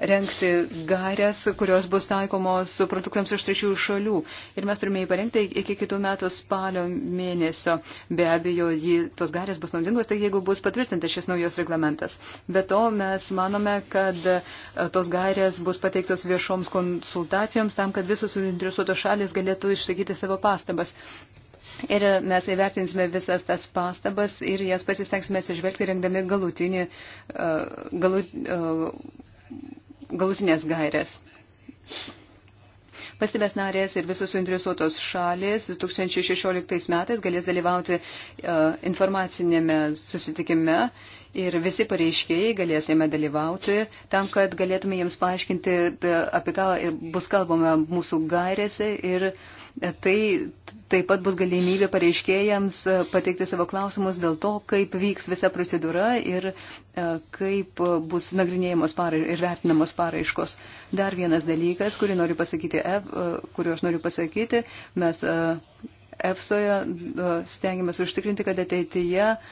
[SPEAKER 3] rengti gairias, kurios bus taikomos produktams iš trečiųjų šalių. Ir mes turime jį parengti iki kitų metų spalio mėnesio. Be abejo, jį, tos gairias bus naudingos, tai jeigu bus patvirtintas šis naujos reglamentas. Be to, mes manome, kad tos gairias bus pateiktos viešoms konsultacijoms tam, kad visos suinteresuotos šalis galėtų išsakyti savo pastabas. Ir mes įvertinsime visas tas pastabas ir jas pasistengsime atsižvelgti rengdami galutinį, galut, galusinės gairės. Pastebės narės ir visos suinteresuotos šalės 2016 metais galės dalyvauti e, informacinėme susitikime ir visi pareiškėjai galės jame dalyvauti, tam, kad galėtume jiems paaiškinti, apie ką bus kalbama mūsų gairėse ir tai taip pat bus galimybė pareiškėjams e, pateikti savo klausimus dėl to, kaip vyks visa procedūra ir e, kaip bus nagrinėjamos parai, ir vertinamos paraiškos. Dar vienas dalykas, kurį noriu pasakyti, e, kuriuo aš noriu pasakyti, mes EFSOje stengiamės užtikrinti, kad ateityje uh,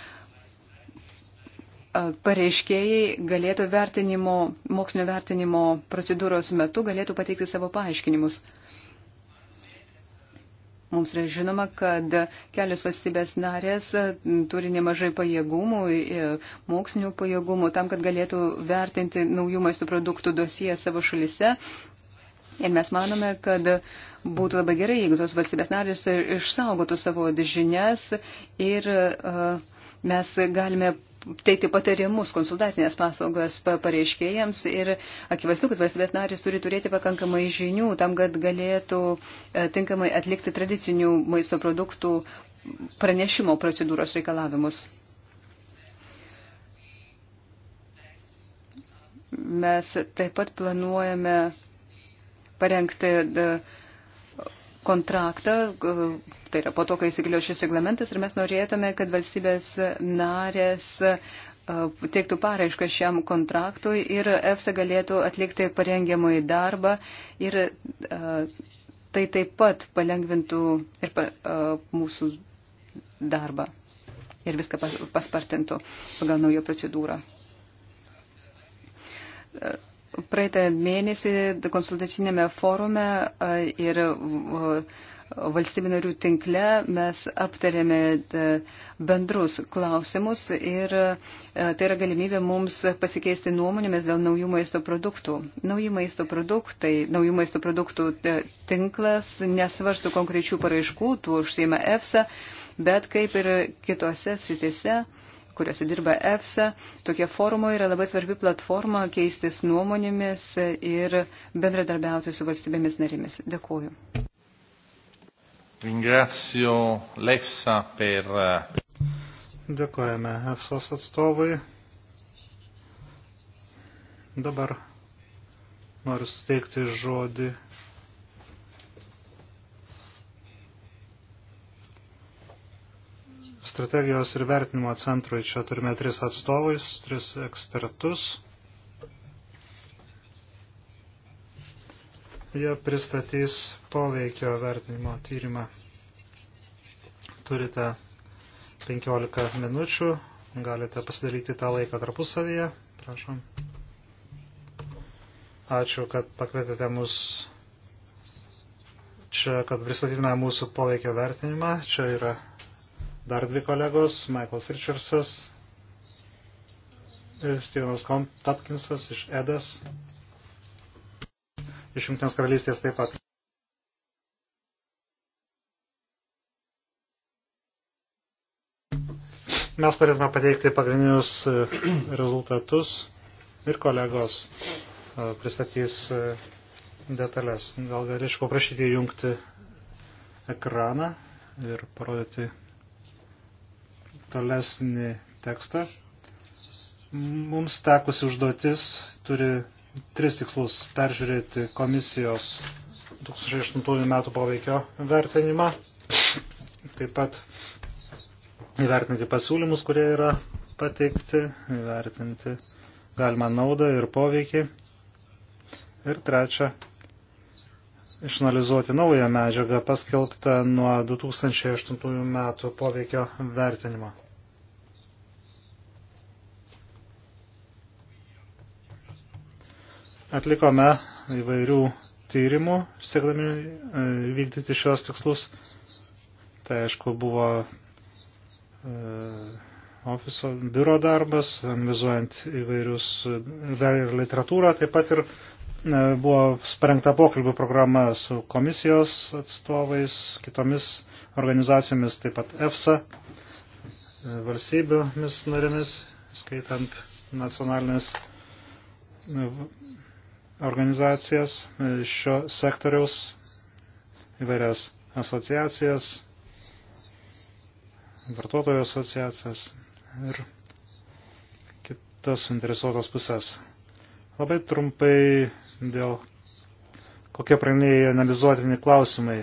[SPEAKER 3] E, pareiškėjai galėtų vertinimo, mokslinio vertinimo procedūros metu galėtų pateikti savo paaiškinimus. Mums yra žinoma, kad kelios valstybės narės e, turi nemažai pajėgumų, e, mokslinių pajėgumų, tam, kad galėtų vertinti naujų maisto produktų dosiją savo šalise. Ir mes manome, kad būtų labai gerai, jeigu tos valstybės narės išsaugotų savo žinias ir mes galime teikti patarimus, konsultacinės paslaugas pareiškėjams ir akivaizdu, kad valstybės narys turi turėti pakankamai žinių tam, kad galėtų e, tinkamai atlikti tradicinių maisto produktų pranešimo procedūros reikalavimus. Mes taip pat planuojame parengti kontraktą, e, tai yra po to, kai įsigilio šis reglamentas, ir mes norėtume, kad valstybės narės e, teiktų paraišką šiam kontraktui ir EFSA galėtų atlikti parengiamąjį darbą ir e, tai taip pat palengvintų ir pa, mūsų darbą ir viską paspartintų pagal naują procedūrą praeitą mėnesį konsultacinėme forume ir valstybių narių tinkle mes aptarėme bendrus klausimus ir tai yra galimybė mums pasikeisti nuomonėmis dėl naujų maisto produktų. Naujų maisto produktai, naujų maisto produktų e, tinklas nesvarsto konkrečių paraiškų, tuo užsieima EFSA, bet kaip ir kitose sritise kuriuose dirba EFSA. Tokie forumai yra labai svarbi platforma keistis nuomonėmis ir bendradarbiauti su valstybėmis narėmis. Dėkuoju.
[SPEAKER 2] Ringrazio l'EFSA per. Eh, Dėkojame EFSOS atstovui. Dabar noriu suteikti žodį strategijos ir vertinimo centrui. Čia turime tris atstovus, tris ekspertus. Jie pristatys poveikio vertinimo tyrimą. Turite 15 minučių, galite pasidaryti tą laiką tarpusavyje. Prašom. Ačiū, kad pakvietėte mus čia, kad pristatytume mūsų poveikio vertinimą. Čia yra Dar dvi kolegos, Michaelas Richardsas ir Stevenas Tapkinsas iš Edas, iš Junktinės karalystės taip pat. Mes norėtume pateikti pagrindinius e, rezultatus ir kolegos e, pristatys e, detalės. Gal galėčiau paprašyti jungti ekraną ir parodyti tolesnį tekstą. Mums tekusi užduotis turi tris tikslus - peržiūrėti komisijos 2008 metų poveikio vertinimą, taip pat įvertinti pasiūlymus, kurie yra pateikti, įvertinti galimą naudą ir poveikį. Ir trečia, išanalizuoti naują medžiagą paskelbtą nuo 2008 metų poveikio vertinimo. Atlikome įvairių tyrimų, siekdami e, vykdyti šios tikslus. Tai aišku buvo e, ofiso biuro darbas, analizuojant įvairius e, ir literatūrą, taip pat ir E, buvo parengta pokalbių programa su komisijos atstovais, kitomis organizacijomis, taip pat EFSA, e, valstybėmis narėmis, skaitant nacionalinės e, organizacijas šio sektoriaus, įvairias asociacijas, vartotojų asociacijas ir kitas suinteresuotas pusės. Labai trumpai dėl kokie pranėjai analizuotini klausimai.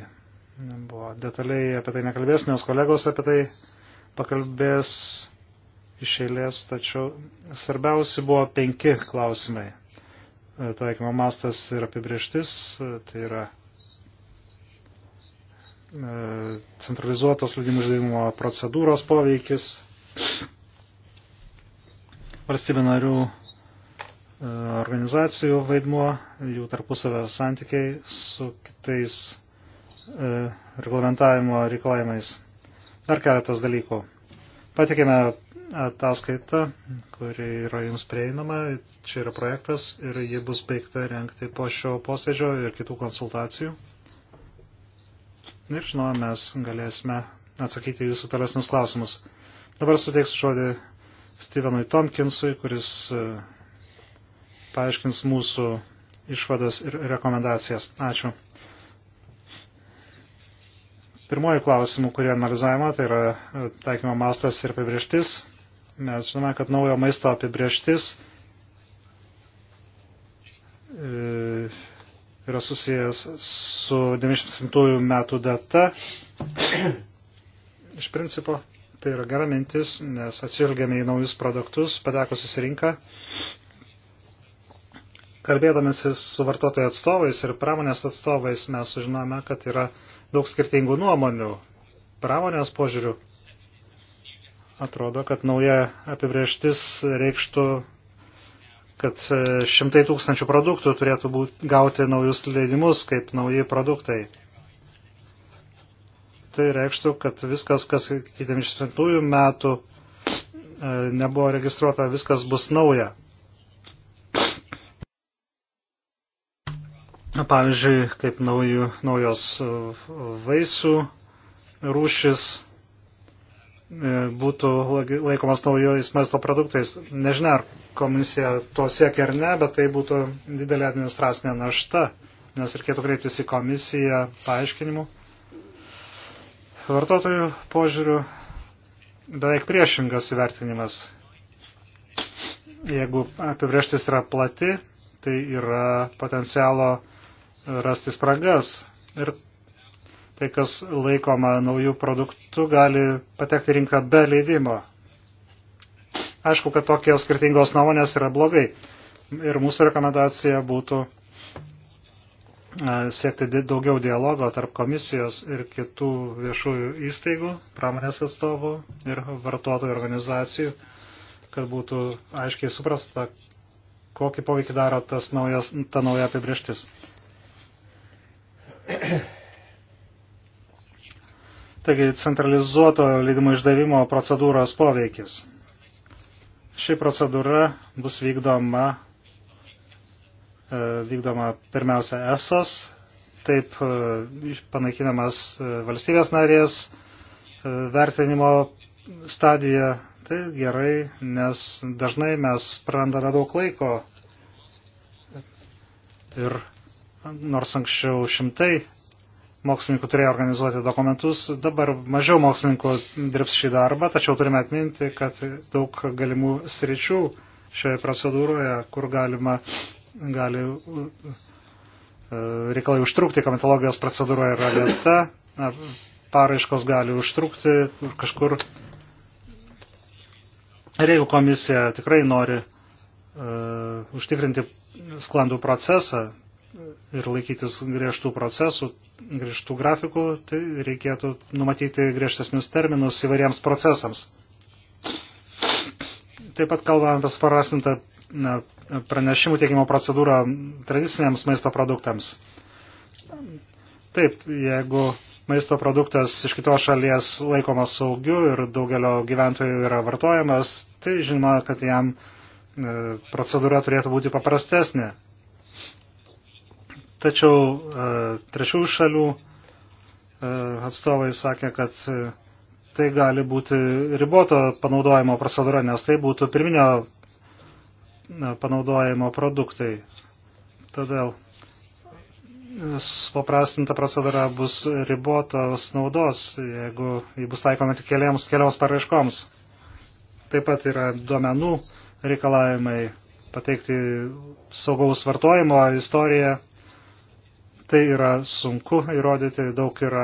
[SPEAKER 2] Buvo detaliai apie tai nekalbės, nes kolegos apie tai pakalbės iš eilės, tačiau svarbiausi buvo penki klausimai. Taikymo mastas ir apibrieštis, tai yra e, centralizuotos leidimų išdavimo procedūros poveikis, valstybė narių organizacijų vaidmuo, jų tarpusavio santykiai su kitais e, reglamentavimo reikalavimais. Dar keletas dalykų. Patikėme ataskaitą, kuri yra jums prieinama. Čia yra projektas ir ji bus baigta renkti po šio posėdžio ir kitų konsultacijų. Ir žinoma, mes galėsime atsakyti jūsų tolesnius klausimus. Dabar suteiksiu žodį Stevenui Tomkinsui, kuris e, paaiškins mūsų išvadas ir rekomendacijas. Ačiū. Pirmoji klausimų, kurie analizavimo, tai yra e, taikymo mastas ir apibrieštis. Mes žinome, kad naujo maisto apibrieštis e, yra susijęs su 97 metų data. Iš principo, tai yra gera mintis, nes atsižvelgiame į naujus produktus, patekusius į rinką Kalbėdamėsi su vartotojų atstovais ir pramonės atstovais mes sužinome, kad yra daug skirtingų nuomonių. Pramonės požiūrių atrodo, kad nauja apibrieštis reikštų, kad e, šimtai tūkstančių produktų turėtų būt, gauti naujus leidimus kaip nauji produktai tai reikštų, kad viskas, kas iki 90-ųjų metų e, nebuvo registruota, viskas bus nauja. pavyzdžiui, kaip naujų, naujos e, vaisių rūšis e, būtų laikomas naujojais maisto produktais. Nežinia, ar komisija to siekia ar ne, bet tai būtų didelė administracinė našta, nes reikėtų kreiptis į komisiją paaiškinimu. Vartotojų požiūrių beveik priešingas įvertinimas. Jeigu apibrieštis yra plati, tai yra potencialo rasti spragas ir tai, kas laikoma naujų produktų, gali patekti rinką be leidimo. Aišku, kad tokios skirtingos nuomonės yra blogai. Ir mūsų rekomendacija būtų e, siekti daugiau dialogo tarp komisijos ir kitų viešųjų įstaigų, pramonės atstovų ir vartotojų organizacijų, kad būtų aiškiai suprasta, kokį poveikį daro tas naujas, ta nauja apibrieštis. Taigi centralizuoto leidimo išdavimo procedūros poveikis. Ši procedūra bus vykdoma, e, vykdoma pirmiausia EFSOS, taip e, panaikinamas e, valstybės narės vertinimo stadija. Tai gerai, nes dažnai mes prarandame daug laiko ir nors anksčiau šimtai mokslininkų turėjo organizuoti dokumentus, dabar mažiau mokslininkų dirbs šį darbą, tačiau turime atminti, kad daug galimų sričių šioje procedūroje, kur galima, gali e, reikalai užtrukti, komitologijos procedūra yra lėta, paraiškos gali užtrukti kažkur. Ir jeigu komisija tikrai nori uh, užtikrinti sklandų procesą, ir laikytis griežtų procesų, griežtų grafikų, tai reikėtų numatyti griežtesnius terminus įvairiems procesams. Taip pat kalbame apie sparasintą pranešimų tiekimo procedūrą tradiciniams maisto produktams. Taip, jeigu maisto produktas iš kitos šalies laikomas saugiu ir daugelio gyventojų yra vartojamas, tai žinoma, kad jam e, procedūra turėtų būti paprastesnė. Tačiau e, trečiųjų šalių e, atstovai sakė, kad e, tai gali būti riboto panaudojimo procedūra, nes tai būtų pirminio panaudojimo produktai. Todėl supaprastinta procedūra bus ribotos naudos, jeigu ji bus taikoma tik keliams, kelioms paraiškoms. Taip pat yra duomenų reikalavimai pateikti saugaus vartojimo istoriją tai yra sunku įrodyti, daug yra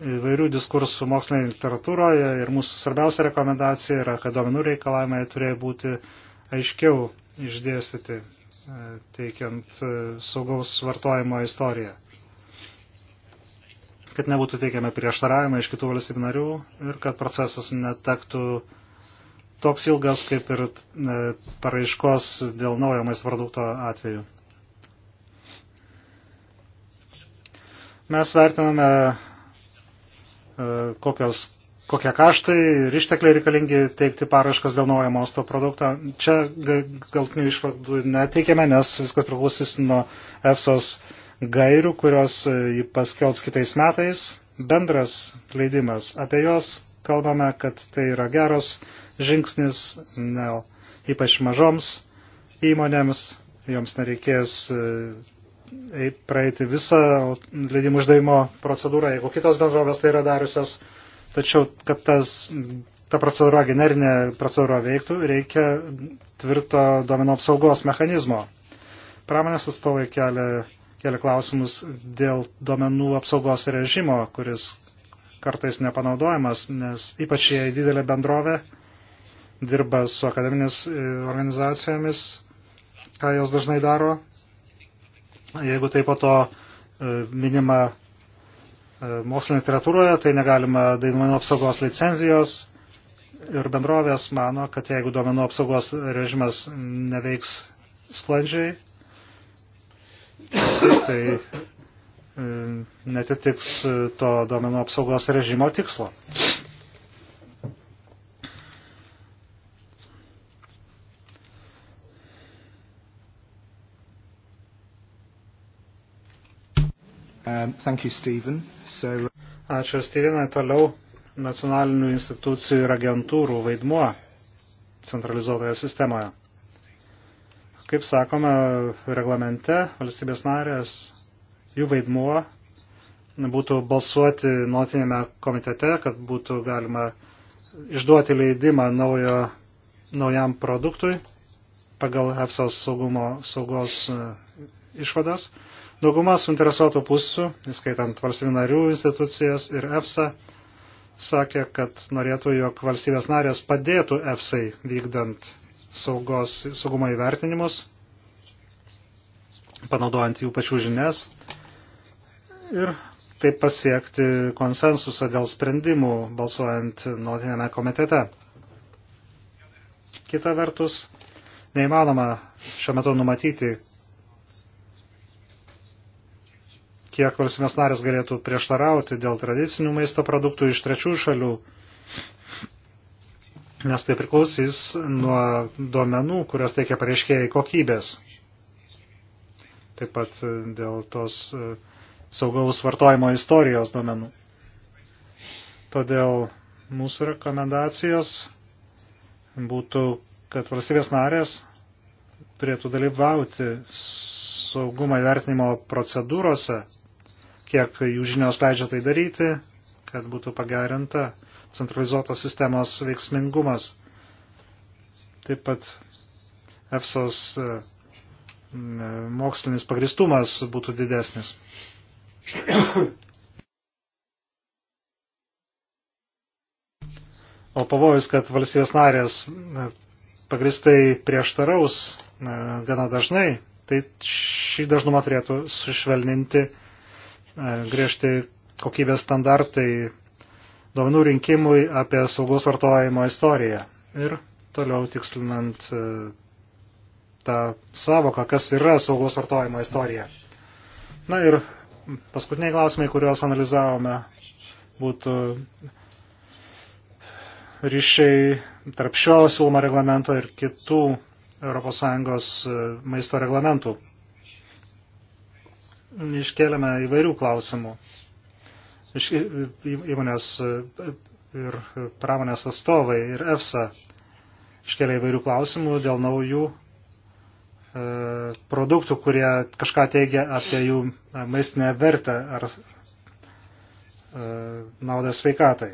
[SPEAKER 2] įvairių diskursų mokslinėje literatūroje ir mūsų svarbiausia rekomendacija yra, kad domenų reikalavimai turėjo būti aiškiau išdėstyti, e, teikiant e, saugaus vartojimo istoriją. Kad nebūtų teikiami prieštaravimai iš kitų valstybių narių ir kad procesas netektų toks ilgas kaip ir e, paraiškos dėl naujo maisto produkto atveju. Mes vertiname, e, kokios, kokie kaštai ir ištekliai reikalingi teikti paraškas dėl naujo mosto produkto. Čia galtinių išvadų neteikėme, nes viskas priklausys nuo EFSOS gairių, kurios e, jį paskelbs kitais metais. Bendras leidimas apie jos kalbame, kad tai yra geros žingsnis, ne, ypač mažoms įmonėms, joms nereikės e, praeiti visą leidimų išdavimo procedūrą, jeigu kitos bendrovės tai yra dariusios. Tačiau, kad tas, ta procedūra, generinė procedūra veiktų, reikia tvirto domino apsaugos mechanizmo. Pramonės atstovai kelia, kelia klausimus dėl domenų apsaugos režimo, kuris kartais nepanaudojamas, nes ypač jei didelė bendrovė dirba su akademinės organizacijomis, ką jos dažnai daro, Jeigu tai po to e, minima e, mokslinė literatūroje, tai negalima duomenų apsaugos licenzijos ir bendrovės mano, kad jeigu duomenų apsaugos režimas neveiks sklandžiai, tai, tai e, netitiks to duomenų apsaugos režimo tikslo. Um, thank you, Stephen. So... Uh, Ačiū, Stevenai. Toliau nacionalinių institucijų ir agentūrų vaidmuo centralizuotoje sistemoje. Kaip sakome, reglamente valstybės narės, jų vaidmuo būtų balsuoti nuotinėme komitete, kad būtų galima išduoti leidimą naujo, naujam produktui pagal EFSA saugumo, saugos uh, išvadas. Uh, Dauguma suinteresuotų pusių, įskaitant valstybinarių institucijas ir EFSA, sakė, kad norėtų, jog valstybės narės padėtų EFSAI vykdant saugos, saugumo įvertinimus, panaudojant jų pačių žinias ir taip pasiekti konsensusą dėl sprendimų balsuojant nuotinėme komitete. Kita vertus, neįmanoma šiuo metu numatyti, kiek valstybės narės galėtų prieštarauti dėl tradicinių maisto produktų iš trečių šalių, nes tai priklausys nuo duomenų, kurias teikia pareiškėjai kokybės. Taip pat e, dėl tos e, saugaus vartojimo istorijos duomenų. Todėl mūsų rekomendacijos būtų, kad valstybės narės turėtų dalyvauti saugumo įvertinimo procedūrose kiek jų žinios leidžia tai daryti, kad būtų pagerinta centralizuotos sistemos veiksmingumas. Taip pat EFSOS e, mokslinis pagristumas būtų didesnis. O pavojus, kad valstybės narės e, pagristai prieštaraus e, gana dažnai, tai šį dažnumą turėtų sušvelninti E, griežti kokybės standartai duomenų rinkimui apie saugos vartojimo istoriją. Ir toliau tikslinant e, tą savoką, kas yra saugos vartojimo istorija. Na ir paskutiniai klausimai, kuriuos analizavome, būtų ryšiai tarp šio siūlomo reglamento ir kitų ES e, maisto reglamentų iškeliame įvairių klausimų. Iš įmonės e, ir pramonės atstovai ir EFSA iškelia įvairių klausimų dėl naujų e, produktų, kurie kažką teigia apie jų e, maistinę vertę ar naudą sveikatai.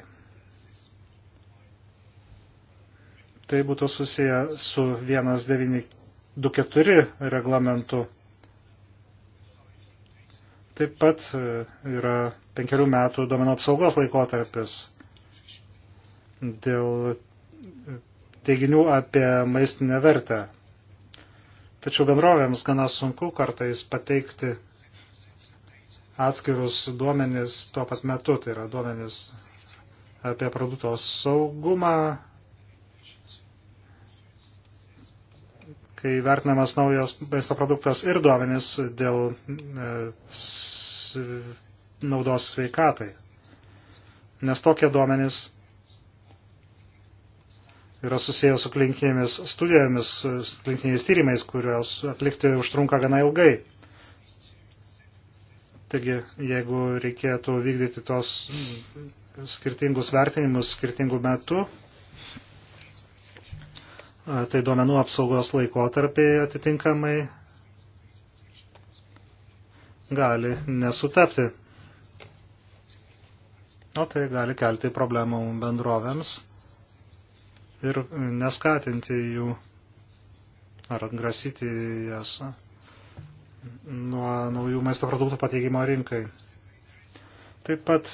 [SPEAKER 2] Tai būtų susiję su 1924 reglamentu Taip pat e, yra penkerių metų duomenų apsaugos laikotarpis dėl e, teiginių apie maistinę vertę. Tačiau bendrovėms gana sunku kartais pateikti atskirus duomenis tuo pat metu, tai yra duomenis apie produkto saugumą, kai vertinamas naujas maisto produktas ir duomenys dėl e, naudos sveikatai. Nes tokie duomenys yra susijęs su klinkiniais studijomis, su klinkiniais tyrimais, kurios atlikti užtrunka gana ilgai. Taigi, jeigu reikėtų vykdyti tos skirtingus vertinimus skirtingų metų, tai duomenų apsaugos laikotarpiai atitinkamai gali nesutapti. O tai gali kelti problemų bendrovėms ir neskatinti jų ar atgrasyti jas nuo naujų maisto produktų pateikimo rinkai. Taip pat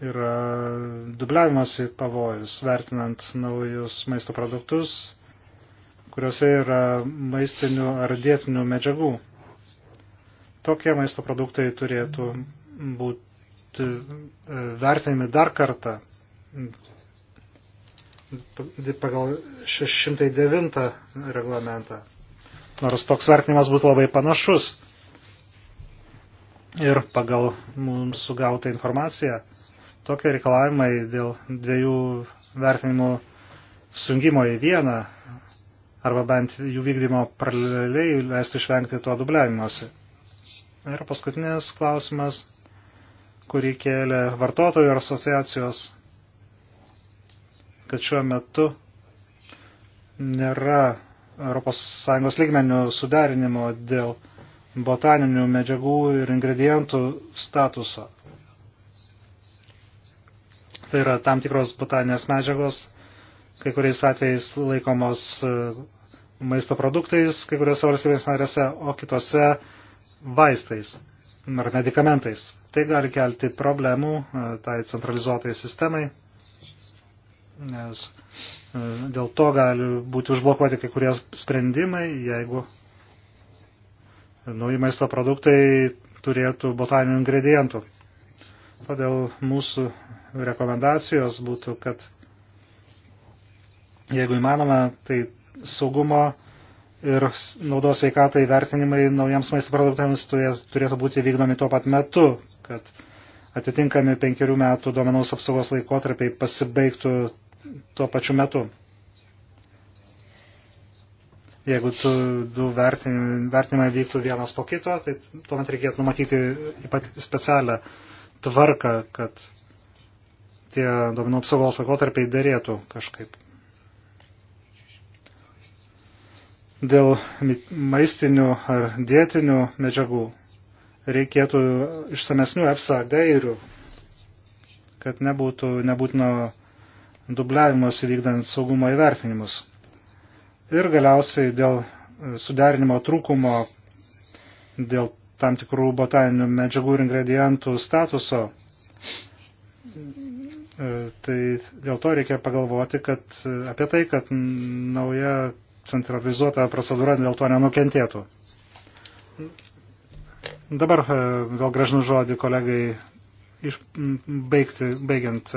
[SPEAKER 2] yra dubliavimosi pavojus, vertinant naujus maisto produktus, kuriuose yra maistinių ar dietinių medžiagų. Tokie maisto produktai turėtų būti e, vertinami dar kartą pagal 609 reglamentą. Nors toks vertinimas būtų labai panašus. Ir pagal mums sugautą informaciją tokie reikalavimai dėl dviejų vertinimų sungimo į vieną arba bent jų vykdymo paraleliai leistų išvengti to dubliavimuose. Ir paskutinis klausimas, kurį kėlė vartotojų asociacijos, kad šiuo metu nėra ES lygmenių suderinimo dėl botaninių medžiagų ir ingredientų statuso tai yra tam tikros botaninės medžiagos, kai kuriais atvejais laikomos e, maisto produktais, kai kuriuose valstybės narėse, o kitose vaistais ar medikamentais. Tai gali kelti problemų e, tai centralizuotai sistemai, nes e, dėl to gali būti užblokuoti kai kurie sprendimai, jeigu nauji maisto produktai turėtų botaninių ingredientų. Todėl mūsų rekomendacijos būtų, kad jeigu įmanoma, tai saugumo ir naudos veikatai vertinimai naujams maisto produktams turėtų būti vykdomi tuo pat metu, kad atitinkami penkerių metų duomenaus apsaugos laikotarpiai pasibaigtų tuo pačiu metu. Jeigu tu, du vertinimai vyktų vienas po kito, tai tuomet reikėtų numatyti ypat specialią tvarką, kad tie duomenų apsaugos laikotarpiai dėrėtų kažkaip. Dėl maistinių ar dietinių medžiagų reikėtų išsamesnių EFSA gairių, kad nebūtų nebūtino dubliavimus įvykdant saugumo įvertinimus. Ir galiausiai dėl suderinimo trūkumo, dėl tam tikrų botaninių medžiagų ir ingredientų statuso. E, tai dėl to reikia pagalvoti kad, e, apie tai, kad nauja centralizuota procedūra dėl to nenukentėtų. Dabar e, vėl gražinu žodį kolegai iš, baigti, baigiant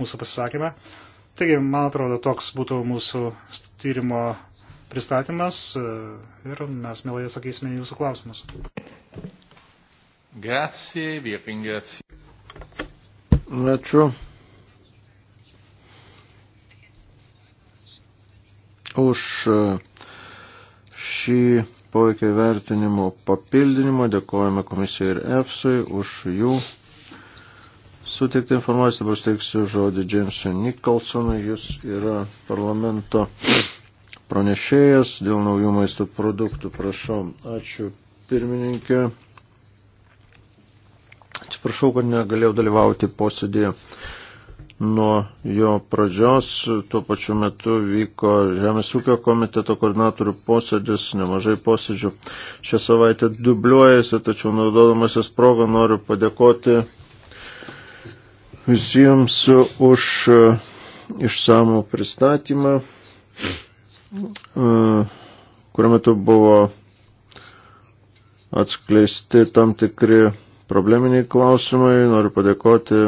[SPEAKER 2] mūsų pasisakymą. Taigi, man atrodo, toks būtų mūsų tyrimo pristatymas e, ir mes mielai atsakysime jūsų klausimus.
[SPEAKER 1] Grazie, vi ringrazio. Ačiū. Už e, šį poveikio vertinimo papildinimo dėkojame komisijai ir EFSAI už jų suteikti informaciją. Dabar steiksiu žodį Jamesui Nicholsonui. Jis yra parlamento pranešėjas dėl naujų maisto produktų. Prašau. Ačiū pirmininkė. Atsiprašau, kad negalėjau dalyvauti posėdėje. Nuo jo pradžios tuo pačiu metu vyko Žemės ūkio komiteto koordinatorių posėdis, nemažai posėdžių. Šią savaitę dubliuojasi, tačiau naudodamasis progą noriu padėkoti visiems už išsamų pristatymą. E, kuriuo metu buvo atskleisti tam tikri probleminiai klausimai. Noriu padėkoti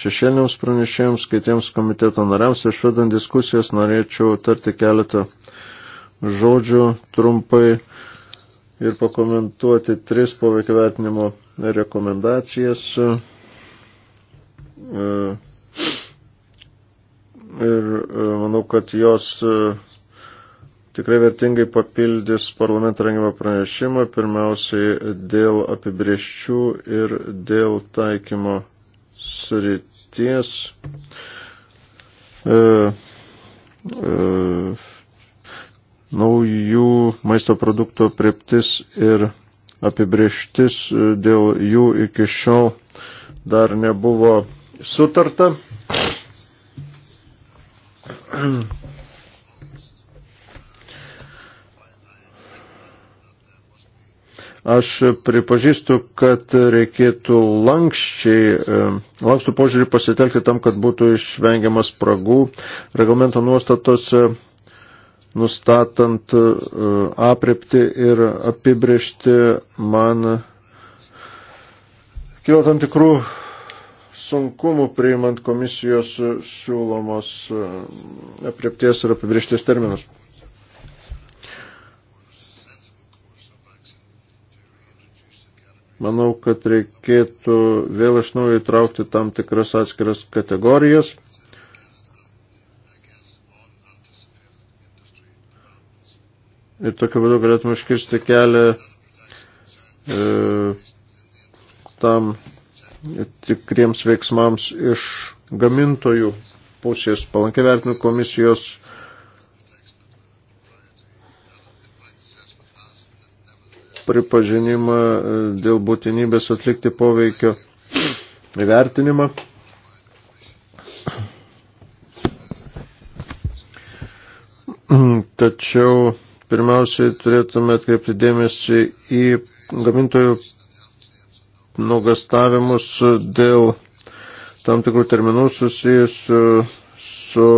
[SPEAKER 1] šešėliniams pranešėjams, kitiems komiteto nariams. Iš vedant diskusijas norėčiau tarti keletą žodžių trumpai ir pakomentuoti tris poveikio vertinimo rekomendacijas. E, ir e, manau, kad jos tikrai vertingai papildys parlamentą rengimą pranešimą, pirmiausiai dėl apibrieščių ir dėl taikymo srities. E, e, naujų maisto produkto prieptis ir apibrieštis e, dėl jų iki šiol dar nebuvo sutarta. Aš pripažįstu, kad reikėtų lankščiai, e, lankstų požiūrį pasitelkti tam, kad būtų išvengiamas spragų reglamento nuostatose, nustatant e, aprepti ir apibriežti man kilo tam tikrų sunkumų priimant komisijos siūlomos e, aprepties ir apibriežties terminus. Manau, kad reikėtų vėl iš naujo įtraukti tam tikras atskiras kategorijas. Ir tokiu būdu galėtume iškirsti kelią e, tam tikriems veiksmams iš gamintojų pusės. Palankiai vertinu komisijos pripažinimą e, dėl būtinybės atlikti poveikio įvertinimą. Tačiau pirmiausiai turėtume atkreipti dėmesį į gamintojų nugastavimus dėl tam tikrų terminų susijusių su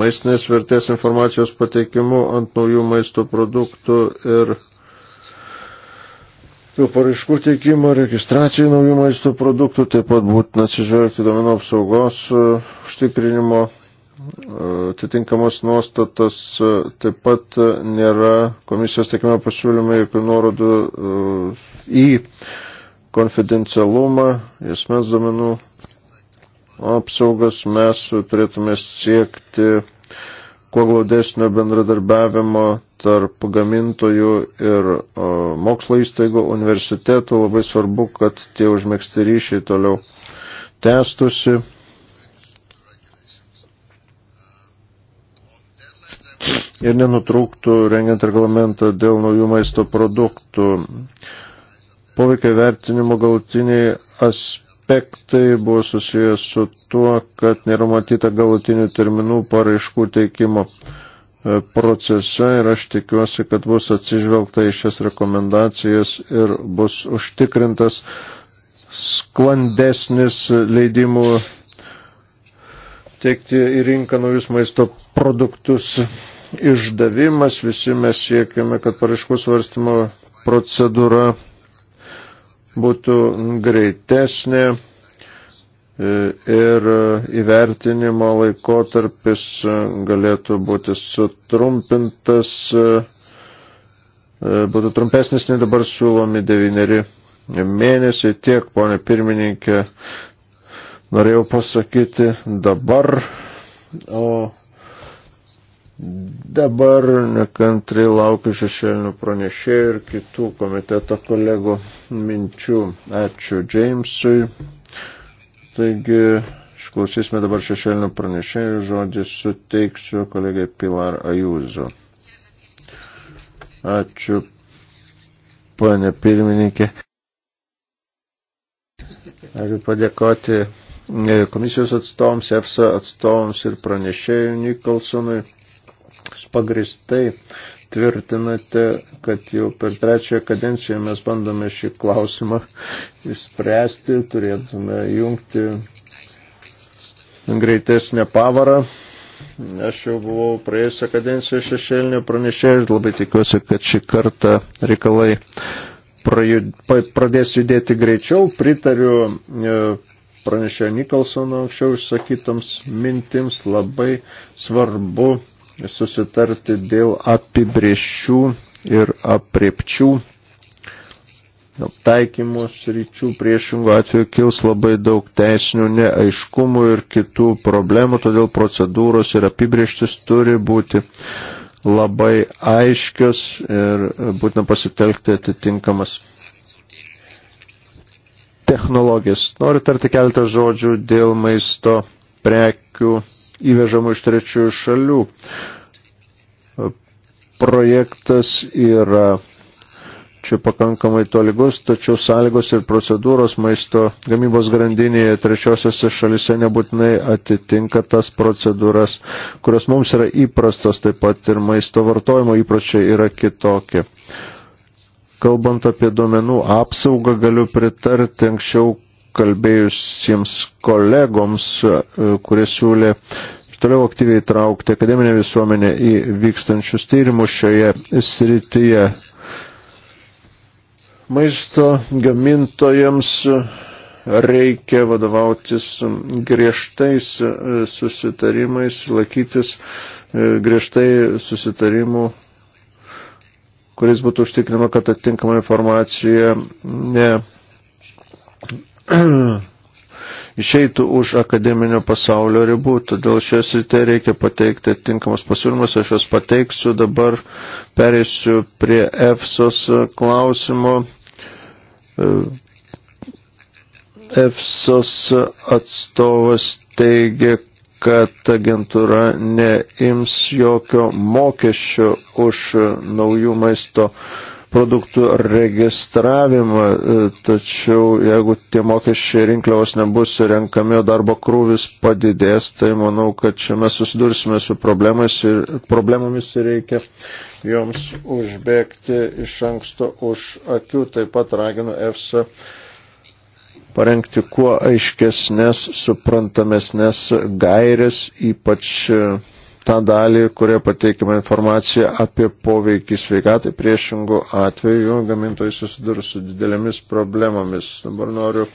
[SPEAKER 1] maistinės vertės informacijos pateikimu ant naujų maisto produktų ir paraiškų teikimo, registracijų naujų maisto produktų, taip pat būtina atsižvelgti domenų apsaugos e, užtikrinimo e, atitinkamos nuostatas, e, taip pat nėra komisijos teikimo pasiūlymai jokių nuorodų į konfidencialumą, esmės domenų apsaugas mes turėtume siekti kuo glaudesnio bendradarbiavimo tarp gamintojų ir mokslo įstaigų, universitetų. Labai svarbu, kad tie užmėgsti ryšiai toliau tęstusi. Ir nenutrūktų rengiant reglamentą dėl naujų maisto produktų. Poveikio vertinimo galutiniai aspektai aspektai buvo susijęs su tuo, kad nėra matyta galutinių terminų paraiškų teikimo e, procese ir aš tikiuosi, kad bus atsižvelgta į šias rekomendacijas ir bus užtikrintas sklandesnis leidimų teikti į rinką naujus maisto produktus išdavimas. Visi mes siekiame, kad paraiškų svarstymo procedūra būtų greitesnė e, ir įvertinimo laikotarpis galėtų būti sutrumpintas, e, e, būtų trumpesnis nei dabar siūlomi devyneri mėnesiai. Tiek, ponė pirmininkė, norėjau pasakyti dabar, o Dabar nekantrai laukiu šešėlinių pranešėjų ir kitų komiteto kolegų minčių. Ačiū Džeimsui. Taigi, išklausysime dabar šešėlinių pranešėjų žodį suteiksiu kolegai Pilar Ajūzo. Ačiū, ponė pirmininkė. Noriu padėkoti komisijos atstovams, EFSA atstovams ir pranešėjų Nikolsonui pagristai tvirtinate, kad jau per trečiąją kadenciją mes bandome šį klausimą išspręsti, turėtume jungti greitesnę pavarą. Aš jau buvau praėjusią kadenciją šešėlinio pranešėjo ir labai tikiuosi, kad šį kartą reikalai prajud, pradės judėti greičiau. Pritariu e, pranešėjo Nikolsono anksčiau išsakytoms mintims labai svarbu susitarti dėl apibrėžčių ir apriepčių taikymus ryčių priešingų atveju kils labai daug teisinių neaiškumų ir kitų problemų, todėl procedūros ir apibrieštis turi būti labai aiškios ir būtina pasitelkti atitinkamas technologijas. Noriu tarti keletą žodžių dėl maisto prekių įvežamų iš trečiųjų šalių. Projektas yra čia pakankamai tolygus, tačiau sąlygos ir procedūros maisto gamybos grandinėje trečiosiose šalise nebūtinai atitinka tas procedūras, kurios mums yra įprastos, taip pat ir maisto vartojimo įpročiai yra kitokie. Kalbant apie duomenų apsaugą, galiu pritarti anksčiau kalbėjusiems kolegoms, e, kurie siūlė toliau aktyviai traukti akademinę visuomenę į vykstančius tyrimus šioje srityje. Maisto gamintojams reikia vadovautis griežtais e, susitarimais, laikytis e, griežtai susitarimų, kuris būtų užtikrinama, kad atitinkama informacija ne išeitų už akademinio pasaulio ribų. Todėl šioje srityje reikia pateikti tinkamas pasiūlymas, aš juos pateiksiu. Dabar perėsiu prie EFSOS klausimo. E, EFSOS atstovas teigia, kad agentūra neims jokio mokesčio už naujų maisto produktų registravimą, e, tačiau jeigu tie mokesčiai rinkliavos nebus renkami, o darbo krūvis padidės, tai manau, kad čia mes susidursime su ir, problemomis ir reikia joms užbėgti iš anksto už akių. Taip pat raginu EFSA parengti kuo aiškesnės, suprantamesnės gairės, ypač e, tą dalį, kurioje pateikima informacija apie poveikį sveikatai. Priešingų atveju gamintojai susidurs su didelėmis problemomis. Dabar noriu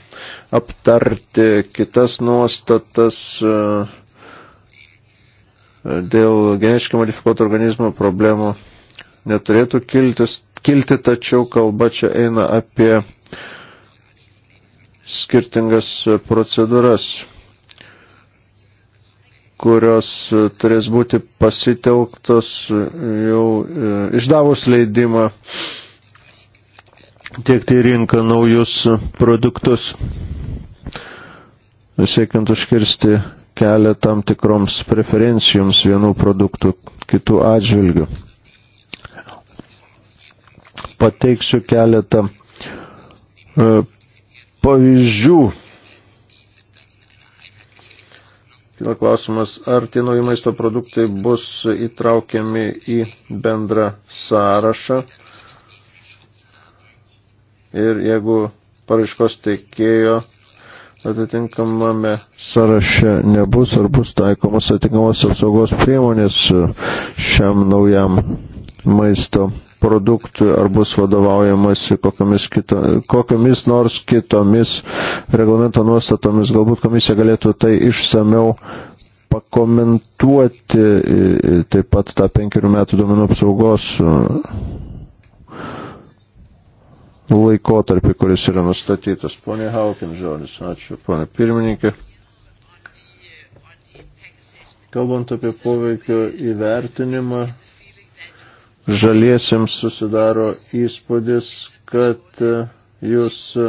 [SPEAKER 1] aptarti kitas nuostatas e, dėl geniškai modifikuotų organizmų problemų. Neturėtų kiltis, kilti, tačiau kalba čia eina apie skirtingas procedūras kurios e, turės būti pasitelktos jau e, išdavus leidimą tiekti į rinką naujus produktus, siekiant užkirsti kelią tam tikroms preferencijoms vienų produktų kitų atžvilgių. Pateiksiu keletą e, pavyzdžių Kila klausimas, ar tie nauji maisto produktai bus įtraukiami į bendrą sąrašą. Ir jeigu paraiškos teikėjo atitinkamame sąraše nebus, ar bus taikomas atitinkamos apsaugos priemonės šiam naujam maisto produktui ar bus vadovaujamasi kokiamis, kito, kokiamis nors kitomis reglamento nuostatomis. Galbūt komisija galėtų tai išsameu pakomentuoti taip pat tą penkerių metų duomenų apsaugos e, laikotarpį, kuris yra nustatytas. Pone Haukin žodis, ačiū, pone pirmininkė. Kalbant apie poveikio įvertinimą, žaliesiems susidaro įspūdis, kad e, jūs e,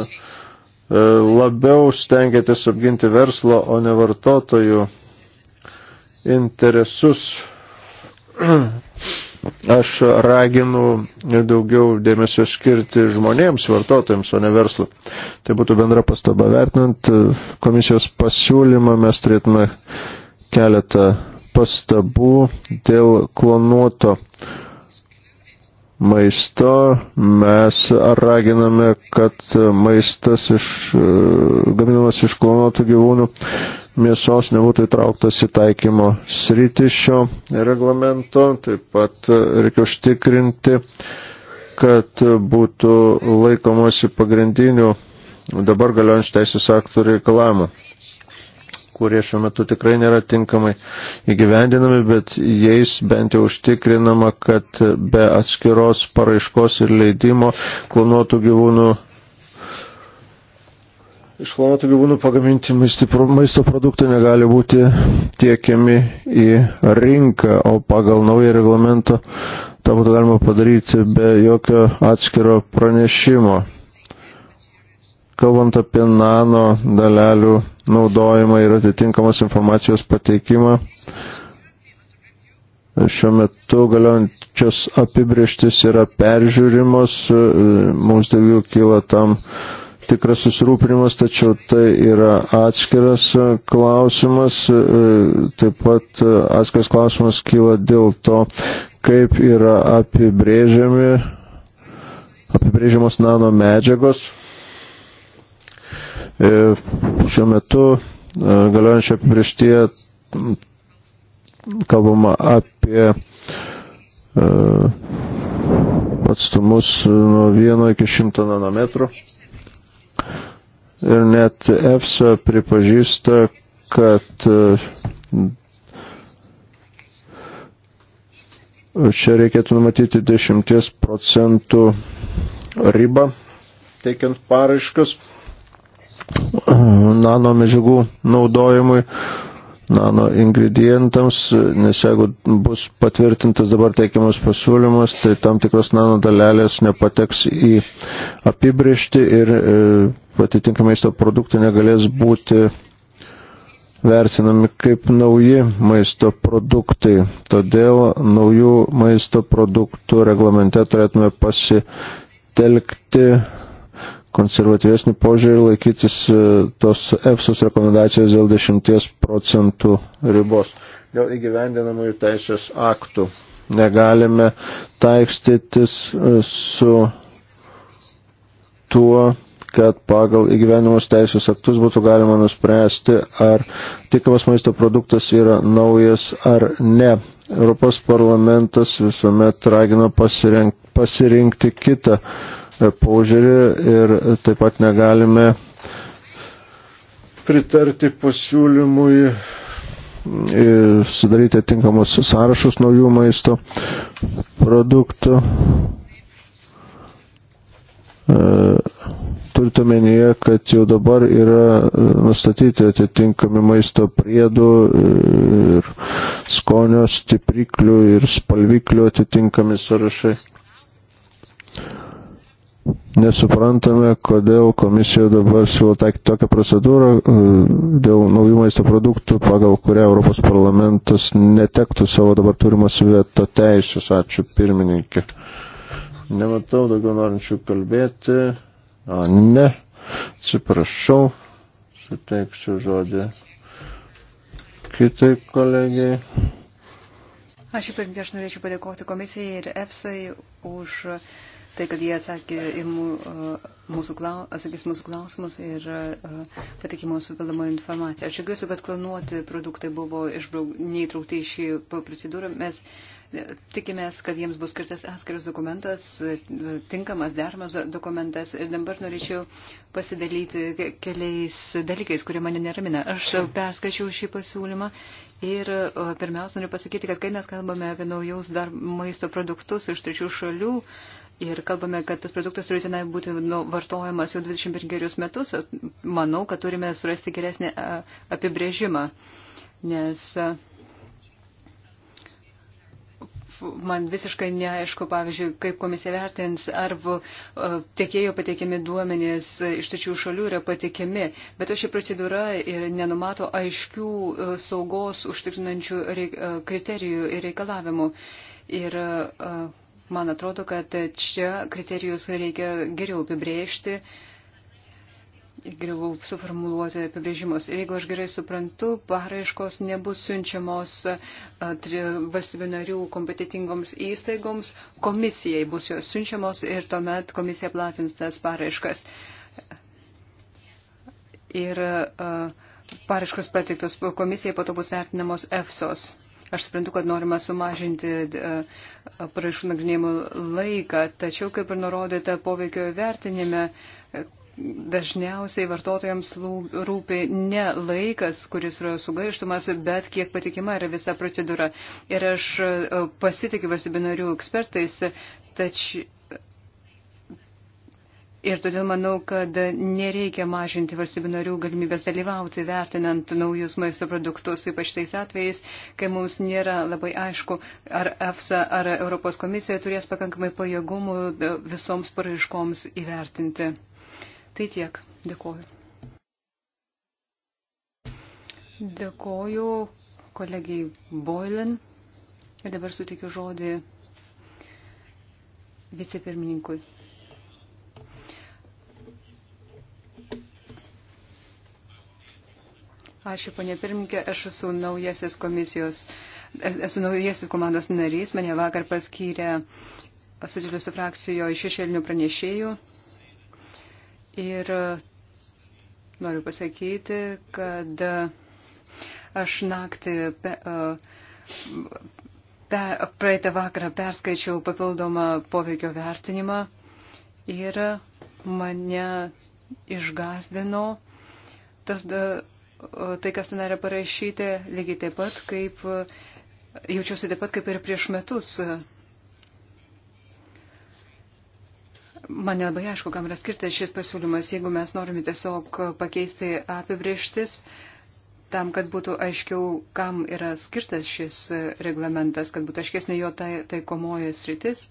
[SPEAKER 1] labiau stengiatės apginti verslo, o ne vartotojų interesus. Aš raginu daugiau dėmesio skirti žmonėms, vartotojams, o ne verslui. Tai būtų bendra pastaba vertinant e, komisijos pasiūlymą, mes turėtume keletą pastabų dėl klonuoto uh, maisto, mes raginame, kad maistas iš, e, gaminamas iš klonuotų gyvūnų mėsos nebūtų įtrauktas į taikymo sritį šio reglamento. Taip pat reikia užtikrinti, kad būtų laikomasi pagrindinių dabar galiojančių teisės aktų reikalavimų kurie šiuo metu tikrai nėra tinkamai įgyvendinami, bet jais bent jau užtikrinama, kad be atskiros paraiškos ir leidimo klonuotų gyvūnų. Iš klonuotų gyvūnų pagaminti maisto produktai negali būti tiekiami į rinką, o pagal naują reglamentą tą būtų galima padaryti be jokio atskiro pranešimo kalbant apie nano dalelių naudojimą ir atitinkamos informacijos pateikimą, šiuo metu galiojančios apibrieštis yra peržiūrimos, mums daugiau kyla tam tikras susirūpinimas, tačiau tai yra atskiras klausimas, taip pat atskiras klausimas kyla dėl to, kaip yra apibrėžiami, apibrėžiamos nano medžiagos. E, šiuo metu e, galiojančio apibrieštyje kalbama apie e, atstumus nuo 1 iki 100 nanometrų. Ir net EFSA pripažįsta, kad čia reikėtų numatyti 10 procentų ribą, teikiant paraiškas nano medžiagų naudojimui, nano ingredientams, nes jeigu bus patvirtintas dabar teikiamas pasiūlymas, tai tam tikras nano dalelės nepateks į apibriešti ir e, atitinkamai maisto produktai negalės būti vertinami kaip nauji maisto produktai. Todėl naujų maisto produktų reglamente turėtume pasitelkti konservatyvesnį požiūrį laikytis e, tos EFSOS rekomendacijos dėl 10 procentų ribos. Dėl įgyvendinamųjų teisės aktų negalime taikstytis e, su tuo, kad pagal įgyvenimus teisės aktus būtų galima nuspręsti, ar tikamas maisto produktas yra naujas ar ne. Europos parlamentas visuomet ragino pasirink, pasirinkti kitą požiūrį ir taip pat negalime pritarti pasiūlymui e, sudaryti atinkamus sąrašus naujų maisto produktų. E, turite menyje, kad jau dabar yra e, nustatyti atitinkami maisto priedų ir skonio stipriklių ir spalviklių atitinkami sąrašai nesuprantame, kodėl komisija dabar siūlo taikyti tokią procedūrą e, dėl naujų maisto produktų, pagal kurią Europos parlamentas netektų savo dabar turimas vieto teisės. Ačiū pirmininkė. Nematau daugiau norinčių kalbėti. A, ne. Atsiprašau. Suteiksiu žodį kitai kolegijai.
[SPEAKER 3] Aš jau pirmiausia norėčiau padėkoti komisijai ir EFSAI už uh, tai, kad jie atsakė į e, mūsų, klaus, mūsų klausimus ir e, patikė mums papildomą informaciją. Aš džiaugiuosi, kad klonuoti produktai buvo išbrauk, neįtraukti į šį procedūrą. Mes e, tikimės, kad jiems bus skirtas atskiras dokumentas, tinkamas, dermas dokumentas. Ir dabar norėčiau pasidalyti keliais dalykais, kurie mane neramina. Aš perskačiau šį pasiūlymą Ir pirmiausia, noriu pasakyti, kad kai mes kalbame apie naujus dar maisto produktus iš trečių šalių ir kalbame, kad tas produktas turi tenai būti nu, vartojamas jau 25 metus, manau, kad turime surasti geresnį apibrėžimą. Nes. A, man visiškai neaišku, pavyzdžiui, kaip komisija vertins, ar e, tiekėjo pateikiami duomenys iš tačių šalių yra pateikiami, bet ši procedūra ir nenumato aiškių e, saugos užtikrinančių e, kriterijų ir reikalavimų. Ir man atrodo, kad čia kriterijus reikia geriau apibrėžti. Uh, geriau suformuluoti apibrėžimus. Ir jeigu aš gerai suprantu, paraiškos nebus siunčiamos valstybių narių kompetitingoms įstaigoms, komisijai bus jos siunčiamos ir tuomet komisija platins tas paraiškas. Ir paraiškos pateiktos komisijai po to bus vertinamos EFSOS. Aš suprantu, kad norima sumažinti parašų nagrinėjimo laiką, tačiau, kaip ir nurodyta poveikio vertinime, dažniausiai vartotojams rūpi ne laikas, kuris yra sugaištumas, bet kiek patikima yra visa procedūra. Ir aš e, pasitikiu valstybinarių ekspertais, tačiau. Ir todėl manau, kad nereikia mažinti valstybių narių galimybės dalyvauti, vertinant naujus maisto produktus, ypač tais atvejais, kai mums nėra labai aišku, ar EFSA ar Europos komisija turės pakankamai pajėgumų e, visoms paraiškoms įvertinti. Tai tiek. Dėkoju. Dėkoju kolegijai Boilin ir dabar sutikiu žodį vicepirmininkui. Ačiū, ponė pirmininkė, aš esu naujasis komisijos, esu naujasis komandos narys, mane vakar paskyrė asocialiusių frakcijoje šešėlinių pranešėjų Ir e, noriu pasakyti, kad e, aš naktį pe, e, pe, praeitą vakarą perskaičiau papildomą poveikio vertinimą ir mane išgazdino tas, tai, kas ten yra parašyti, lygiai taip pat, kaip jaučiuosi taip pat kaip ir prieš metus Man labai aišku, kam yra skirtas šis pasiūlymas, jeigu mes norime tiesiog pakeisti apibrieštis tam, kad būtų aiškiau, kam yra skirtas šis reglamentas, kad būtų aiškesnė jo tai, taikomoji tai sritis.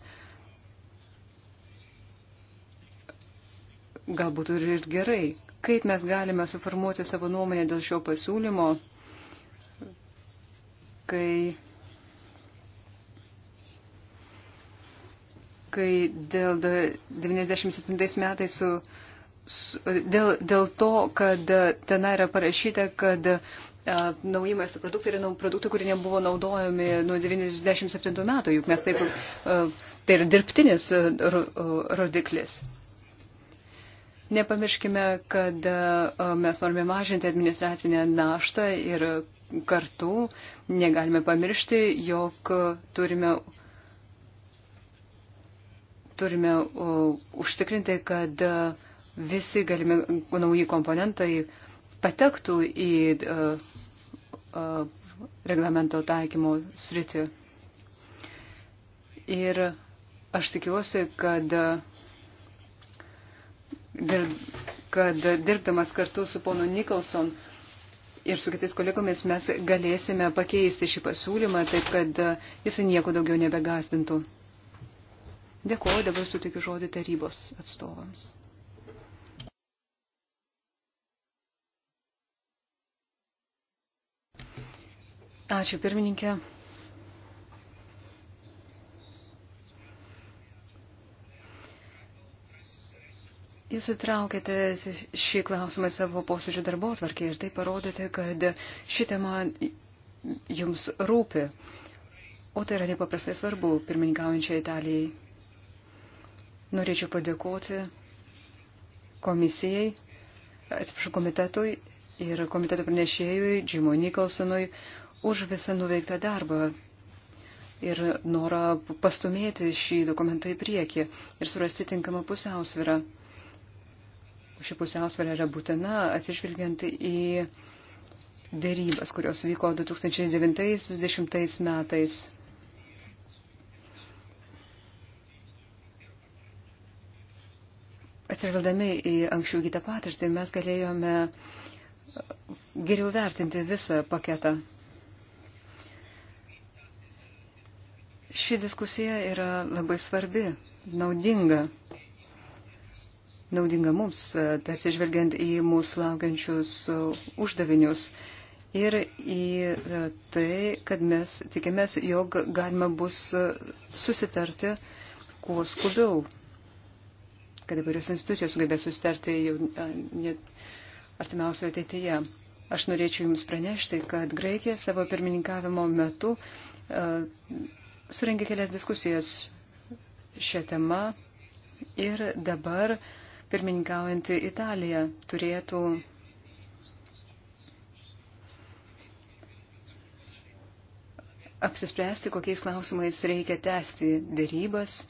[SPEAKER 3] Galbūt ir gerai. Kaip mes galime suformuoti savo nuomonę dėl šio pasiūlymo, kai kai dėl 97 metais su, su, dėl, dėl to, kad ten yra parašyta, kad a, nauji maisto produktai yra produktai, kurie nebuvo naudojami nuo 97 metų, juk mes taip, a, tai yra dirbtinis rodiklis. Nepamirškime, kad a, mes norime mažinti administracinę naštą ir kartu negalime pamiršti, jog turime turime užtikrinti, kad e, visi galimi e, nauji komponentai patektų į e, reglamento taikymo sritį. Ir aš tikiuosi, kad, kad dirbdamas kartu su ponu Nikolson ir su kitais kolegomis mes galėsime pakeisti šį pasiūlymą taip, kad jis nieko daugiau nebegazdintų. Dėkuoju, dabar sutikiu žodį tarybos atstovams. Ačiū, pirmininkė. Jūs įtraukėte šį klausimą savo posėdžio darbo atvarkį ir tai parodėte, kad ši tema jums rūpi. O tai yra nepaprastai svarbu pirmininkaujančiai Italijai. Norėčiau padėkoti komisijai, atsiprašau, komitetui ir komiteto pranešėjui Džimui Nikolsonui už visą nuveiktą darbą ir norą pastumėti šį dokumentą į priekį ir surasti tinkamą pusiausvyrą. Ši pusiausvyrą yra būtina atsižvelgiant į dėrybas, kurios vyko 2009-2010 metais. atsižvelgdami į anksčiau gytą patirtį, mes galėjome e, geriau vertinti visą paketą. Ši diskusija yra labai svarbi, naudinga. Naudinga mums, e, tai atsižvelgiant į mūsų laukiančius e, uždavinius ir į tai, kad mes tikimės, jog galima bus susitarti kuo skubiau kad įvairios institucijos sugebės susitarti jau artimiausioje ateityje. Aš norėčiau Jums pranešti, kad Graikija savo pirmininkavimo metu surengė kelias diskusijas šią temą ir dabar pirmininkaujantį Italiją turėtų apsispręsti, kokiais klausimais reikia tęsti dėrybas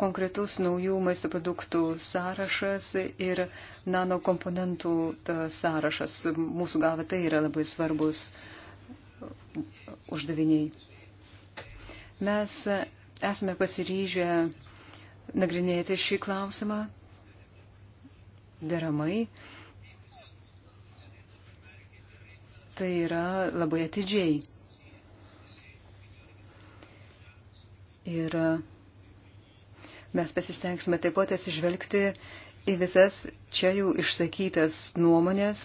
[SPEAKER 3] konkretus naujų maisto produktų sąrašas ir nano komponentų sąrašas. Mūsų galva tai yra labai svarbus uždaviniai. Mes esame pasiryžę nagrinėti šį klausimą deramai. Tai yra labai atidžiai. Ir Mes pasistengsime taip pat atsižvelgti į visas čia jau išsakytas nuomonės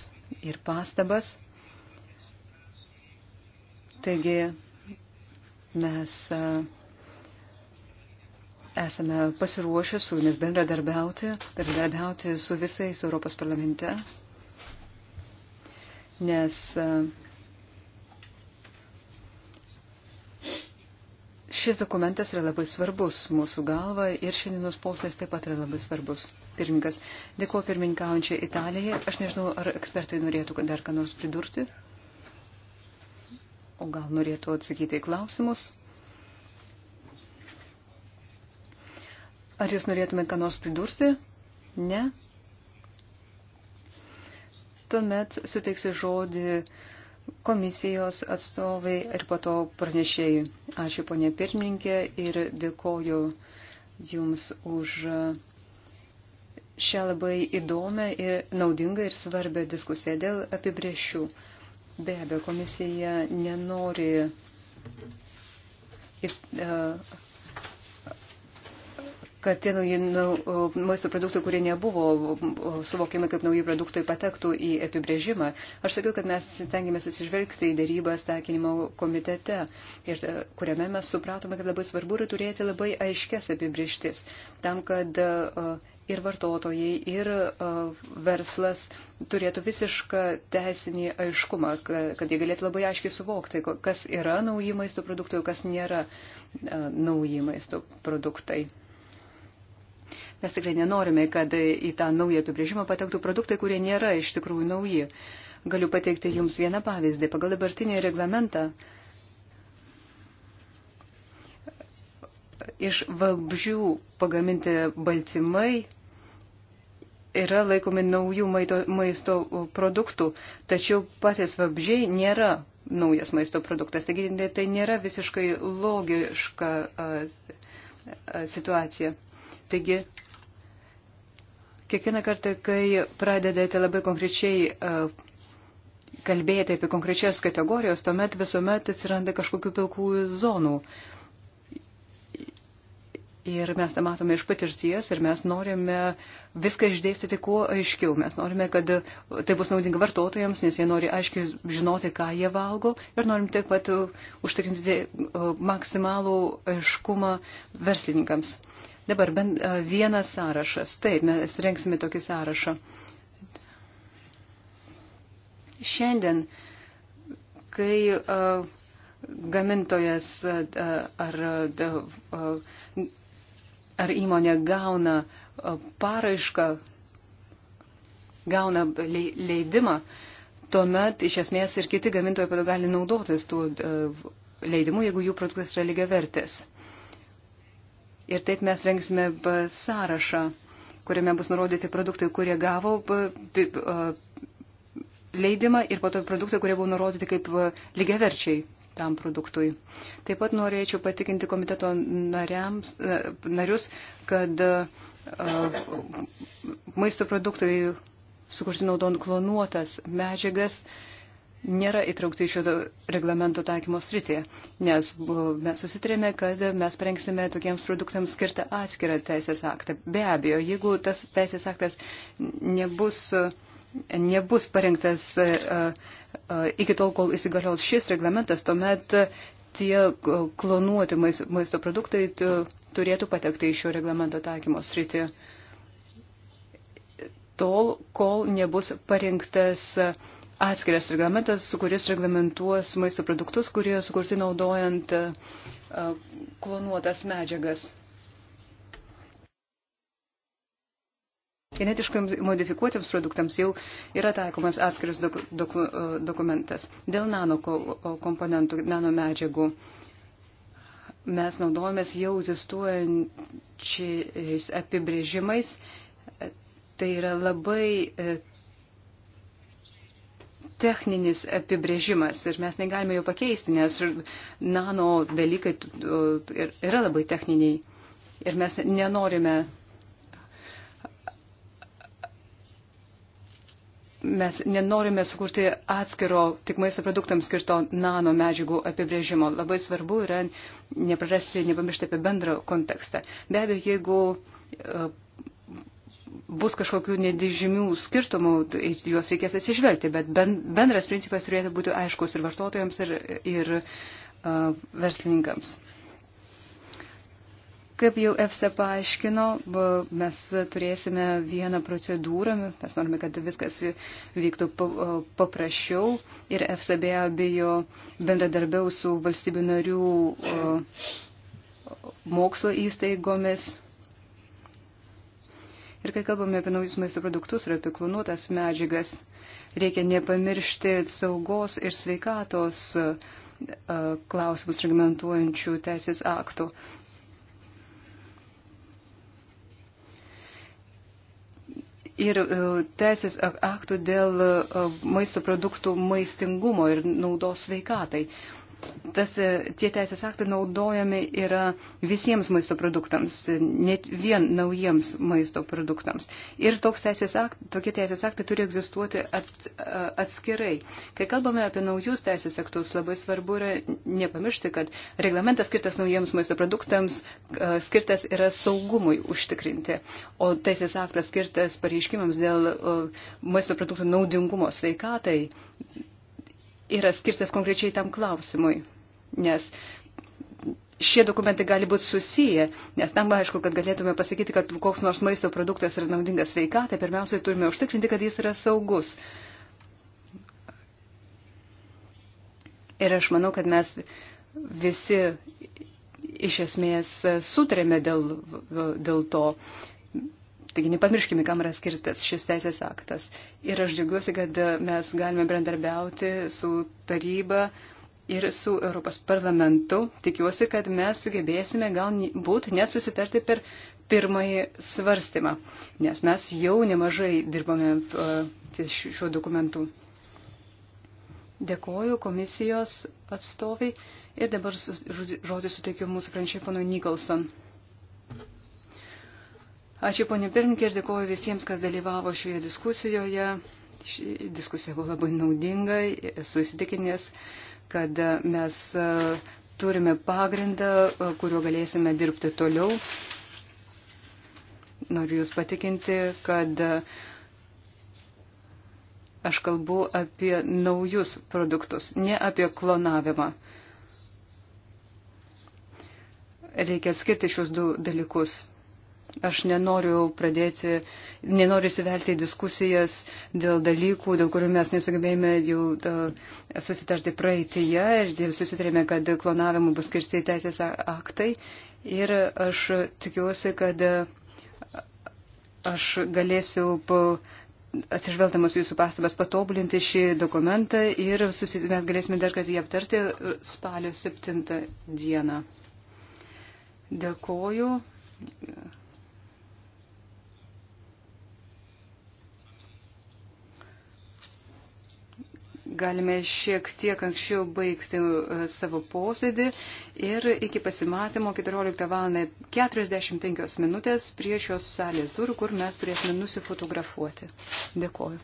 [SPEAKER 3] ir pastabas. Taigi mes esame pasiruošę su jumis bendradarbiauti, bendradarbiauti su visais Europos parlamente, nes uh, Šis dokumentas yra labai svarbus mūsų galva ir šiandienos postas taip pat yra labai svarbus. Pirmininkas, dėkuoju pirmininkaujančiai Italijai. Aš nežinau, ar ekspertai norėtų dar ką nors pridurti. O gal norėtų atsakyti į klausimus? Ar jūs norėtumėte ką nors pridurti? Ne? Tuomet suteiksiu žodį uh, komisijos atstovai ir po to pranešėjai. Ačiū ponė pirmininkė ir dėkoju Jums už šią labai įdomią ir naudingą ir svarbę diskusiją dėl apibriešių. Be abejo, komisija nenori e, kad tie nauji maisto produktai, kurie nebuvo suvokiami kaip nauji produktai, patektų į apibrėžimą. Aš sakiau, kad mes stengiamės atsižvelgti į dėrybas tekinimo komitete, ir, e, kuriame mes supratome, kad labai svarbu yra turėti labai aiškes apibrieštis, tam, kad e, ir vartotojai, ir e, verslas turėtų visišką teisinį aiškumą, kad jie galėtų labai aiškiai suvokti, kas yra nauji maisto produktai, kas nėra nauji maisto produktai. Mes tikrai nenorime, kad į tą naują apibrėžimą patektų produktai, kurie nėra iš tikrųjų nauji. Galiu pateikti Jums vieną pavyzdį. Pagal dabartinį reglamentą iš vabžių pagaminti baltymai yra laikomi naujų maito, maisto produktų, tačiau patys vabžiai nėra naujas maisto produktas. Taigi tai nėra visiškai logiška a, a, situacija. Taigi Kiekvieną kartą, kai pradedate labai konkrečiai e, kalbėti apie konkrečias kategorijos, tuomet visuomet atsiranda kažkokių pilkųjų zonų. Ir mes tą matome iš patirties ir mes norime viską išdėstyti kuo aiškiau. Mes norime, kad tai bus naudinga vartotojams, nes jie nori aiškiai žinoti, ką jie valgo ir norim taip pat užtikrinti e, maksimalų aiškumą verslininkams. Dabar bent vienas sąrašas. Taip, mes renksime tokį sąrašą. Šiandien, kai uh, gamintojas uh, ar, uh, ar įmonė gauna uh, paraišką, gauna leidimą, tuomet iš esmės ir kiti gamintojai gali naudotis tų uh, leidimų, jeigu jų produktas yra lygiavertis. vertis. Ir taip mes rengsime sąrašą, kuriame bus nurodyti produktai, kurie gavo leidimą ir po to produktai, kurie buvo nurodyti kaip lygiaverčiai tam produktui. Taip pat norėčiau patikinti komiteto nariams, narius, kad maisto produktai sukurti naudojant klonuotas medžiagas nėra įtraukti šio reglamento taikymo sritį, nes mes susitrėmė, kad mes parengsime tokiems produktams skirtą atskirą teisės aktą. Be abejo, jeigu tas teisės aktas nebus, nebus parengtas e, e, e, iki tol, kol įsigalios šis reglamentas, tuomet tie klonuoti maisto produktai turėtų patekti į šio reglamento taikymo sritį tol, kol nebus parinktas uh, atskiras reglamentas, kuris reglamentuos maisto produktus, kurie sukurti naudojant e, e, klonuotas medžiagas. Genetiškams modifikuotiems produktams jau yra taikomas atskiras dok, dok, e, dokumentas. Dėl nano komponentų, nano medžiagų mes naudojamės jau egzistuojančiais apibrėžimais. Tai yra labai techninis apibrėžimas ir mes negalime jo pakeisti, nes nano dalykai yra labai techniniai ir mes nenorime. Mes nenorime sukurti atskiro tik maisto produktams skirto nano medžiagų apibrėžimo. Labai svarbu yra neprarasti, nepamiršti apie bendrą kontekstą. Be abejo, jeigu bus kažkokių nedižymių skirtumų, tai juos reikės atsižvelgti, bet bendras principas turėtų būti aiškus ir vartotojams, ir, ir uh, verslininkams. Kaip jau EFSA paaiškino, mes turėsime vieną procedūrą, mes norime, kad viskas vyktų paprasčiau ir EFSA be abejo bendradarbiau su valstybių narių mokslo įstaigomis Ir kai kalbame apie naujus maisto produktus ir apie klonuotas medžiagas, reikia nepamiršti saugos ir sveikatos e, klausimus reglamentuojančių teisės aktų. ir e, teisės aktų dėl e, maisto produktų maistingumo ir naudos sveikatai tas, e, tie teisės aktai naudojami yra visiems maisto produktams, ne vien naujiems maisto produktams. Ir teisės akt, tokie teisės aktai turi egzistuoti at, atskirai. Kai kalbame apie naujus teisės aktus, labai svarbu yra nepamiršti, kad reglamentas skirtas naujiems maisto produktams skirtas yra saugumui užtikrinti, o teisės aktas skirtas pareiškimams dėl maisto produktų naudingumo sveikatai yra skirtas konkrečiai tam klausimui, nes šie dokumentai gali būti susiję, nes tam aišku, kad galėtume pasakyti, kad koks nors maisto produktas yra naudingas sveikatai, pirmiausiai turime užtikrinti, kad jis yra saugus. Ir aš manau, kad mes visi iš esmės sutarėme dėl, dėl to. Uh, Taigi nepamirškime, kam yra skirtas šis teisės aktas. Ir aš džiaugiuosi, kad mes galime bendarbiauti su taryba ir su Europos parlamentu. Tikiuosi, kad mes sugebėsime galbūt nesusitarti per pirmąjį svarstymą, nes mes jau nemažai dirbame e, šiuo dokumentu. Dėkoju komisijos atstovai ir dabar žodį suteikiu mūsų pranešėjui panui Nikolson. Ačiū ponė Pirmininkė ir dėkuoju visiems, kas dalyvavo šioje diskusijoje. Ši diskusija buvo labai naudinga. Esu įsitikinęs, kad mes e, turime pagrindą, e, kuriuo galėsime dirbti toliau. Noriu Jūs patikinti, kad e, aš kalbu apie naujus produktus, ne apie klonavimą. Reikia atskirti šios du dalykus. Aš nenoriu pradėti, nenoriu įsivelti į diskusijas dėl dalykų, dėl kurių mes nesugebėjome jau susitarti praeitįje ir susitarėme, kad klonavimu bus kirsti teisės aktai. Ir aš tikiuosi, kad aš galėsiu atsižvelgdamas jūsų pastabas patobulinti šį dokumentą ir susi... mes galėsime dar kartą jį aptarti spalio 7 dieną. Dėkoju. galime šiek tiek anksčiau baigti e, savo posėdį ir iki pasimatymo 14.45 minutės prie šios salės durų, kur mes turėsime nusifotografuoti. Dėkoju.